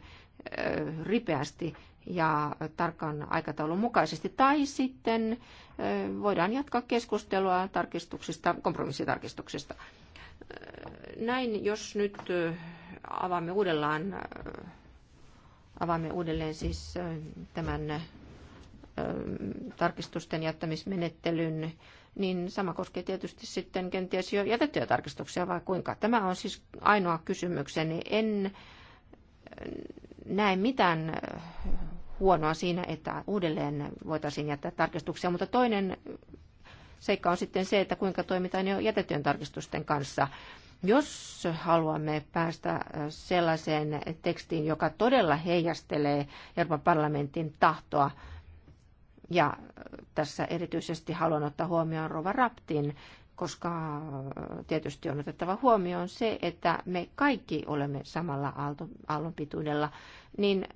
ripeästi ja tarkan aikataulun mukaisesti. Tai sitten voidaan jatkaa keskustelua tarkistuksista, kompromissitarkistuksista. Näin, jos nyt avaamme uudellaan avaamme uudelleen siis tämän tarkistusten jättämismenettelyn, niin sama koskee tietysti sitten kenties jo jätettyjä tarkistuksia vai kuinka. Tämä on siis ainoa kysymykseni. En näe mitään huonoa siinä, että uudelleen voitaisiin jättää tarkistuksia, mutta toinen seikka on sitten se, että kuinka toimitaan jo jätettyjen tarkistusten kanssa. Jos haluamme päästä äh, sellaiseen tekstiin, joka todella heijastelee Euroopan parlamentin tahtoa, ja äh, tässä erityisesti haluan ottaa huomioon Rova Raptin, koska äh, tietysti on otettava huomioon se, että me kaikki olemme samalla aallonpituudella, niin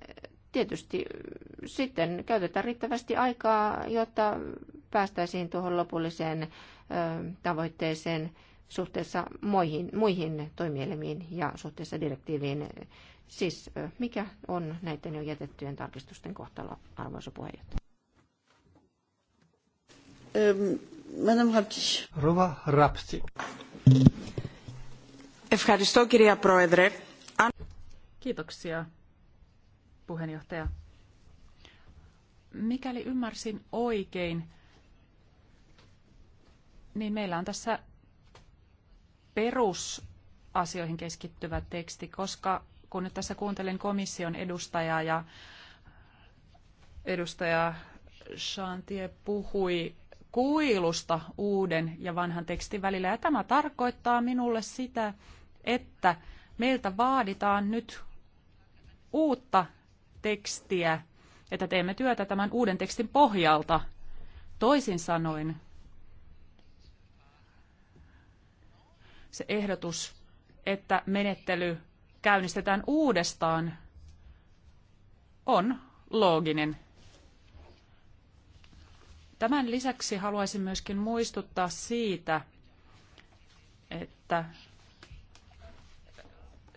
tietysti sitten käytetään riittävästi aikaa, jotta päästäisiin tuohon lopulliseen tavoitteeseen suhteessa muihin, muihin toimielimiin ja suhteessa direktiiviin. Siis mikä on näiden jo jätettyjen tarkistusten kohtalo, arvoisa puheenjohtaja? Ähm, Madame Rapti. Rova Rapti. Kiitoksia puheenjohtaja. Mikäli ymmärsin oikein, niin meillä on tässä perusasioihin keskittyvä teksti, koska kun nyt tässä kuuntelen komission edustajaa ja edustaja Chantier puhui kuilusta uuden ja vanhan tekstin välillä. Ja tämä tarkoittaa minulle sitä, että meiltä vaaditaan nyt uutta tekstiä, että teemme työtä tämän uuden tekstin pohjalta. Toisin sanoen, se ehdotus, että menettely käynnistetään uudestaan, on looginen. Tämän lisäksi haluaisin myöskin muistuttaa siitä, että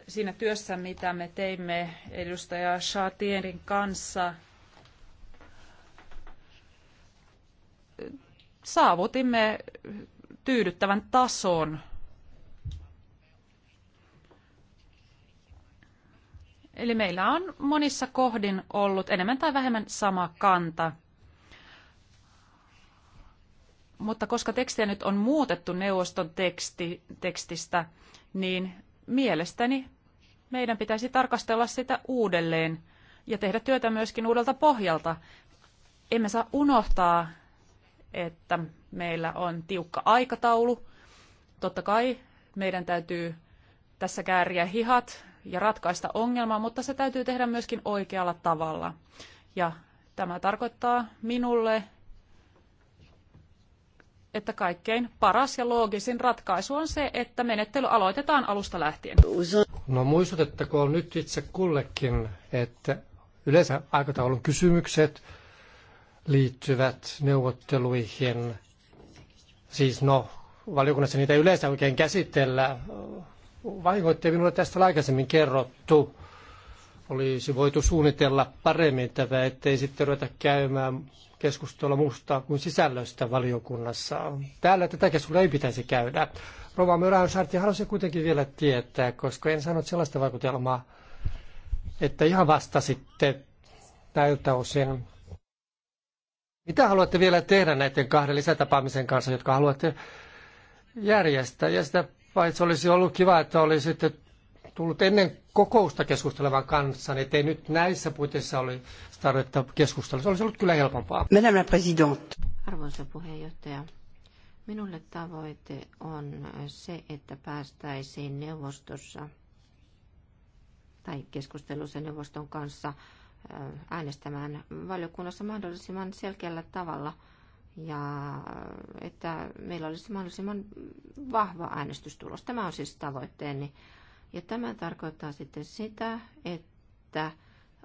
siinä työssä, mitä me teimme edustaja Shaatierin kanssa, saavutimme tyydyttävän tason Eli meillä on monissa kohdin ollut enemmän tai vähemmän sama kanta. Mutta koska tekstiä nyt on muutettu neuvoston teksti, tekstistä, niin mielestäni meidän pitäisi tarkastella sitä uudelleen ja tehdä työtä myöskin uudelta pohjalta. Emme saa unohtaa, että meillä on tiukka aikataulu. Totta kai meidän täytyy tässä kääriä hihat ja ratkaista ongelmaa, mutta se täytyy tehdä myöskin oikealla tavalla. Ja tämä tarkoittaa minulle, että kaikkein paras ja loogisin ratkaisu on se, että menettely aloitetaan alusta lähtien. No muistutettakoon nyt itse kullekin, että yleensä aikataulun kysymykset liittyvät neuvotteluihin. Siis no, valiokunnassa niitä yleensä oikein käsitellä vahingoitti minulle tästä oli aikaisemmin kerrottu. Olisi voitu suunnitella paremmin tämä, ettei sitten ruveta käymään keskustella muusta kuin sisällöstä valiokunnassa. Täällä tätä keskustelua ei pitäisi käydä. Rova Mörän Sarti halusi kuitenkin vielä tietää, koska en saanut sellaista vaikutelmaa, että ihan vasta sitten näiltä osin. Mitä haluatte vielä tehdä näiden kahden lisätapaamisen kanssa, jotka haluatte järjestää? Ja sitä vai se olisi ollut kiva, että olisitte tullut ennen kokousta keskustelevan kanssa, niin ettei nyt näissä puitteissa oli tarvetta keskustella. Se olisi ollut kyllä helpompaa. Madame la Présidente. Arvoisa puheenjohtaja, minulle tavoite on se, että päästäisiin neuvostossa tai keskustelussa neuvoston kanssa äänestämään valiokunnassa mahdollisimman selkeällä tavalla – ja että meillä olisi mahdollisimman vahva äänestystulos. Tämä on siis tavoitteeni. Ja tämä tarkoittaa sitten sitä, että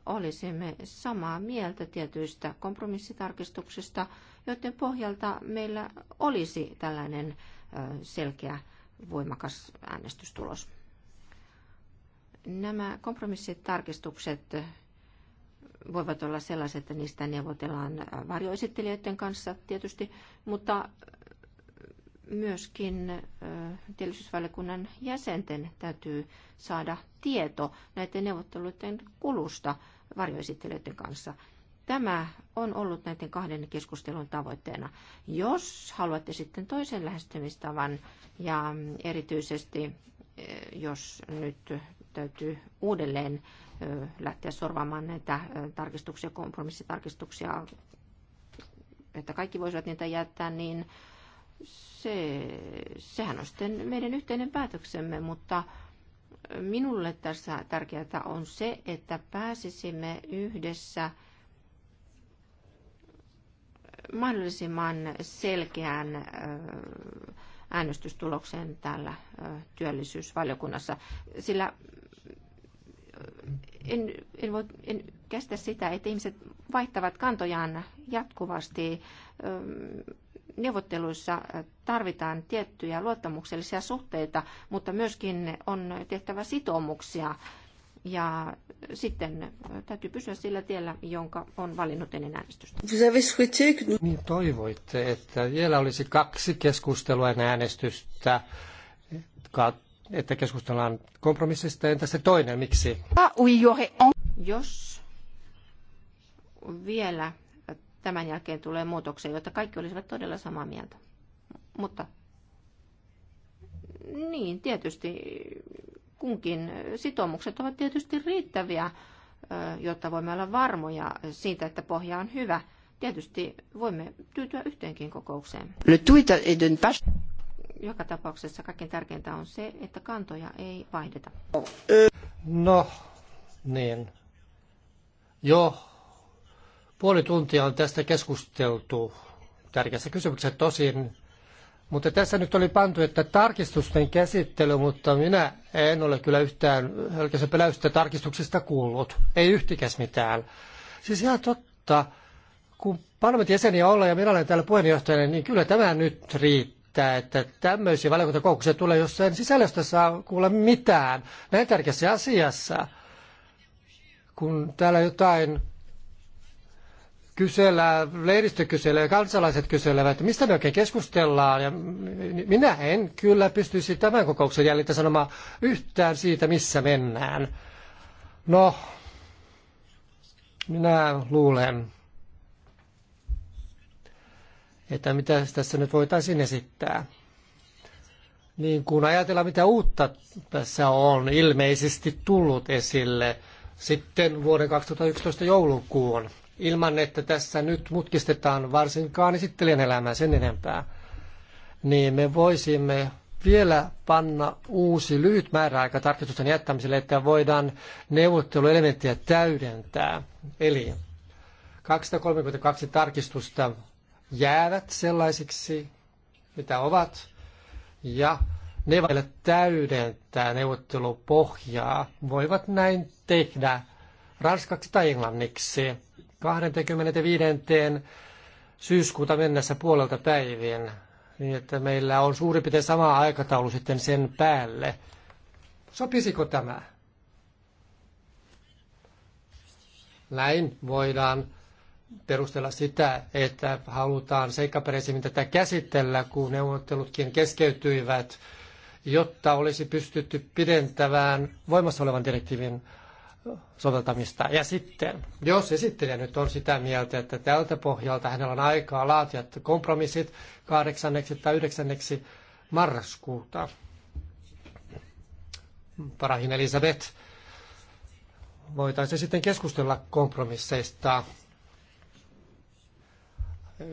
olisimme samaa mieltä tietyistä kompromissitarkistuksista, joiden pohjalta meillä olisi tällainen selkeä voimakas äänestystulos. Nämä kompromissitarkistukset voivat olla sellaiset, että niistä neuvotellaan varjoesittelijöiden kanssa tietysti, mutta myöskin työllisyysvaliokunnan jäsenten täytyy saada tieto näiden neuvotteluiden kulusta varjoesittelijöiden kanssa. Tämä on ollut näiden kahden keskustelun tavoitteena. Jos haluatte sitten toisen lähestymistavan ja erityisesti jos nyt täytyy uudelleen lähteä sorvaamaan näitä tarkistuksia, kompromissitarkistuksia, että kaikki voisivat niitä jättää, niin se, sehän on sitten meidän yhteinen päätöksemme, mutta minulle tässä tärkeää on se, että pääsisimme yhdessä mahdollisimman selkeään äänestystulokseen täällä työllisyysvaliokunnassa, sillä en, en, voi, en kestä sitä, että ihmiset vaihtavat kantojaan jatkuvasti. Neuvotteluissa tarvitaan tiettyjä luottamuksellisia suhteita, mutta myöskin on tehtävä sitoumuksia. Ja sitten täytyy pysyä sillä tiellä, jonka on valinnut ennen äänestystä. Niin toivoitte, että vielä olisi kaksi keskustelua äänestystä että keskustellaan kompromissista. Entä se toinen, miksi? Ah, Jos vielä tämän jälkeen tulee muutoksia, jotta kaikki olisivat todella samaa mieltä. Mutta niin, tietysti kunkin sitoumukset ovat tietysti riittäviä, jotta voimme olla varmoja siitä, että pohja on hyvä. Tietysti voimme tyytyä yhteenkin kokoukseen joka tapauksessa kaikkein tärkeintä on se, että kantoja ei vaihdeta. No, niin. Jo puoli tuntia on tästä keskusteltu tärkeässä kysymyksessä tosin, mutta tässä nyt oli pantu, että tarkistusten käsittely, mutta minä en ole kyllä yhtään hölkäsen peläystä tarkistuksista kuullut. Ei yhtikäs mitään. Siis ihan totta, kun parlamentin jäseniä ollaan ja minä olen täällä puheenjohtajana, niin kyllä tämä nyt riittää välttää, että tämmöisiä valiokuntakokouksia tulee, jos sen sisällöstä saa kuulla mitään näin tärkeässä asiassa. Kun täällä jotain kysellään, leiristö kyselee, kansalaiset kyselevät, että mistä me oikein keskustellaan. Ja minä en kyllä pystyisi tämän kokouksen jäljiltä sanomaan yhtään siitä, missä mennään. No, minä luulen, että mitä tässä nyt voitaisiin esittää. Niin kun ajatellaan, mitä uutta tässä on ilmeisesti tullut esille sitten vuoden 2011 joulukuun, ilman että tässä nyt mutkistetaan varsinkaan esittelijän elämää sen enempää, niin me voisimme vielä panna uusi lyhyt määräaika tarkistusten jättämiselle, että voidaan neuvotteluelementtiä täydentää. Eli 232 tarkistusta jäävät sellaisiksi, mitä ovat, ja ne vaille täydentää neuvottelupohjaa, voivat näin tehdä ranskaksi tai englanniksi 25. syyskuuta mennessä puolelta päivien, niin että meillä on suurin piirtein sama aikataulu sitten sen päälle. Sopisiko tämä? Näin voidaan perustella sitä, että halutaan seikkaperäisemmin tätä käsitellä, kun neuvottelutkin keskeytyivät, jotta olisi pystytty pidentämään voimassa olevan direktiivin soveltamista. Ja sitten, jos esittelijä nyt on sitä mieltä, että tältä pohjalta hänellä on aikaa laatia kompromissit kahdeksanneksi tai yhdeksänneksi marraskuuta. Parahin Elisabeth, voitaisiin sitten keskustella kompromisseista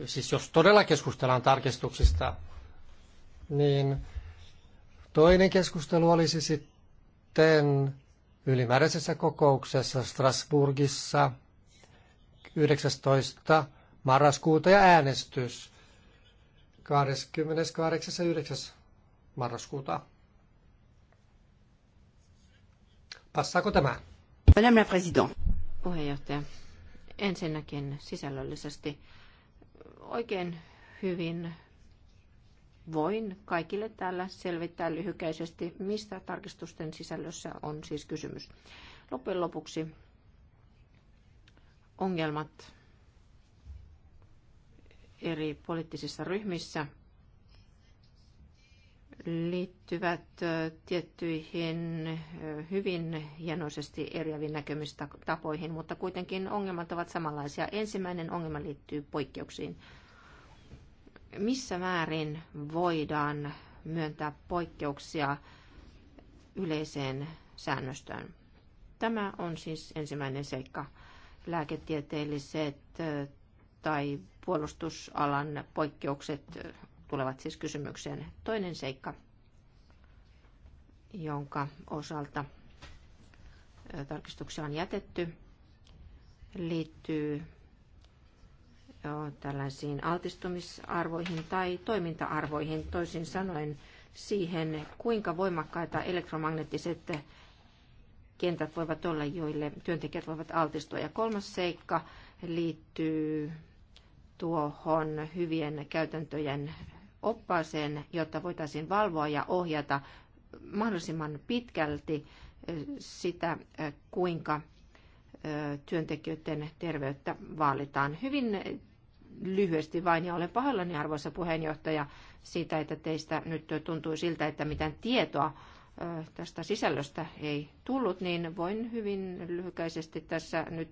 siis jos todella keskustellaan tarkistuksista, niin toinen keskustelu olisi sitten ylimääräisessä kokouksessa Strasbourgissa 19. marraskuuta ja äänestys 28. ja 9. marraskuuta. Passaako tämä? Madame la Présidente. Puheenjohtaja, ensinnäkin sisällöllisesti oikein hyvin voin kaikille täällä selvittää lyhykäisesti, mistä tarkistusten sisällössä on siis kysymys. Loppujen lopuksi ongelmat eri poliittisissa ryhmissä liittyvät tiettyihin hyvin hienoisesti eriäviin näkemistapoihin, mutta kuitenkin ongelmat ovat samanlaisia. Ensimmäinen ongelma liittyy poikkeuksiin missä määrin voidaan myöntää poikkeuksia yleiseen säännöstöön. Tämä on siis ensimmäinen seikka. Lääketieteelliset tai puolustusalan poikkeukset tulevat siis kysymykseen. Toinen seikka, jonka osalta tarkistuksia on jätetty, liittyy tällaisiin altistumisarvoihin tai toiminta-arvoihin, toisin sanoen siihen, kuinka voimakkaita elektromagneettiset kentät voivat olla, joille työntekijät voivat altistua. Ja kolmas seikka liittyy tuohon hyvien käytäntöjen oppaaseen, jotta voitaisiin valvoa ja ohjata mahdollisimman pitkälti sitä, kuinka työntekijöiden terveyttä vaalitaan. Hyvin lyhyesti vain, ja olen pahoillani arvoisa puheenjohtaja siitä, että teistä nyt tuntui siltä, että mitään tietoa tästä sisällöstä ei tullut, niin voin hyvin lyhykäisesti tässä nyt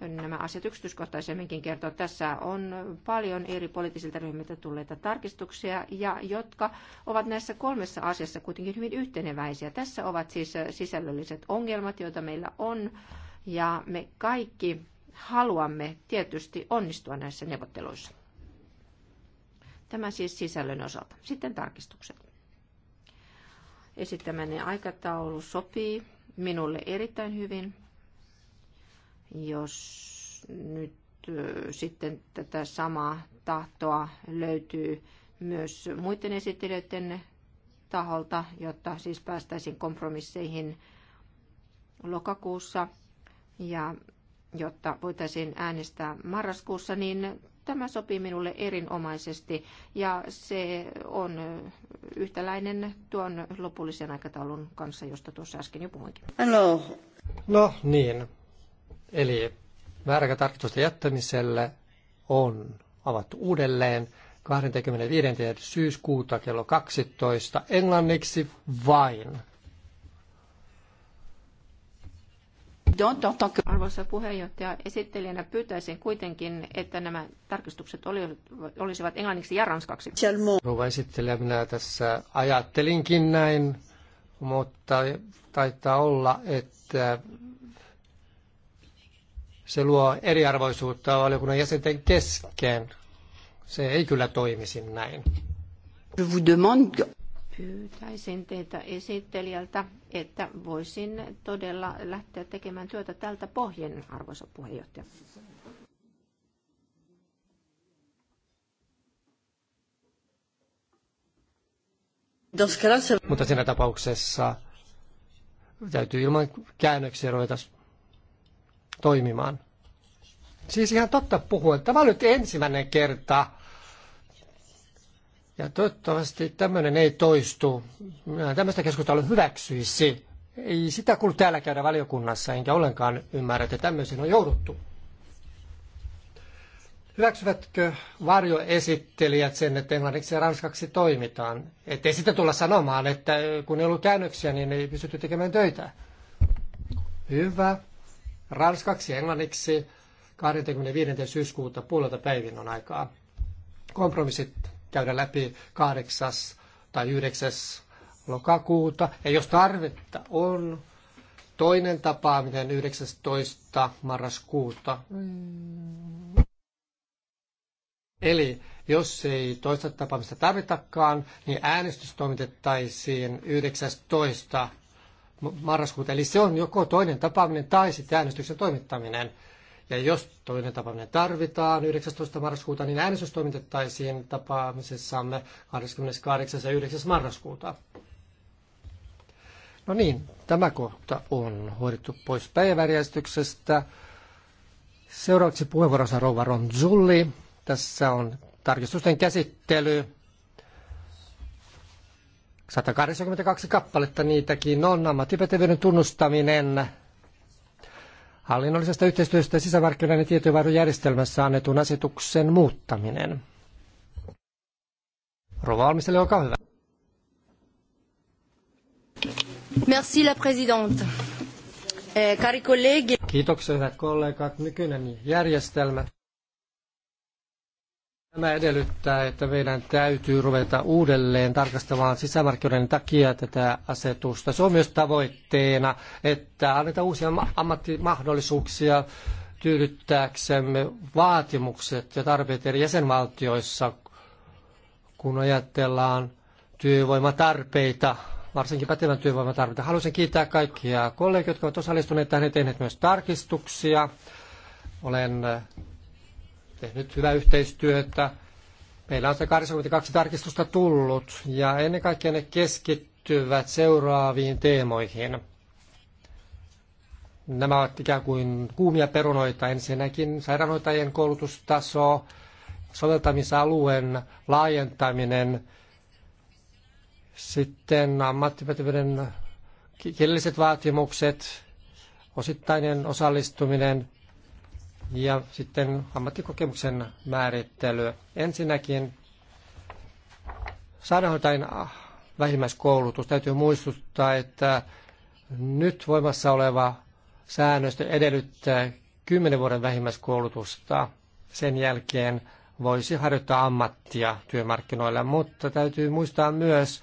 nämä asiat yksityiskohtaisemminkin kertoa. Tässä on paljon eri poliittisilta ryhmiltä tulleita tarkistuksia, ja jotka ovat näissä kolmessa asiassa kuitenkin hyvin yhteneväisiä. Tässä ovat siis sisällölliset ongelmat, joita meillä on, ja me kaikki haluamme tietysti onnistua näissä neuvotteluissa. Tämä siis sisällön osalta. Sitten tarkistukset. Esittämäni aikataulu sopii minulle erittäin hyvin. Jos nyt sitten tätä samaa tahtoa löytyy myös muiden esittelijöiden taholta, jotta siis päästäisiin kompromisseihin lokakuussa. Ja jotta voitaisiin äänestää marraskuussa, niin tämä sopii minulle erinomaisesti ja se on yhtäläinen tuon lopullisen aikataulun kanssa, josta tuossa äsken jo puhuinkin. Hello. No niin, eli määräaikatarkistusten jättämiselle on avattu uudelleen 25. syyskuuta kello 12 englanniksi vain. Arvoisa puheenjohtaja, esittelijänä pyytäisin kuitenkin, että nämä tarkistukset olisivat englanniksi ja ranskaksi. Rouva esittelijä, minä tässä ajattelinkin näin, mutta taitaa olla, että se luo eriarvoisuutta valiokunnan jäsenten kesken. Se ei kyllä toimisi näin pyytäisin teitä esittelijältä, että voisin todella lähteä tekemään työtä tältä pohjen, arvoisa puheenjohtaja. Mutta siinä tapauksessa täytyy ilman käännöksiä ruveta toimimaan. Siis ihan totta puhua. Tämä on nyt ensimmäinen kerta, ja toivottavasti tämmöinen ei toistu. Minä tämmöistä keskustelua hyväksyisi. Ei sitä kuulu täällä käydä valiokunnassa, enkä ollenkaan ymmärrä, että tämmöisiin on jouduttu. Hyväksyvätkö varjoesittelijät sen, että englanniksi ja ranskaksi toimitaan? Ettei sitä tulla sanomaan, että kun ei ollut käännöksiä, niin ei pystytty tekemään töitä. Hyvä. Ranskaksi ja englanniksi 25. syyskuuta puolelta päivin on aikaa. Kompromissit käydä läpi 8. tai 9. lokakuuta. Ja jos tarvetta on, toinen tapaaminen 19. marraskuuta. Eli jos ei toista tapaamista tarvitakaan, niin äänestys toimitettaisiin 19. marraskuuta. Eli se on joko toinen tapaaminen tai sitten äänestyksen toimittaminen. Ja jos toinen tapaaminen tarvitaan 19. marraskuuta, niin äänestys toimitettaisiin tapaamisessamme 28. ja 9. marraskuuta. No niin, tämä kohta on hoidettu pois päiväjärjestyksestä. Seuraavaksi puheenvuorossa rouva Ronzulli. Tässä on tarkistusten käsittely. 182 kappaletta niitäkin on. Ammattipätevyyden tunnustaminen, hallinnollisesta yhteistyöstä sisämarkkinoiden ja tietojenvaihdojärjestelmässä annetun asetuksen muuttaminen. Rova Almiselle, olkaa hyvä. Merci la présidente. Eh, cari Kiitoksia hyvät kollegat. Nykyinen järjestelmä Tämä edellyttää, että meidän täytyy ruveta uudelleen tarkastamaan sisämarkkinoiden takia tätä asetusta. Se on myös tavoitteena, että annetaan uusia ammattimahdollisuuksia tyydyttääksemme vaatimukset ja tarpeet eri jäsenvaltioissa, kun ajatellaan työvoimatarpeita, varsinkin pätevän työvoiman tarvita. Haluaisin kiittää kaikkia kollegoita, jotka ovat osallistuneet tähän ja tehneet myös tarkistuksia. Olen tehnyt hyvää yhteistyötä. Meillä on se 82 tarkistusta tullut ja ennen kaikkea ne keskittyvät seuraaviin teemoihin. Nämä ovat ikään kuin kuumia perunoita. Ensinnäkin sairaanhoitajien koulutustaso, soveltamisalueen laajentaminen, sitten ammattipätevyyden kielelliset vaatimukset, osittainen osallistuminen ja sitten ammattikokemuksen määrittely. Ensinnäkin sairaanhoitajan vähimmäiskoulutus. Täytyy muistuttaa, että nyt voimassa oleva säännöstö edellyttää 10 vuoden vähimmäiskoulutusta. Sen jälkeen voisi harjoittaa ammattia työmarkkinoilla, mutta täytyy muistaa myös,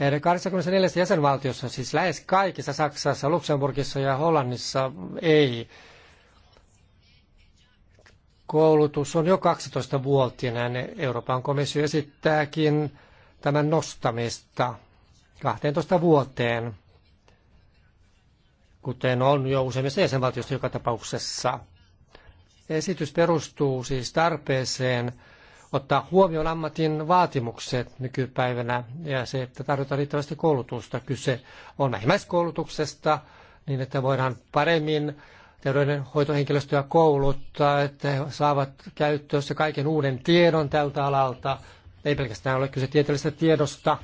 että 84 jäsenvaltiossa, siis lähes kaikissa Saksassa, Luxemburgissa ja Hollannissa ei koulutus on jo 12-vuotiainen. Euroopan komissio esittääkin tämän nostamista 12 vuoteen, kuten on jo useimmissa jäsenvaltioissa joka tapauksessa. Esitys perustuu siis tarpeeseen ottaa huomioon ammatin vaatimukset nykypäivänä ja se, että tarjotaan riittävästi koulutusta. Kyse on vähimmäiskoulutuksesta niin, että voidaan paremmin terveydenhoitohenkilöstöä kouluttaa, että he saavat käyttöössä kaiken uuden tiedon tältä alalta. Ei pelkästään ole kyse tieteellisestä tiedosta.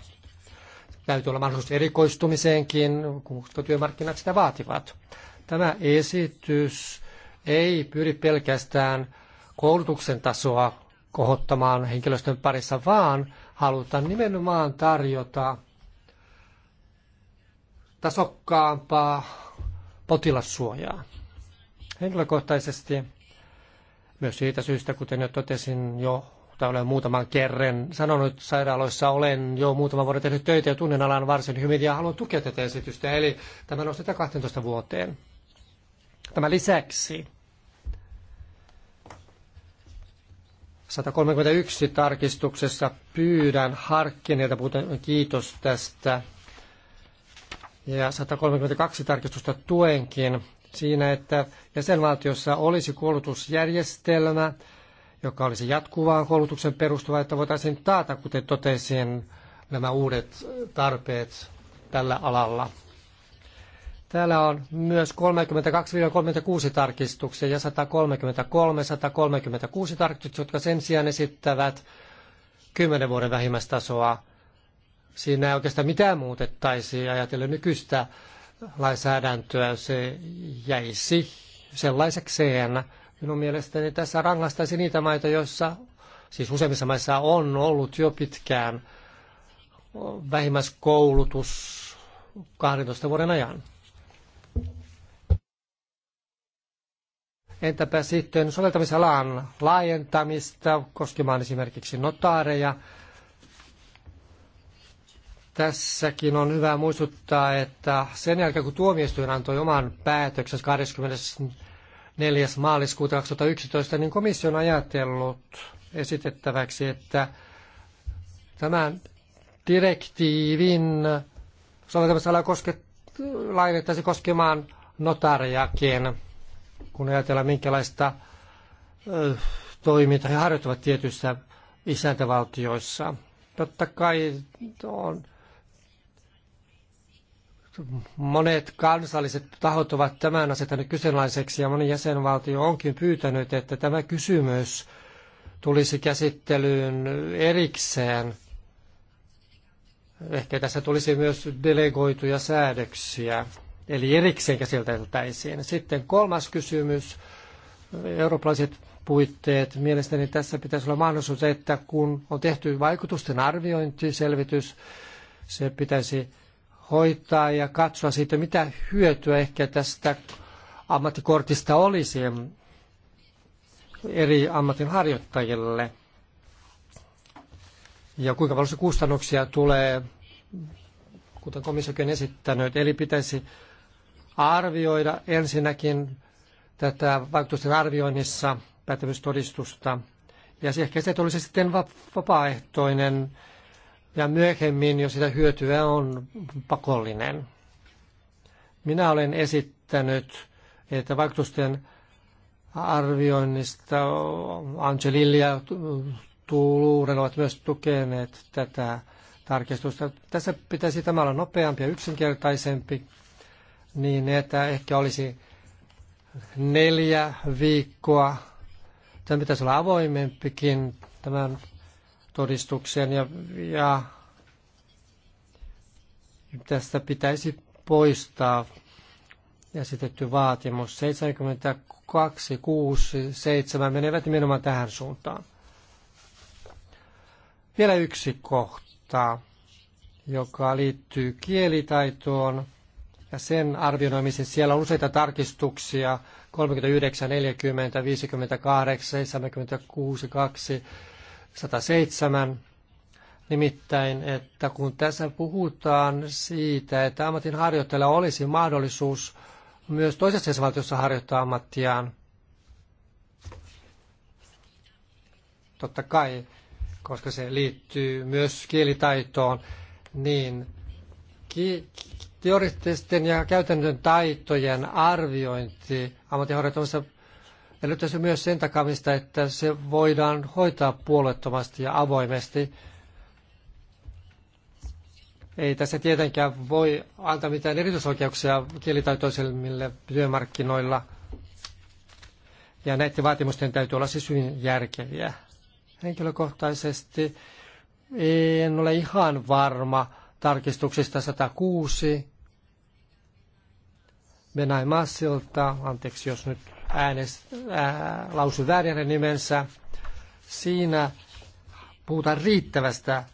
Täytyy olla mahdollisuus erikoistumiseenkin, kun työmarkkinat sitä vaativat. Tämä esitys ei pyri pelkästään koulutuksen tasoa kohottamaan henkilöstön parissa, vaan halutaan nimenomaan tarjota tasokkaampaa potilassuojaa henkilökohtaisesti myös siitä syystä, kuten jo totesin jo, tai olen muutaman kerran sanonut, sairaaloissa olen jo muutaman vuoden tehnyt töitä ja tunnen alan varsin hyvin ja haluan tukea tätä esitystä, eli tämä nostetaan 12 vuoteen. Tämän lisäksi 131 tarkistuksessa pyydän harkkineilta kiitos tästä. Ja 132 tarkistusta tuenkin siinä, että jäsenvaltiossa olisi koulutusjärjestelmä, joka olisi jatkuvaan koulutuksen perustuva, että voitaisiin taata, kuten totesin, nämä uudet tarpeet tällä alalla. Täällä on myös 32-36 tarkistuksia ja 133-136 tarkistuksia, jotka sen sijaan esittävät 10 vuoden vähimmäistasoa. Siinä ei oikeastaan mitään muutettaisi ajatellen nykyistä lainsäädäntöä, se jäisi sellaisekseen. Minun mielestäni tässä rangaistaisi niitä maita, joissa, siis useimmissa maissa on ollut jo pitkään vähimmäiskoulutus 12 vuoden ajan. Entäpä sitten soveltamisalan laajentamista koskemaan esimerkiksi notaareja, Tässäkin on hyvä muistuttaa, että sen jälkeen kun tuomioistuin antoi oman päätöksensä 24. maaliskuuta 2011, niin komissio on ajatellut esitettäväksi, että tämän direktiivin soveltamisala laajennettaisiin koskemaan notariakin, kun ajatellaan minkälaista toimintaa he harjoittavat tietyissä isäntävaltioissa. Totta kai on monet kansalliset tahot ovat tämän asettaneet kyseenalaiseksi ja moni jäsenvaltio onkin pyytänyt, että tämä kysymys tulisi käsittelyyn erikseen. Ehkä tässä tulisi myös delegoituja säädöksiä, eli erikseen käsiteltäisiin. Sitten kolmas kysymys, eurooppalaiset puitteet. Mielestäni tässä pitäisi olla mahdollisuus, että kun on tehty vaikutusten arviointiselvitys, selvitys, se pitäisi hoitaa ja katsoa siitä, mitä hyötyä ehkä tästä ammattikortista olisi eri ammatin harjoittajille. Ja kuinka paljon se kustannuksia tulee, kuten komissiokin on esittänyt. Eli pitäisi arvioida ensinnäkin tätä vaikutusten arvioinnissa pätevyystodistusta. Ja ehkä se tulisi sitten vapaaehtoinen ja myöhemmin, jos sitä hyötyä on, pakollinen. Minä olen esittänyt, että vaikutusten arvioinnista Angelilla ja Tuuluuden ovat myös tukeneet tätä tarkistusta. Tässä pitäisi tämä olla nopeampi ja yksinkertaisempi, niin että ehkä olisi neljä viikkoa. Tämä pitäisi olla avoimempikin tämän todistukseen ja, ja tästä pitäisi poistaa esitetty vaatimus. 72, 6, 7 menevät nimenomaan tähän suuntaan. Vielä yksi kohta, joka liittyy kielitaitoon ja sen arvioimiseen. Siellä on useita tarkistuksia, 39, 40, 58, 76, 2, 107, nimittäin, että kun tässä puhutaan siitä, että harjoittajalla olisi mahdollisuus myös toisessa jäsenvaltiossa harjoittaa ammattiaan, totta kai, koska se liittyy myös kielitaitoon, niin teoreettisten ja käytännön taitojen arviointi ammattiharjoittamassa ja nyt se myös sen takamista, että se voidaan hoitaa puolettomasti ja avoimesti. Ei tässä tietenkään voi antaa mitään erityisoikeuksia kielitaitoisemmille työmarkkinoilla. Ja näiden vaatimusten täytyy olla siis hyvin järkeviä. Henkilökohtaisesti en ole ihan varma tarkistuksista 106. Benai Massilta, anteeksi jos nyt äänes, ää, äh, lausui väärin nimensä. Siinä puhutaan riittävästä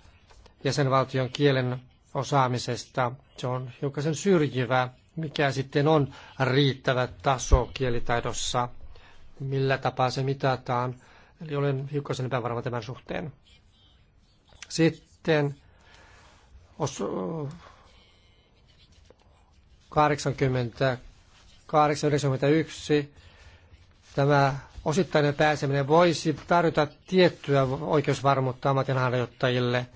jäsenvaltion kielen osaamisesta. Se on hiukan sen syrjivä, mikä sitten on riittävä taso kielitaidossa, millä tapaa se mitataan. Eli olen hiukan sen epävarma tämän suhteen. Sitten os, 80, 891 tämä osittainen pääseminen voisi tarjota tiettyä oikeusvarmuutta ammatinharjoittajille.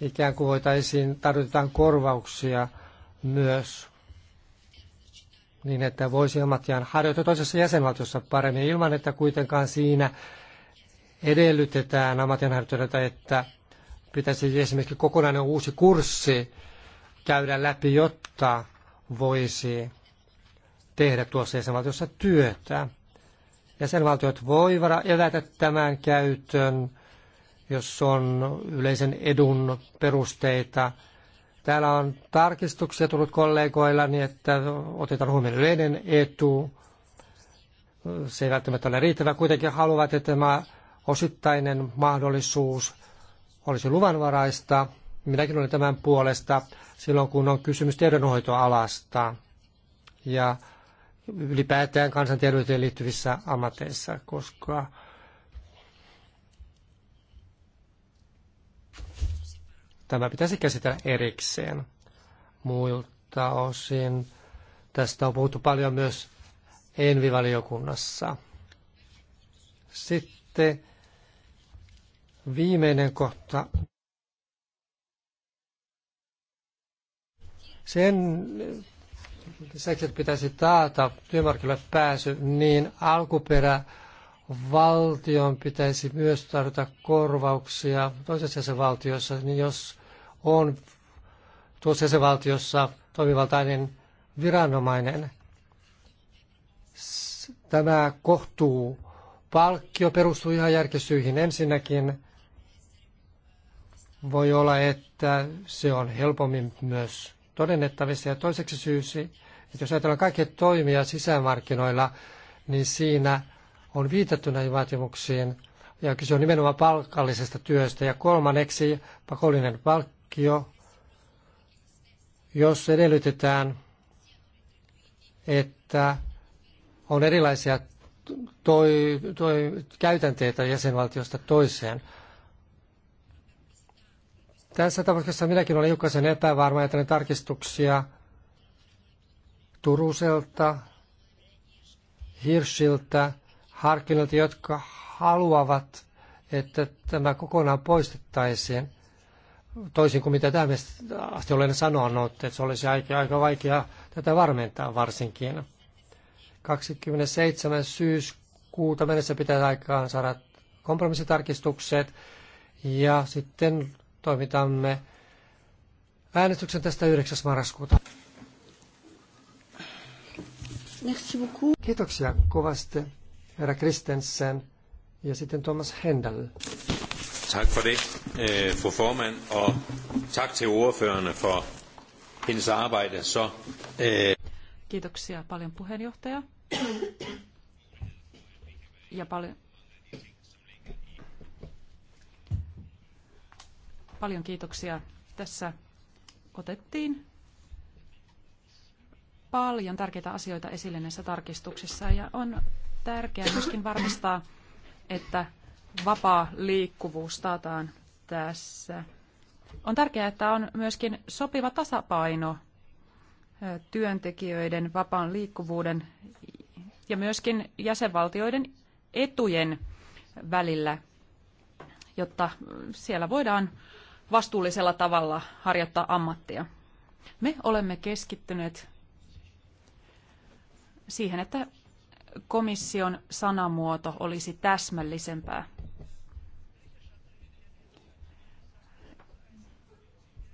Ikään kuin voitaisiin, tarjotaan korvauksia myös niin, että voisi ammattiaan harjoittaa toisessa jäsenvaltiossa paremmin ilman, että kuitenkaan siinä edellytetään ammatinharjoittajilta, että pitäisi esimerkiksi kokonainen uusi kurssi käydä läpi, jotta voisi tehdä tuossa jäsenvaltiossa työtä. Jäsenvaltiot vara evätä tämän käytön, jos on yleisen edun perusteita. Täällä on tarkistuksia tullut kollegoilla, niin että otetaan huomioon yleinen etu. Se ei välttämättä ole riittävä. Kuitenkin haluavat, että tämä osittainen mahdollisuus olisi luvanvaraista. Minäkin olen tämän puolesta silloin, kun on kysymys terveydenhoitoalasta. Ja ylipäätään kansanterveyteen liittyvissä ammateissa, koska tämä pitäisi käsitellä erikseen. Muilta osin tästä on puhuttu paljon myös Envivaliokunnassa. Sitten viimeinen kohta. Sen lisäksi, että pitäisi taata työmarkkinoille pääsy, niin alkuperä valtion pitäisi myös tarjota korvauksia toisessa jäsenvaltiossa, niin jos on tuossa jäsenvaltiossa toimivaltainen viranomainen, tämä kohtuu palkkio perustuu ihan järkisyihin. Ensinnäkin voi olla, että se on helpommin myös todennettavissa. Ja toiseksi syysi, että jos ajatellaan kaikkia toimia sisämarkkinoilla, niin siinä on viitattu näihin vaatimuksiin. Ja kyse on nimenomaan palkallisesta työstä. Ja kolmanneksi pakollinen palkkio, jos edellytetään, että on erilaisia toi, toi, käytänteitä jäsenvaltiosta toiseen. Tässä tapauksessa minäkin olen hiukkasen epävarma, että tarkistuksia Turuselta, Hirschiltä, Harkinilta, jotka haluavat, että tämä kokonaan poistettaisiin. Toisin kuin mitä tähän asti olen sanonut, että se olisi aika, aika vaikea tätä varmentaa varsinkin. 27. syyskuuta mennessä pitää aikaan saada kompromissitarkistukset ja sitten toimitamme äänestyksen tästä 9. marraskuuta. Kiitoksia kovasti, herra Kristensen ja sitten Thomas Händel. Tack för det, øh, fru formand, och tack till ordförande for hennes arbete. Så, øh, Kiitoksia paljon puheenjohtaja. ja paljon, Paljon kiitoksia. Tässä otettiin paljon tärkeitä asioita esille näissä tarkistuksissa ja on tärkeää myöskin varmistaa, että vapaa liikkuvuus taataan tässä. On tärkeää, että on myöskin sopiva tasapaino työntekijöiden vapaan liikkuvuuden ja myöskin jäsenvaltioiden etujen välillä, jotta siellä voidaan vastuullisella tavalla harjoittaa ammattia. Me olemme keskittyneet siihen, että komission sanamuoto olisi täsmällisempää.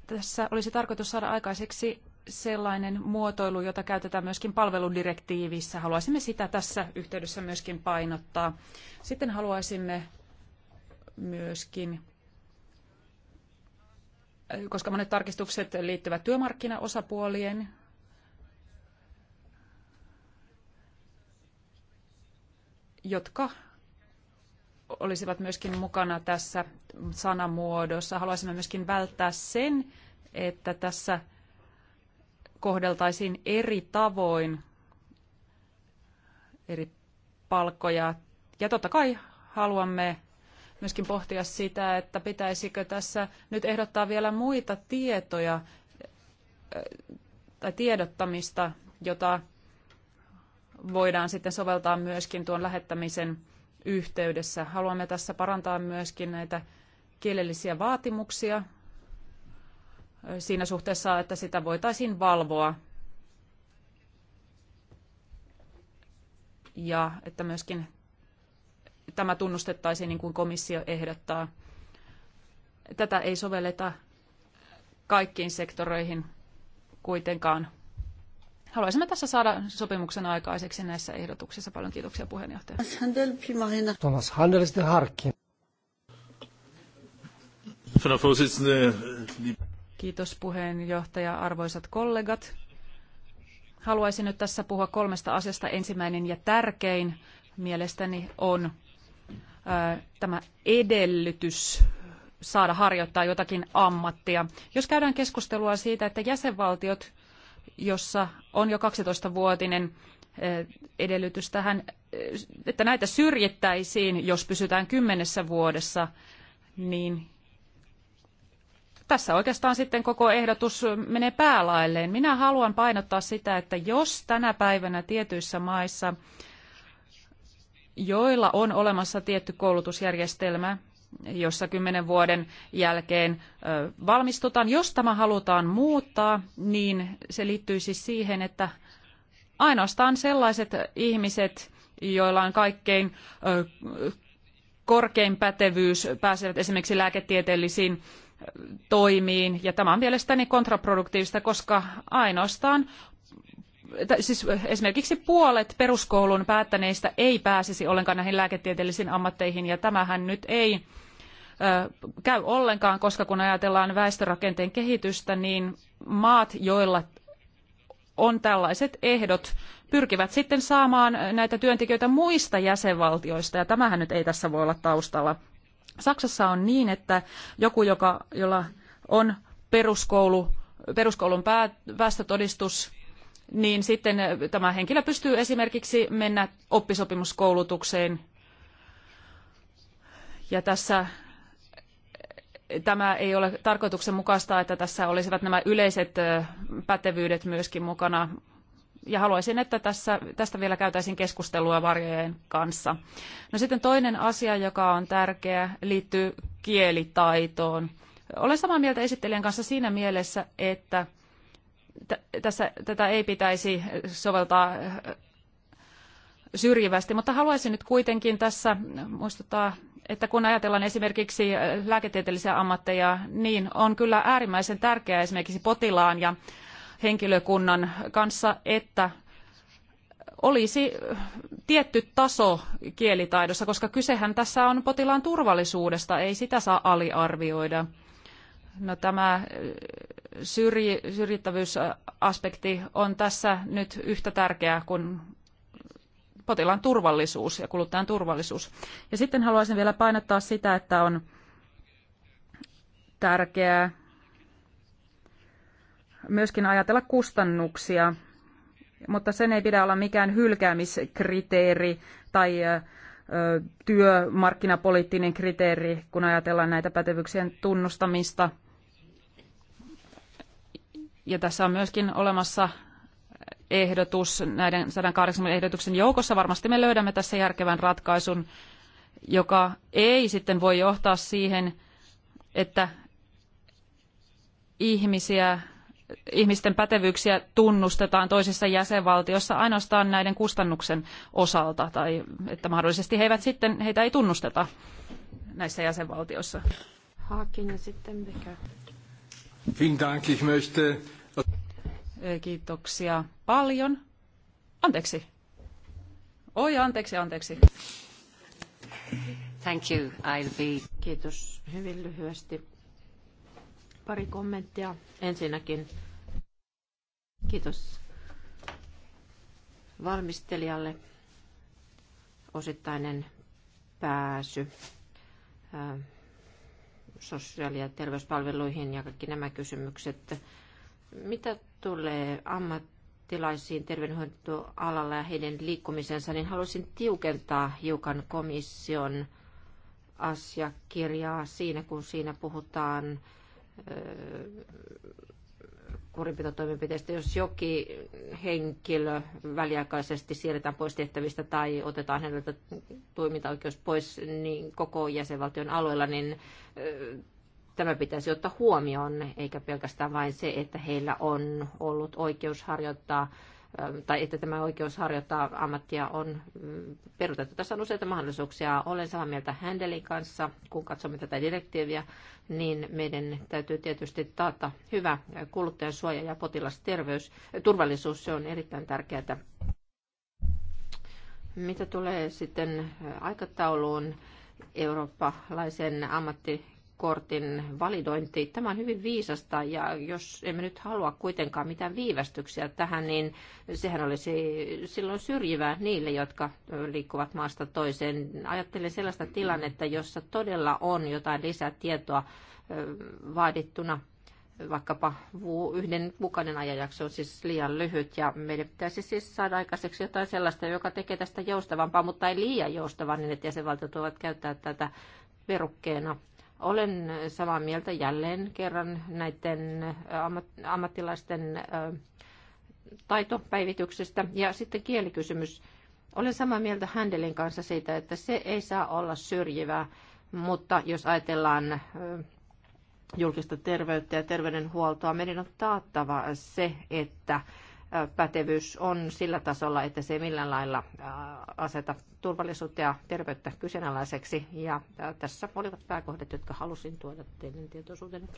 Tässä olisi tarkoitus saada aikaiseksi sellainen muotoilu, jota käytetään myöskin palveludirektiivissä. Haluaisimme sitä tässä yhteydessä myöskin painottaa. Sitten haluaisimme myöskin koska monet tarkistukset liittyvät työmarkkinaosapuolien jotka olisivat myöskin mukana tässä sanamuodossa. Haluaisimme myöskin välttää sen, että tässä kohdeltaisiin eri tavoin eri palkkoja. Ja totta kai haluamme myöskin pohtia sitä, että pitäisikö tässä nyt ehdottaa vielä muita tietoja tai tiedottamista, jota voidaan sitten soveltaa myöskin tuon lähettämisen yhteydessä. Haluamme tässä parantaa myöskin näitä kielellisiä vaatimuksia siinä suhteessa, että sitä voitaisiin valvoa ja että myöskin tämä tunnustettaisiin niin kuin komissio ehdottaa. Tätä ei sovelleta kaikkiin sektoreihin kuitenkaan. Haluaisimme tässä saada sopimuksen aikaiseksi näissä ehdotuksissa. Paljon kiitoksia puheenjohtaja. Thomas Handel, sitten Harkki. Kiitos puheenjohtaja, arvoisat kollegat. Haluaisin nyt tässä puhua kolmesta asiasta. Ensimmäinen ja tärkein mielestäni on tämä edellytys saada harjoittaa jotakin ammattia. Jos käydään keskustelua siitä, että jäsenvaltiot, jossa on jo 12-vuotinen edellytys tähän, että näitä syrjittäisiin, jos pysytään kymmenessä vuodessa, niin tässä oikeastaan sitten koko ehdotus menee päälailleen. Minä haluan painottaa sitä, että jos tänä päivänä tietyissä maissa – joilla on olemassa tietty koulutusjärjestelmä, jossa kymmenen vuoden jälkeen valmistutaan. Jos tämä halutaan muuttaa, niin se liittyy siis siihen, että ainoastaan sellaiset ihmiset, joilla on kaikkein korkein pätevyys, pääsevät esimerkiksi lääketieteellisiin toimiin. Ja tämä on mielestäni kontraproduktiivista, koska ainoastaan siis esimerkiksi puolet peruskoulun päättäneistä ei pääsisi ollenkaan näihin lääketieteellisiin ammatteihin, ja tämähän nyt ei käy ollenkaan, koska kun ajatellaan väestörakenteen kehitystä, niin maat, joilla on tällaiset ehdot, pyrkivät sitten saamaan näitä työntekijöitä muista jäsenvaltioista, ja tämähän nyt ei tässä voi olla taustalla. Saksassa on niin, että joku, joka, jolla on peruskoulu, peruskoulun päät väestötodistus niin sitten tämä henkilö pystyy esimerkiksi mennä oppisopimuskoulutukseen. Ja tässä tämä ei ole tarkoituksenmukaista, että tässä olisivat nämä yleiset pätevyydet myöskin mukana. Ja haluaisin, että tässä, tästä vielä käytäisiin keskustelua varjojen kanssa. No sitten toinen asia, joka on tärkeä, liittyy kielitaitoon. Olen samaa mieltä esittelijän kanssa siinä mielessä, että tässä, tätä ei pitäisi soveltaa äh, syrjivästi, mutta haluaisin nyt kuitenkin tässä muistuttaa, että kun ajatellaan esimerkiksi äh, lääketieteellisiä ammatteja, niin on kyllä äärimmäisen tärkeää esimerkiksi potilaan ja henkilökunnan kanssa, että olisi äh, tietty taso kielitaidossa, koska kysehän tässä on potilaan turvallisuudesta, ei sitä saa aliarvioida. No tämä syrji, syrjittävyysaspekti on tässä nyt yhtä tärkeää kuin potilaan turvallisuus ja kuluttajan turvallisuus. Ja sitten haluaisin vielä painottaa sitä, että on tärkeää myöskin ajatella kustannuksia, mutta sen ei pidä olla mikään hylkäämiskriteeri tai työmarkkinapoliittinen kriteeri, kun ajatellaan näitä pätevyyksien tunnustamista. Ja tässä on myöskin olemassa ehdotus näiden 180 ehdotuksen joukossa. Varmasti me löydämme tässä järkevän ratkaisun, joka ei sitten voi johtaa siihen, että ihmisiä ihmisten pätevyyksiä tunnustetaan toisissa jäsenvaltioissa ainoastaan näiden kustannuksen osalta, tai että mahdollisesti he eivät sitten, heitä ei tunnusteta näissä jäsenvaltioissa. Haakin ja sitten mikä? Vielen Dank, ich möchte... Kiitoksia paljon. Anteeksi. Oi, anteeksi, anteeksi. Thank you, I'll be... Kiitos hyvin lyhyesti Pari kommenttia. Ensinnäkin kiitos valmistelijalle osittainen pääsy äh, sosiaali- ja terveyspalveluihin ja kaikki nämä kysymykset. Mitä tulee ammattilaisiin terveydenhoitoalalla ja heidän liikkumisensa, niin haluaisin tiukentaa hiukan komission asiakirjaa siinä, kun siinä puhutaan kurinpitotoimenpiteistä, jos jokin henkilö väliaikaisesti siirretään pois tehtävistä tai otetaan häneltä toimintaoikeus pois niin koko jäsenvaltion alueella, niin tämä pitäisi ottaa huomioon, eikä pelkästään vain se, että heillä on ollut oikeus harjoittaa tai että tämä oikeus harjoittaa ammattia on mm, perutettu. Tässä on useita mahdollisuuksia. Olen samaa mieltä Handelin kanssa, kun katsomme tätä direktiiviä, niin meidän täytyy tietysti taata hyvä kuluttajan suoja ja potilasterveys. Turvallisuus, se on erittäin tärkeää. Mitä tulee sitten aikatauluun, eurooppalaisen ammatti kortin validointi. Tämä on hyvin viisasta ja jos emme nyt halua kuitenkaan mitään viivästyksiä tähän, niin sehän olisi silloin syrjivää niille, jotka liikkuvat maasta toiseen. Ajattelen sellaista tilannetta, jossa todella on jotain lisätietoa vaadittuna vaikkapa yhden mukainen ajanjakso on siis liian lyhyt ja meidän pitäisi siis saada aikaiseksi jotain sellaista, joka tekee tästä joustavampaa, mutta ei liian joustavaa niin, että jäsenvaltiot voivat käyttää tätä verukkeena olen samaa mieltä jälleen kerran näiden ammattilaisten taitopäivityksestä. Ja sitten kielikysymys. Olen samaa mieltä Händelin kanssa siitä, että se ei saa olla syrjivää, mutta jos ajatellaan julkista terveyttä ja terveydenhuoltoa, meidän on taattava se, että pätevyys on sillä tasolla, että se ei millään lailla aseta turvallisuutta ja terveyttä kyseenalaiseksi. Ja tässä olivat pääkohdat, jotka halusin tuoda teidän tietoisuuteen.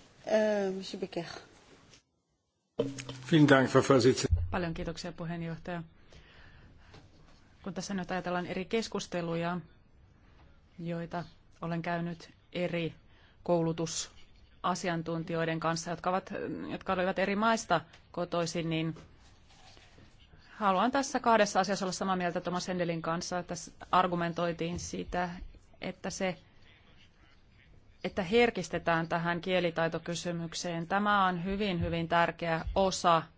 Paljon kiitoksia puheenjohtaja. Kun tässä nyt ajatellaan eri keskusteluja, joita olen käynyt eri koulutusasiantuntijoiden kanssa, jotka, ovat, jotka olivat eri maista kotoisin, niin Haluan tässä kahdessa asiassa olla samaa mieltä Thomas Hendelin kanssa. Tässä argumentoitiin sitä, että se että herkistetään tähän kielitaitokysymykseen. Tämä on hyvin, hyvin tärkeä osa, äh,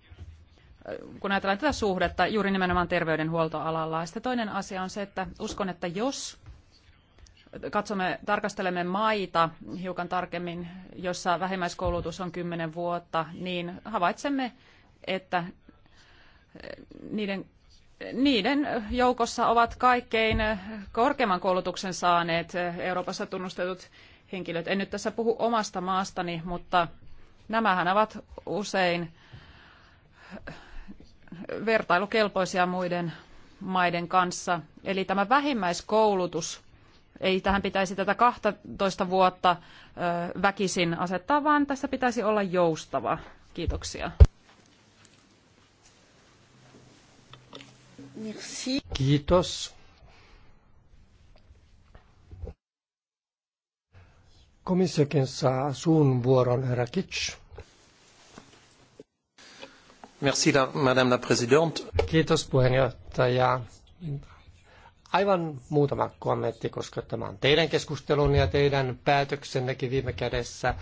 kun ajatellaan tätä suhdetta juuri nimenomaan terveydenhuoltoalalla. Sitten toinen asia on se, että uskon, että jos katsomme, tarkastelemme maita hiukan tarkemmin, jossa vähimmäiskoulutus on kymmenen vuotta, niin havaitsemme, että niiden, niiden joukossa ovat kaikkein korkeimman koulutuksen saaneet Euroopassa tunnustetut henkilöt. En nyt tässä puhu omasta maastani, mutta nämähän ovat usein vertailukelpoisia muiden maiden kanssa. Eli tämä vähimmäiskoulutus, ei tähän pitäisi tätä 12 vuotta väkisin asettaa, vaan tässä pitäisi olla joustava. Kiitoksia. Merci. Kiitos. Komissiokin saa suun vuoron, herra Kitsch. Merci, la, madame la présidente. Kiitos puheenjohtaja. Aivan muutama kommentti, koska tämä on teidän keskustelunne ja teidän päätöksennekin viime kädessä.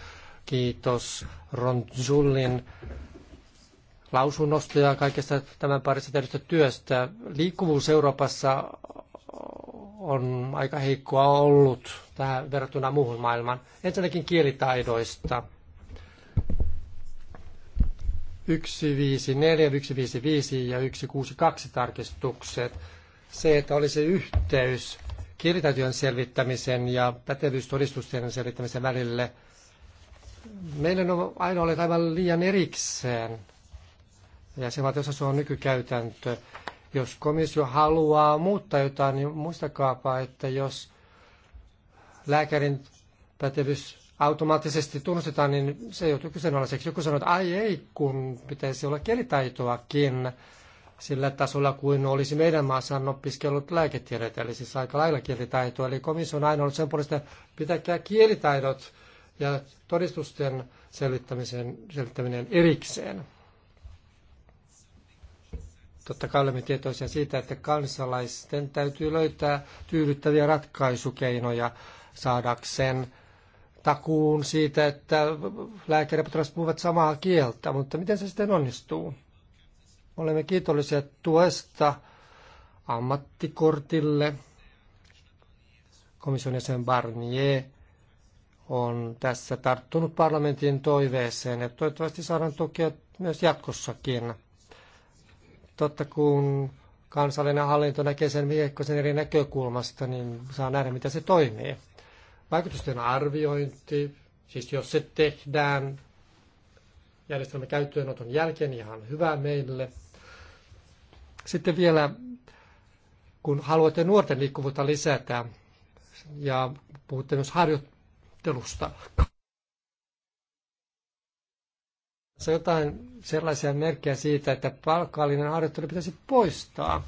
Kiitos Ron Zullin lausunnosta ja kaikesta tämän parissa tehdystä työstä. Liikkuvuus Euroopassa on aika heikkoa ollut tähän verrattuna muuhun maailmaan. Ensinnäkin kielitaidoista. 154, 155 ja 162 tarkistukset. Se, että olisi yhteys kielitaitojen selvittämisen ja pätevyystodistusten selvittämisen välille. Meillä on aina ollut aivan liian erikseen ja se vaatii, on nykykäytäntö. Jos komissio haluaa muuttaa jotain, niin muistakaapa, että jos lääkärin pätevyys automaattisesti tunnustetaan, niin se joutuu kyseenalaiseksi. Joku sanoo, että ai ei, kun pitäisi olla kielitaitoakin sillä tasolla kuin olisi meidän maassaan opiskellut lääketiedet, eli siis aika lailla kielitaitoa. Eli komissio on aina ollut sen puolesta, pitäkää kielitaidot ja todistusten selvittäminen erikseen. Totta kai olemme tietoisia siitä, että kansalaisten täytyy löytää tyydyttäviä ratkaisukeinoja saadakseen takuun siitä, että lääkäri ja potilas puhuvat samaa kieltä, mutta miten se sitten onnistuu? Olemme kiitollisia tuesta ammattikortille. Komission jäsen Barnier on tässä tarttunut parlamentin toiveeseen, että toivottavasti saadaan tukea myös jatkossakin. Totta kun kansallinen hallinto näkee sen miekkosen eri näkökulmasta, niin saa nähdä, mitä se toimii. Vaikutusten arviointi, siis jos se tehdään järjestelmän käyttöönoton jälkeen, niin ihan hyvä meille. Sitten vielä, kun haluatte nuorten liikkuvuutta lisätä ja puhutte myös harjoittelusta, tässä jotain sellaisia merkkejä siitä, että palkallinen harjoittelu pitäisi poistaa.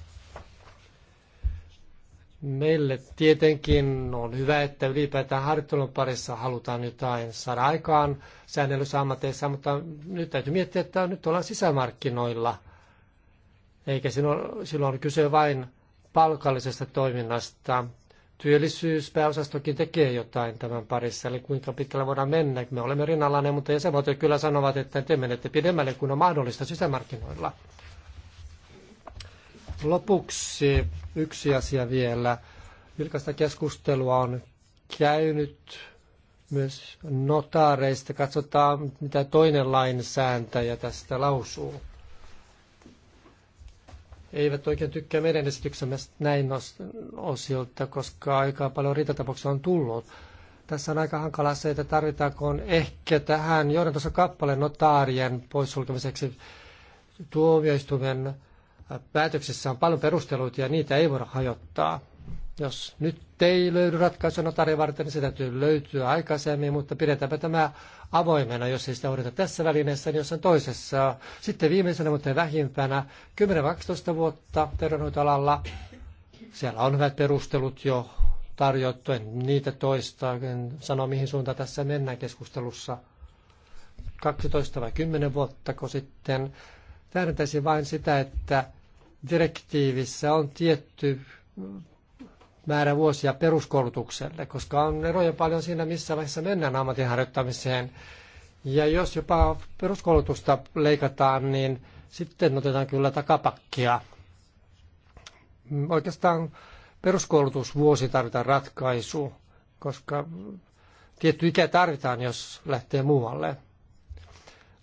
Meille tietenkin on hyvä, että ylipäätään harjoittelun parissa halutaan jotain saada aikaan säännellyssä ammateissa, mutta nyt täytyy miettiä, että nyt ollaan sisämarkkinoilla, eikä silloin, silloin kyse vain palkallisesta toiminnasta työllisyyspääosastokin tekee jotain tämän parissa, eli kuinka pitkällä voidaan mennä. Me olemme rinnallainen, mutta jäsenvaltiot kyllä sanovat, että te menette pidemmälle kuin on mahdollista sisämarkkinoilla. Lopuksi yksi asia vielä. Vilkaista keskustelua on käynyt myös notaareista. Katsotaan, mitä toinen lainsääntäjä tästä lausuu eivät oikein tykkää meidän esityksemme näin osilta, koska aika paljon riitatapauksia on tullut. Tässä on aika hankala se, että tarvitaanko on ehkä tähän joiden tuossa kappaleen notaarien poissulkemiseksi tuomioistuimen äh, päätöksessä on paljon perusteluita ja niitä ei voida hajottaa. Jos nyt ei löydy ratkaisua notaarien varten, niin se täytyy löytyä aikaisemmin, mutta pidetäänpä tämä avoimena, jos ei sitä hoideta tässä välineessä, niin jossain toisessa. Sitten viimeisenä, mutta vähimpänä, 10-12 vuotta terveydenhoitoalalla. Siellä on hyvät perustelut jo tarjottu, en niitä toista, en sano mihin suuntaan tässä mennään keskustelussa. 12 vai 10 vuotta sitten. Tähdentäisin vain sitä, että direktiivissä on tietty määrä vuosia peruskoulutukselle, koska on eroja paljon siinä, missä vaiheessa mennään ammatinharjoittamiseen. Ja jos jopa peruskoulutusta leikataan, niin sitten otetaan kyllä takapakkia. Oikeastaan peruskoulutusvuosi tarvitaan ratkaisu, koska tietty ikä tarvitaan, jos lähtee muualle.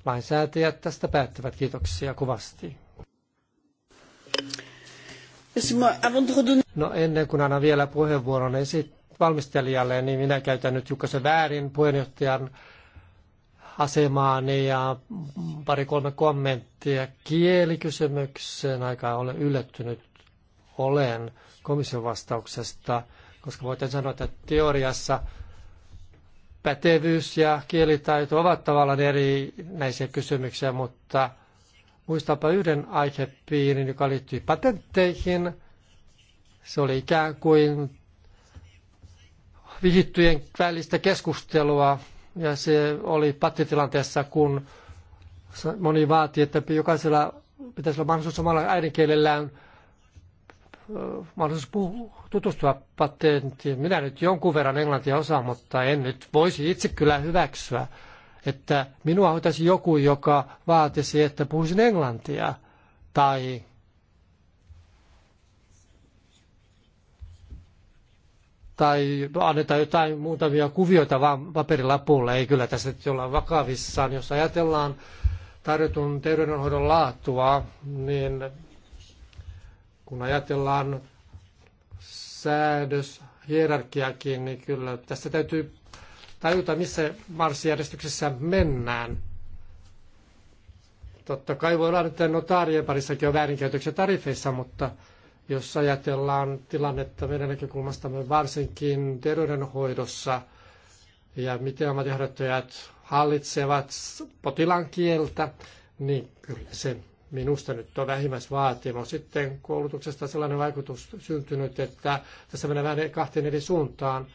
Lainsäätäjät tästä päättävät. Kiitoksia kovasti. No ennen kuin annan vielä puheenvuoron esit- valmistelijalle, niin minä käytän nyt Jukka väärin puheenjohtajan asemaani ja pari-kolme kommenttia kielikysymykseen. Aika olen yllättynyt olen komission vastauksesta, koska voitan sanoa, että teoriassa pätevyys ja kielitaito ovat tavallaan erinäisiä kysymyksiä, mutta – muistapa yhden aihepiirin, joka liittyy patentteihin. Se oli ikään kuin vihittyjen välistä keskustelua ja se oli pattitilanteessa, kun moni vaati, että jokaisella pitäisi olla mahdollisuus omalla äidinkielellään äh, mahdollisuus puhua, tutustua patenttiin. Minä nyt jonkun verran englantia osaan, mutta en nyt voisi itse kyllä hyväksyä että minua hoitaisi joku, joka vaatisi, että puhuisin englantia tai tai annetaan jotain muutamia kuvioita vaan paperilapulle. Ei kyllä tässä nyt olla vakavissaan. Jos ajatellaan tarjotun terveydenhoidon laatua, niin kun ajatellaan hierarkiakin, niin kyllä tästä täytyy tajuta, missä marssijärjestyksessä mennään. Totta kai voi olla, että notaarien parissakin on väärinkäytöksiä tarifeissa, mutta jos ajatellaan tilannetta meidän näkökulmastamme varsinkin terveydenhoidossa ja miten ammattiharjoittajat hallitsevat potilaan kieltä, niin kyllä se minusta nyt on vähimmäisvaatimus. Sitten koulutuksesta sellainen vaikutus syntynyt, että tässä menee vähän kahteen eri suuntaan –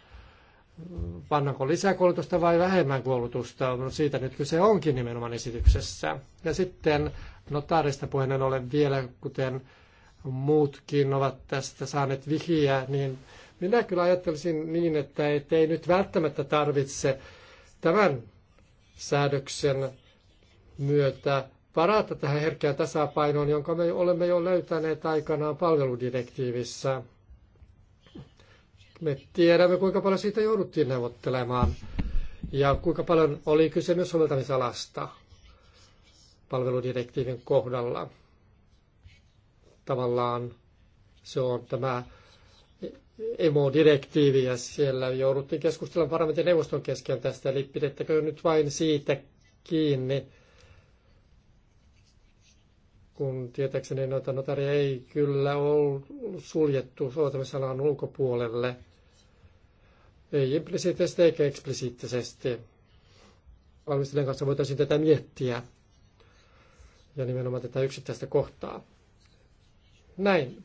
pannaanko lisää koulutusta vai vähemmän koulutusta. No siitä nyt kyse onkin nimenomaan esityksessä. Ja sitten notaarista puheen olen vielä, kuten muutkin ovat tästä saaneet vihiä, niin minä kyllä ajattelisin niin, että ei nyt välttämättä tarvitse tämän säädöksen myötä parata tähän herkkään tasapainoon, jonka me olemme jo löytäneet aikanaan palveludirektiivissä. Me tiedämme, kuinka paljon siitä jouduttiin neuvottelemaan ja kuinka paljon oli kyse myös soveltamisalasta palveludirektiivin kohdalla. Tavallaan se on tämä emo-direktiivi ja siellä jouduttiin keskustelemaan parlamentin neuvoston kesken tästä, eli pidettäkö nyt vain siitä kiinni, kun tietääkseni noita notaria ei kyllä ollut suljettu soveltamisalan ulkopuolelle – ei implisiittisesti eikä eksplisiittisesti. Valmistelijan kanssa voitaisiin tätä miettiä ja nimenomaan tätä yksittäistä kohtaa. Näin.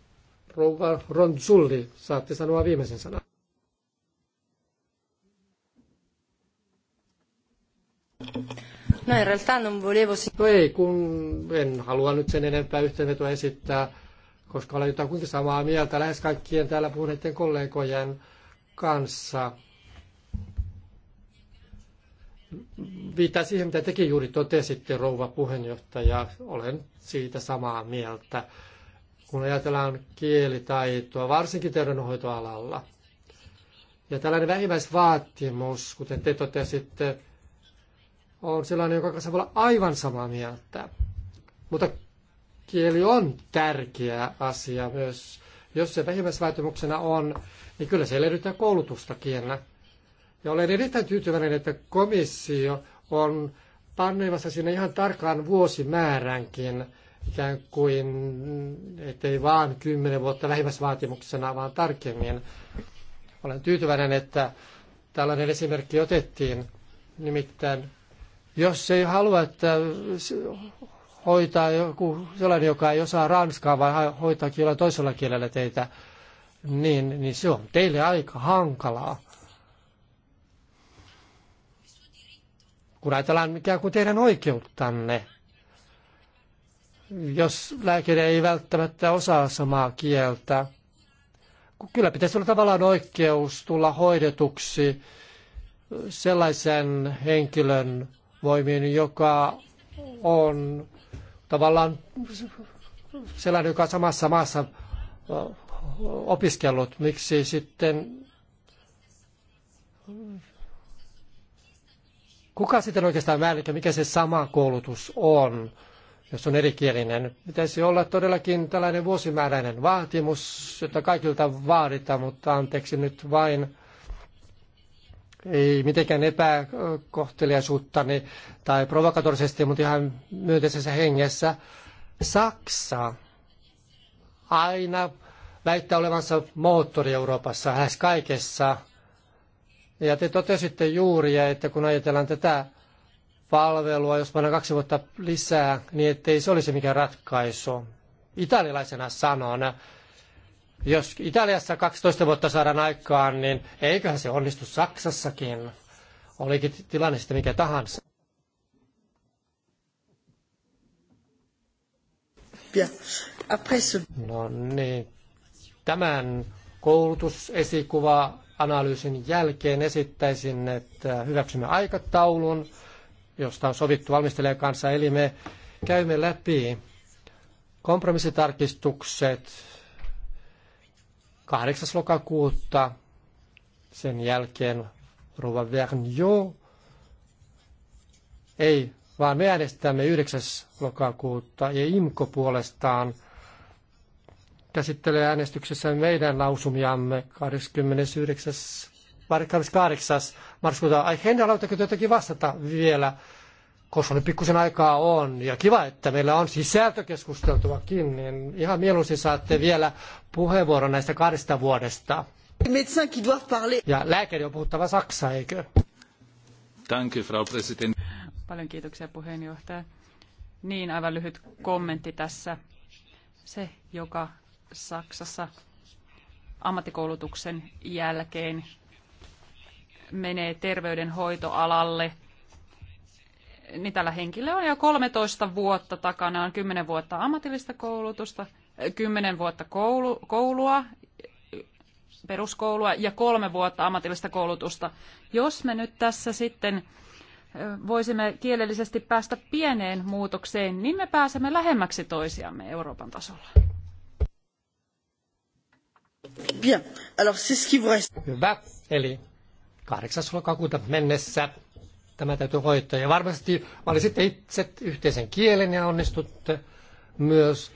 Rouva Ronsulli, saatte sanoa viimeisen sanan. No in realtà non volevo... No ei, kun en halua nyt sen enempää yhteenvetoa esittää, koska olen jotakin samaa mieltä lähes kaikkien täällä puhuneiden kollegojen kanssa. Viittaa siihen, mitä tekin juuri totesitte, rouva puheenjohtaja. Olen siitä samaa mieltä. Kun ajatellaan kielitaitoa, varsinkin terveydenhoitoalalla, ja tällainen vähimmäisvaatimus, kuten te totesitte, on sellainen, joka kanssa voi olla aivan samaa mieltä. Mutta kieli on tärkeä asia myös jos se vähimmäisvaatimuksena on, niin kyllä se edellyttää koulutustakin. Ja olen erittäin tyytyväinen, että komissio on panneemassa sinne ihan tarkkaan vuosimääränkin, ikään kuin, ettei vaan kymmenen vuotta vähimmäisvaatimuksena, vaan tarkemmin. Olen tyytyväinen, että tällainen esimerkki otettiin. Nimittäin, jos ei halua, että hoitaa joku sellainen, joka ei osaa ranskaa, vaan hoitaa jollain toisella kielellä teitä, niin, niin se on teille aika hankalaa. Kun ajatellaan ikään kuin teidän oikeuttanne, jos lääkäri ei välttämättä osaa samaa kieltä, kyllä pitäisi olla tavallaan oikeus tulla hoidetuksi sellaisen henkilön voimin, joka on tavallaan sellainen, joka on samassa maassa opiskellut, miksi sitten kuka sitten oikeastaan määrittää, mikä se sama koulutus on, jos on erikielinen. Pitäisi olla todellakin tällainen vuosimääräinen vaatimus, jota kaikilta vaaditaan, mutta anteeksi nyt vain ei mitenkään epäkohteliaisuuttani tai provokatorisesti, mutta ihan myönteisessä hengessä. Saksa aina väittää olevansa moottori Euroopassa lähes kaikessa. Ja te totesitte juuri, että kun ajatellaan tätä palvelua, jos pannaan kaksi vuotta lisää, niin ettei se olisi mikään ratkaisu. Italialaisena sanona jos Italiassa 12 vuotta saadaan aikaan, niin eiköhän se onnistu Saksassakin. Olikin tilanne sitten mikä tahansa. No niin. Tämän koulutusesikuva analyysin jälkeen esittäisin, että hyväksymme aikataulun, josta on sovittu valmistelijan kanssa, eli me käymme läpi kompromissitarkistukset 8. lokakuuta. Sen jälkeen Rova Vernio ei, vaan me äänestämme 9. lokakuuta ja IMKO puolestaan käsittelee äänestyksessä meidän lausumiamme 29. 28. marraskuuta. Ai Henna, lautako jotakin vastata vielä koska nyt pikkusen aikaa on, ja kiva, että meillä on sisältökeskusteltuakin, niin ihan mieluusti saatte vielä puheenvuoron näistä kahdesta vuodesta. Ja lääkäri on puhuttava Saksa, eikö? you, Frau President. Paljon kiitoksia puheenjohtaja. Niin, aivan lyhyt kommentti tässä. Se, joka Saksassa ammattikoulutuksen jälkeen menee terveydenhoitoalalle – niin tällä henkilöllä on jo 13 vuotta takana, on 10 vuotta ammatillista koulutusta, 10 äh, vuotta koulu, koulua, peruskoulua ja kolme vuotta ammatillista koulutusta. Jos me nyt tässä sitten äh, voisimme kielellisesti päästä pieneen muutokseen, niin me pääsemme lähemmäksi toisiamme Euroopan tasolla. Bien. Alors, c'est ce qui vous reste. Hyvä. Eli 8. lokakuuta mennessä Tämä täytyy hoitaa. Ja varmasti valitsitte itse yhteisen kielen ja onnistutte myös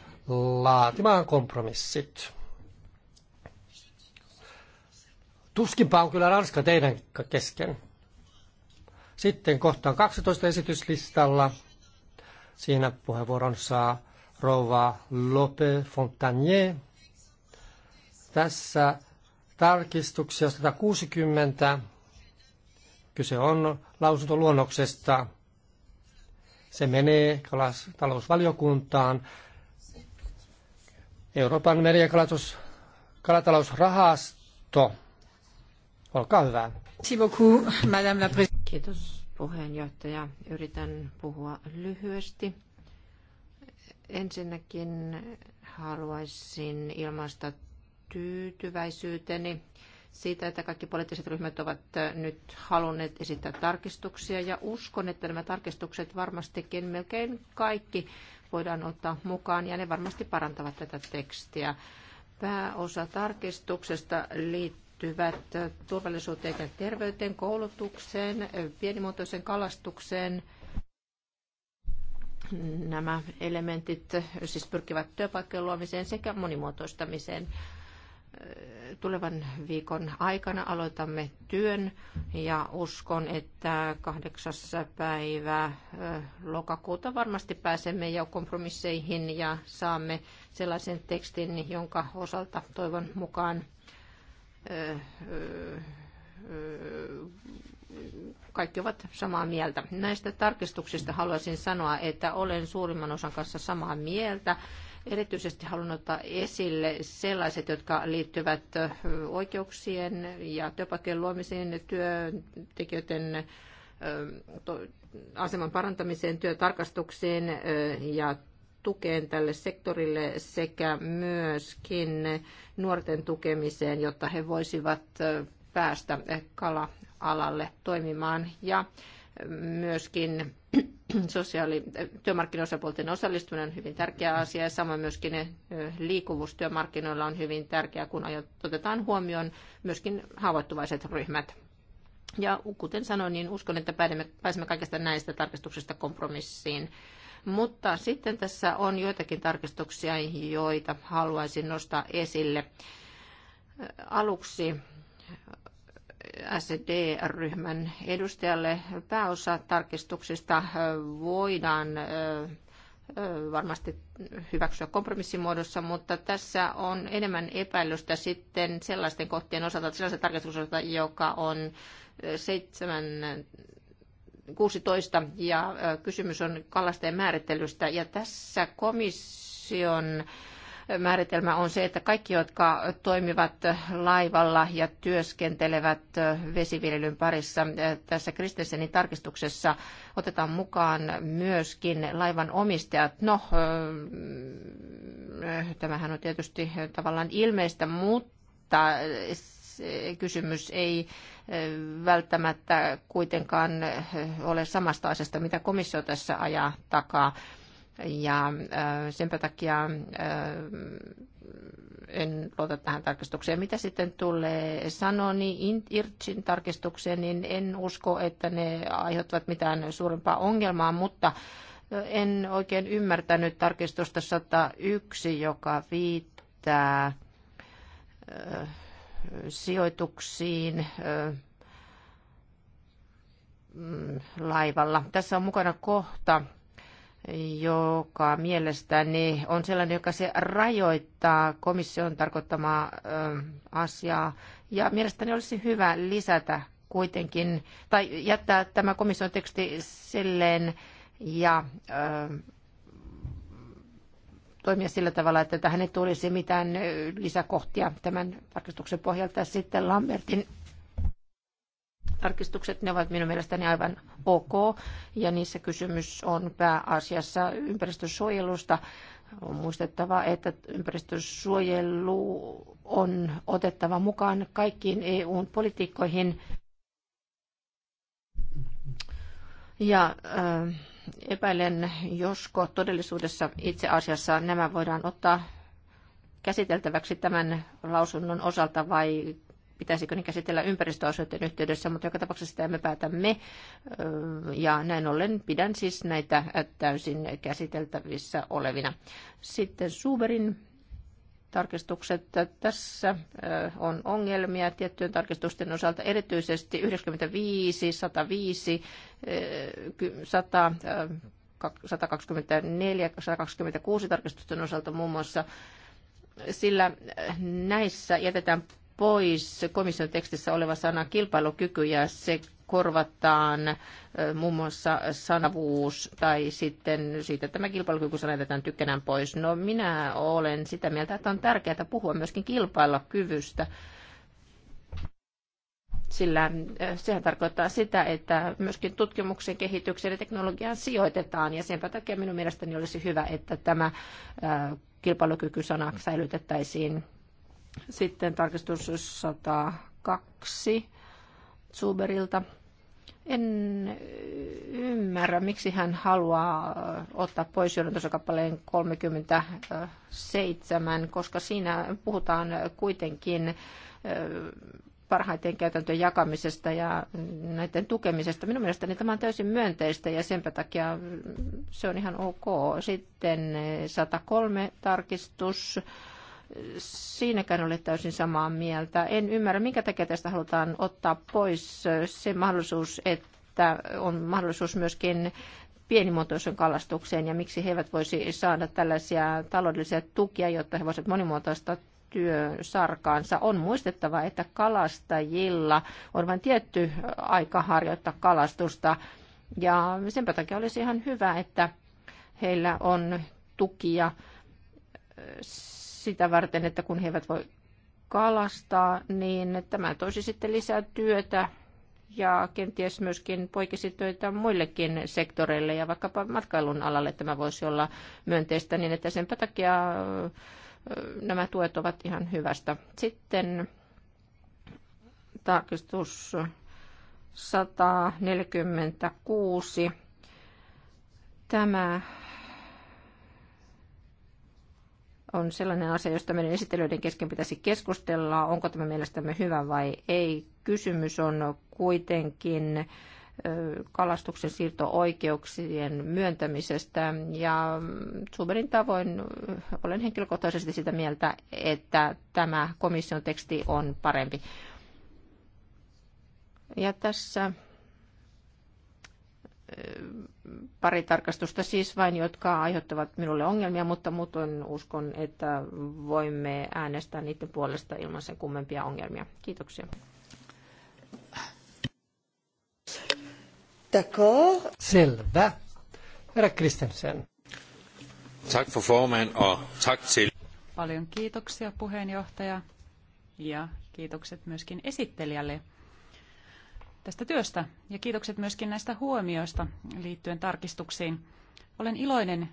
laatimaan kompromissit. Tuskinpa on kyllä Ranska teidän kesken. Sitten kohtaan 12 esityslistalla. Siinä puheenvuoron saa rouva Lope Fontanier. Tässä tarkistuksia 160 Kyse on lausuntoluonnoksesta. Se menee talousvaliokuntaan. Euroopan meri- ja kalatus, kalatalousrahasto. Olkaa hyvä. Kiitos puheenjohtaja. Yritän puhua lyhyesti. Ensinnäkin haluaisin ilmaista tyytyväisyyteni siitä, että kaikki poliittiset ryhmät ovat nyt halunneet esittää tarkistuksia ja uskon, että nämä tarkistukset varmastikin melkein kaikki voidaan ottaa mukaan ja ne varmasti parantavat tätä tekstiä. Pääosa tarkistuksesta liittyvät turvallisuuteen ja terveyteen, koulutukseen, pienimuotoiseen kalastukseen, nämä elementit siis pyrkivät työpaikkojen luomiseen sekä monimuotoistamiseen tulevan viikon aikana aloitamme työn ja uskon, että kahdeksassa päivä lokakuuta varmasti pääsemme jo kompromisseihin ja saamme sellaisen tekstin, jonka osalta toivon mukaan kaikki ovat samaa mieltä. Näistä tarkistuksista haluaisin sanoa, että olen suurimman osan kanssa samaa mieltä Erityisesti haluan ottaa esille sellaiset, jotka liittyvät oikeuksien ja työpaikkojen luomiseen, työntekijöiden aseman parantamiseen, työtarkastukseen ja tukeen tälle sektorille sekä myöskin nuorten tukemiseen, jotta he voisivat päästä kala-alalle toimimaan ja myöskin sosiaali- työmarkkinoisapuolten osallistuminen on hyvin tärkeä asia ja samoin myöskin liikkuvuus työmarkkinoilla on hyvin tärkeää, kun otetaan huomioon myöskin haavoittuvaiset ryhmät. Ja kuten sanoin, niin uskon, että pääsemme kaikista näistä tarkistuksista kompromissiin. Mutta sitten tässä on joitakin tarkistuksia, joita haluaisin nostaa esille. Aluksi SD-ryhmän edustajalle. Pääosa tarkistuksista voidaan varmasti hyväksyä kompromissimuodossa, mutta tässä on enemmän epäilystä sitten sellaisten kohtien osalta, sellaisen tarkistuksen osalta, joka on 7, 16 ja kysymys on kalastajien määrittelystä. Ja tässä komission määritelmä on se, että kaikki, jotka toimivat laivalla ja työskentelevät vesiviljelyn parissa, eh, tässä Kristensenin tarkistuksessa otetaan mukaan myöskin laivan omistajat. No, eh, tämähän on tietysti tavallaan ilmeistä, mutta kysymys ei eh, välttämättä kuitenkaan ole samasta asiasta, mitä komissio tässä ajaa takaa. Ja senpä takia en luota tähän tarkistukseen. Mitä sitten tulee sanoni IRCin tarkistukseen, niin en usko, että ne aiheuttavat mitään suurempaa ongelmaa, mutta en oikein ymmärtänyt tarkistusta 101, joka viittää sijoituksiin mm, laivalla. Tässä on mukana kohta, joka mielestäni on sellainen, joka se rajoittaa komission tarkoittamaa ö, asiaa. Ja mielestäni olisi hyvä lisätä kuitenkin, tai jättää tämä komission teksti silleen ja ö, toimia sillä tavalla, että tähän ei tulisi mitään lisäkohtia tämän tarkistuksen pohjalta. Sitten Lambertin tarkistukset, ne ovat minun mielestäni aivan ok, ja niissä kysymys on pääasiassa ympäristösuojelusta. On muistettava, että ympäristösuojelu on otettava mukaan kaikkiin EUn politiikkoihin. Ja äh, epäilen, josko todellisuudessa itse asiassa nämä voidaan ottaa käsiteltäväksi tämän lausunnon osalta vai pitäisikö ne käsitellä ympäristöasioiden yhteydessä, mutta joka tapauksessa sitä me päätämme. Ja näin ollen pidän siis näitä täysin käsiteltävissä olevina. Sitten Suberin tarkistukset. Tässä on ongelmia tiettyjen tarkistusten osalta, erityisesti 95, 105, 100, 124, 126 tarkistusten osalta muun muassa, sillä näissä jätetään pois komission tekstissä oleva sana kilpailukyky ja se korvataan muun muassa sanavuus tai sitten siitä että tämä kilpailukyky sanotetaan tykkänään pois. No minä olen sitä mieltä, että on tärkeää puhua myöskin kilpailukyvystä sillä sehän tarkoittaa sitä, että myöskin tutkimuksen, kehityksen ja teknologiaan sijoitetaan, ja sen takia minun mielestäni olisi hyvä, että tämä kilpailukyky-sana säilytettäisiin sitten tarkistus 102 Zuberilta. En ymmärrä, miksi hän haluaa ottaa pois johdantosakappaleen 37, koska siinä puhutaan kuitenkin parhaiten käytäntöjen jakamisesta ja näiden tukemisesta. Minun mielestäni tämä on täysin myönteistä ja senpä takia se on ihan ok. Sitten 103 tarkistus siinäkään ole täysin samaa mieltä. En ymmärrä, minkä takia tästä halutaan ottaa pois se mahdollisuus, että on mahdollisuus myöskin pienimuotoisen kalastukseen ja miksi he eivät voisi saada tällaisia taloudellisia tukia, jotta he voisivat monimuotoista työsarkaansa. On muistettava, että kalastajilla on vain tietty aika harjoittaa kalastusta ja sen takia olisi ihan hyvä, että heillä on tukia sitä varten, että kun he eivät voi kalastaa, niin tämä toisi sitten lisää työtä ja kenties myöskin töitä muillekin sektoreille ja vaikkapa matkailun alalle tämä voisi olla myönteistä, niin että sen takia nämä tuet ovat ihan hyvästä. Sitten tarkistus 146. Tämä on sellainen asia, josta meidän esittelyiden kesken pitäisi keskustella, onko tämä mielestämme hyvä vai ei. Kysymys on kuitenkin kalastuksen siirto-oikeuksien myöntämisestä. Ja Zuberin tavoin olen henkilökohtaisesti sitä mieltä, että tämä komission teksti on parempi. Ja tässä pari tarkastusta siis vain, jotka aiheuttavat minulle ongelmia, mutta muuten uskon, että voimme äänestää niiden puolesta ilman sen kummempia ongelmia. Kiitoksia. Selvä. Herra Kristensen. Tack för formen och tack till... Paljon kiitoksia puheenjohtaja ja kiitokset myöskin esittelijälle tästä työstä ja kiitokset myöskin näistä huomioista liittyen tarkistuksiin. Olen iloinen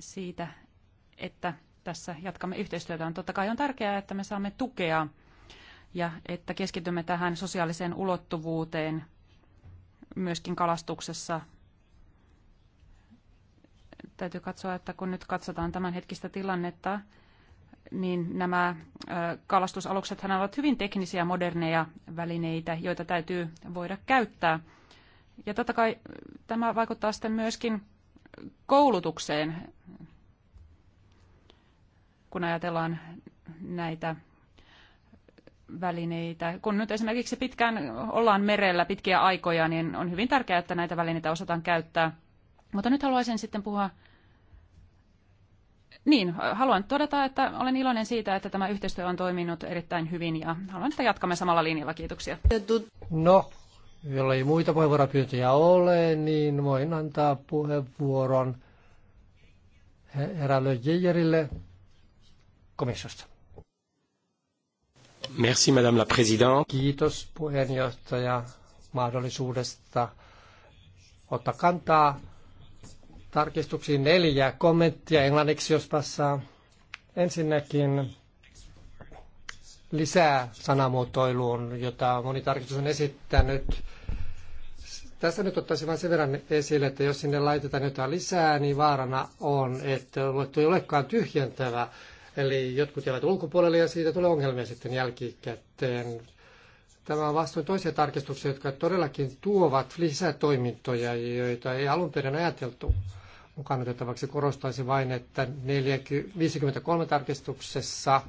siitä, että tässä jatkamme yhteistyötä. On totta kai on tärkeää, että me saamme tukea ja että keskitymme tähän sosiaaliseen ulottuvuuteen myöskin kalastuksessa. Täytyy katsoa, että kun nyt katsotaan tämänhetkistä tilannetta, niin nämä kalastusalukset ovat hyvin teknisiä, moderneja välineitä, joita täytyy voida käyttää. Ja totta kai tämä vaikuttaa sitten myöskin koulutukseen, kun ajatellaan näitä välineitä. Kun nyt esimerkiksi pitkään ollaan merellä pitkiä aikoja, niin on hyvin tärkeää, että näitä välineitä osataan käyttää. Mutta nyt haluaisin sitten puhua niin, haluan todeta, että olen iloinen siitä, että tämä yhteistyö on toiminut erittäin hyvin ja haluan, että jatkamme samalla linjalla. Kiitoksia. No, jollei muita puheenvuoropyyntöjä ole, niin voin antaa puheenvuoron herra Lejejerille komissiosta. Merci, madame la présidente. Kiitos puheenjohtaja mahdollisuudesta ottaa kantaa tarkistuksiin neljä kommenttia englanniksi, jos passaa. Ensinnäkin lisää sanamuotoiluun, jota moni tarkistus on esittänyt. Tässä nyt ottaisin vain sen verran esille, että jos sinne laitetaan jotain lisää, niin vaarana on, että luettu ei olekaan tyhjentävä. Eli jotkut jäävät ulkopuolelle ja siitä tulee ongelmia sitten jälkikäteen. Tämä on vastoin toisia tarkistuksia, jotka todellakin tuovat lisätoimintoja, joita ei alun perin ajateltu mukaan otettavaksi. Korostaisin vain, että 53 tarkistuksessa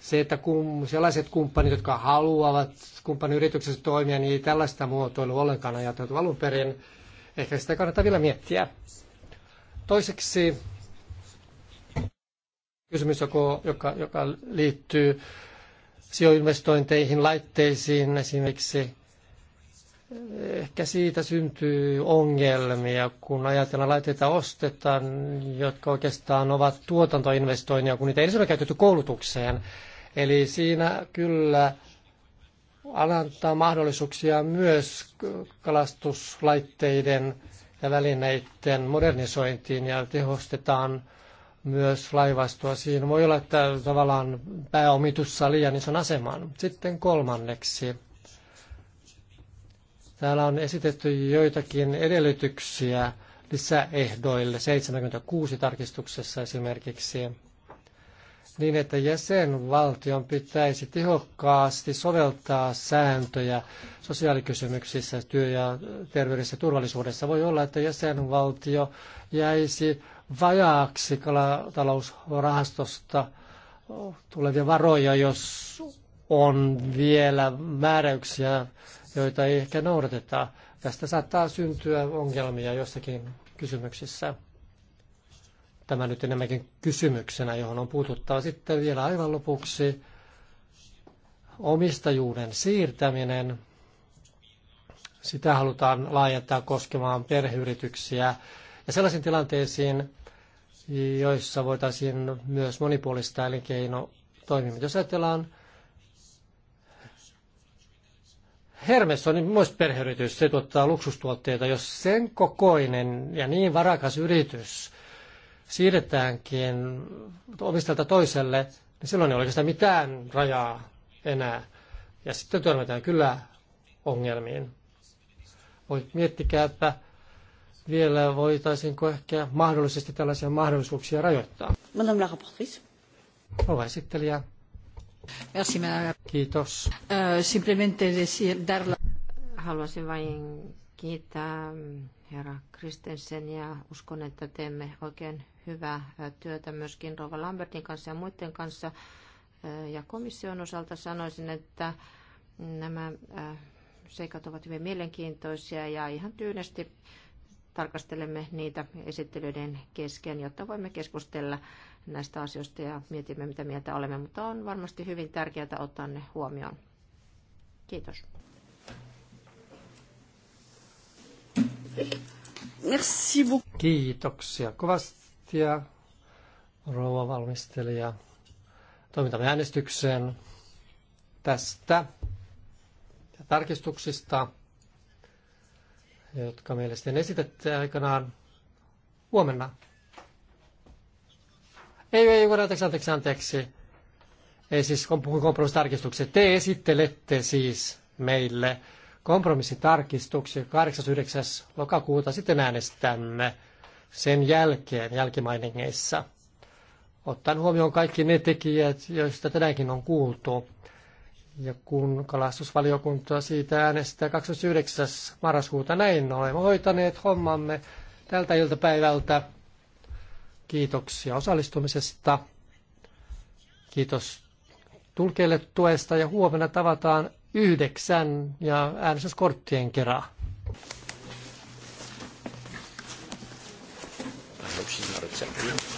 se, että kun sellaiset kumppanit, jotka haluavat kumppaniyrityksessä toimia, niin ei tällaista muotoilua ollenkaan ajateltu alun perin. Ehkä sitä kannattaa vielä miettiä. Toiseksi kysymys, joka, joka liittyy sijoinvestointeihin, laitteisiin esimerkiksi ehkä siitä syntyy ongelmia, kun ajatellaan laitteita ostetaan, jotka oikeastaan ovat tuotantoinvestoinnia, kun niitä ei ole käytetty koulutukseen. Eli siinä kyllä alantaa mahdollisuuksia myös kalastuslaitteiden ja välineiden modernisointiin ja tehostetaan myös laivastoa. Siinä voi olla, että tavallaan pääomitus saa liian ison aseman. Sitten kolmanneksi Täällä on esitetty joitakin edellytyksiä lisäehdoille 76 tarkistuksessa esimerkiksi, niin että jäsenvaltion pitäisi tehokkaasti soveltaa sääntöjä sosiaalikysymyksissä, työ- ja terveydessä ja turvallisuudessa. Voi olla, että jäsenvaltio jäisi vajaaksi talousrahastosta tulevia varoja, jos on vielä määräyksiä joita ei ehkä noudateta. Tästä saattaa syntyä ongelmia jossakin kysymyksissä. Tämä nyt enemmänkin kysymyksenä, johon on puututtava. Sitten vielä aivan lopuksi omistajuuden siirtäminen. Sitä halutaan laajentaa koskemaan perheyrityksiä ja sellaisiin tilanteisiin, joissa voitaisiin myös monipuolista elinkeino toimimaan. Jos ajatellaan Hermes on niin myös perheyritys, se tuottaa luksustuotteita. Jos sen kokoinen ja niin varakas yritys siirretäänkin omistajalta toiselle, niin silloin ei ole oikeastaan mitään rajaa enää. Ja sitten törmätään kyllä ongelmiin. miettikää, että vielä, voitaisinko ehkä mahdollisesti tällaisia mahdollisuuksia rajoittaa. Madame la rapportrice. Rouva esittelijä. Merci, Kiitos. Simplemente darla. Haluaisin vain kiittää mm, herra Kristensen ja uskon, että teemme oikein hyvää työtä myöskin Rova Lambertin kanssa ja muiden kanssa. Ja komission osalta sanoisin, että mm, nämä seikat ovat hyvin mielenkiintoisia ja ihan tyynesti tarkastelemme niitä esittelyiden kesken, jotta voimme keskustella näistä asioista ja mietimme, mitä mieltä olemme, mutta on varmasti hyvin tärkeää ottaa ne huomioon. Kiitos. Merci Kiitoksia kovasti ja rouva valmistelija. Toimitamme äänestykseen tästä ja tarkistuksista, jotka meille sitten esitettiin aikanaan huomenna ei, ei, anteeksi, anteeksi, anteeksi. Ei siis, kun puhun te esittelette siis meille kompromissitarkistuksia 89. lokakuuta. Sitten äänestämme sen jälkeen jälkimainingeissa. Ottaen huomioon kaikki ne tekijät, joista tänäänkin on kuultu. Ja kun kalastusvaliokunta siitä äänestää 29. marraskuuta, näin olemme hoitaneet hommamme tältä iltapäivältä. Kiitoksia osallistumisesta. Kiitos tulkeille tuesta ja huomenna tavataan yhdeksän ja äänestyskorttien kerran. I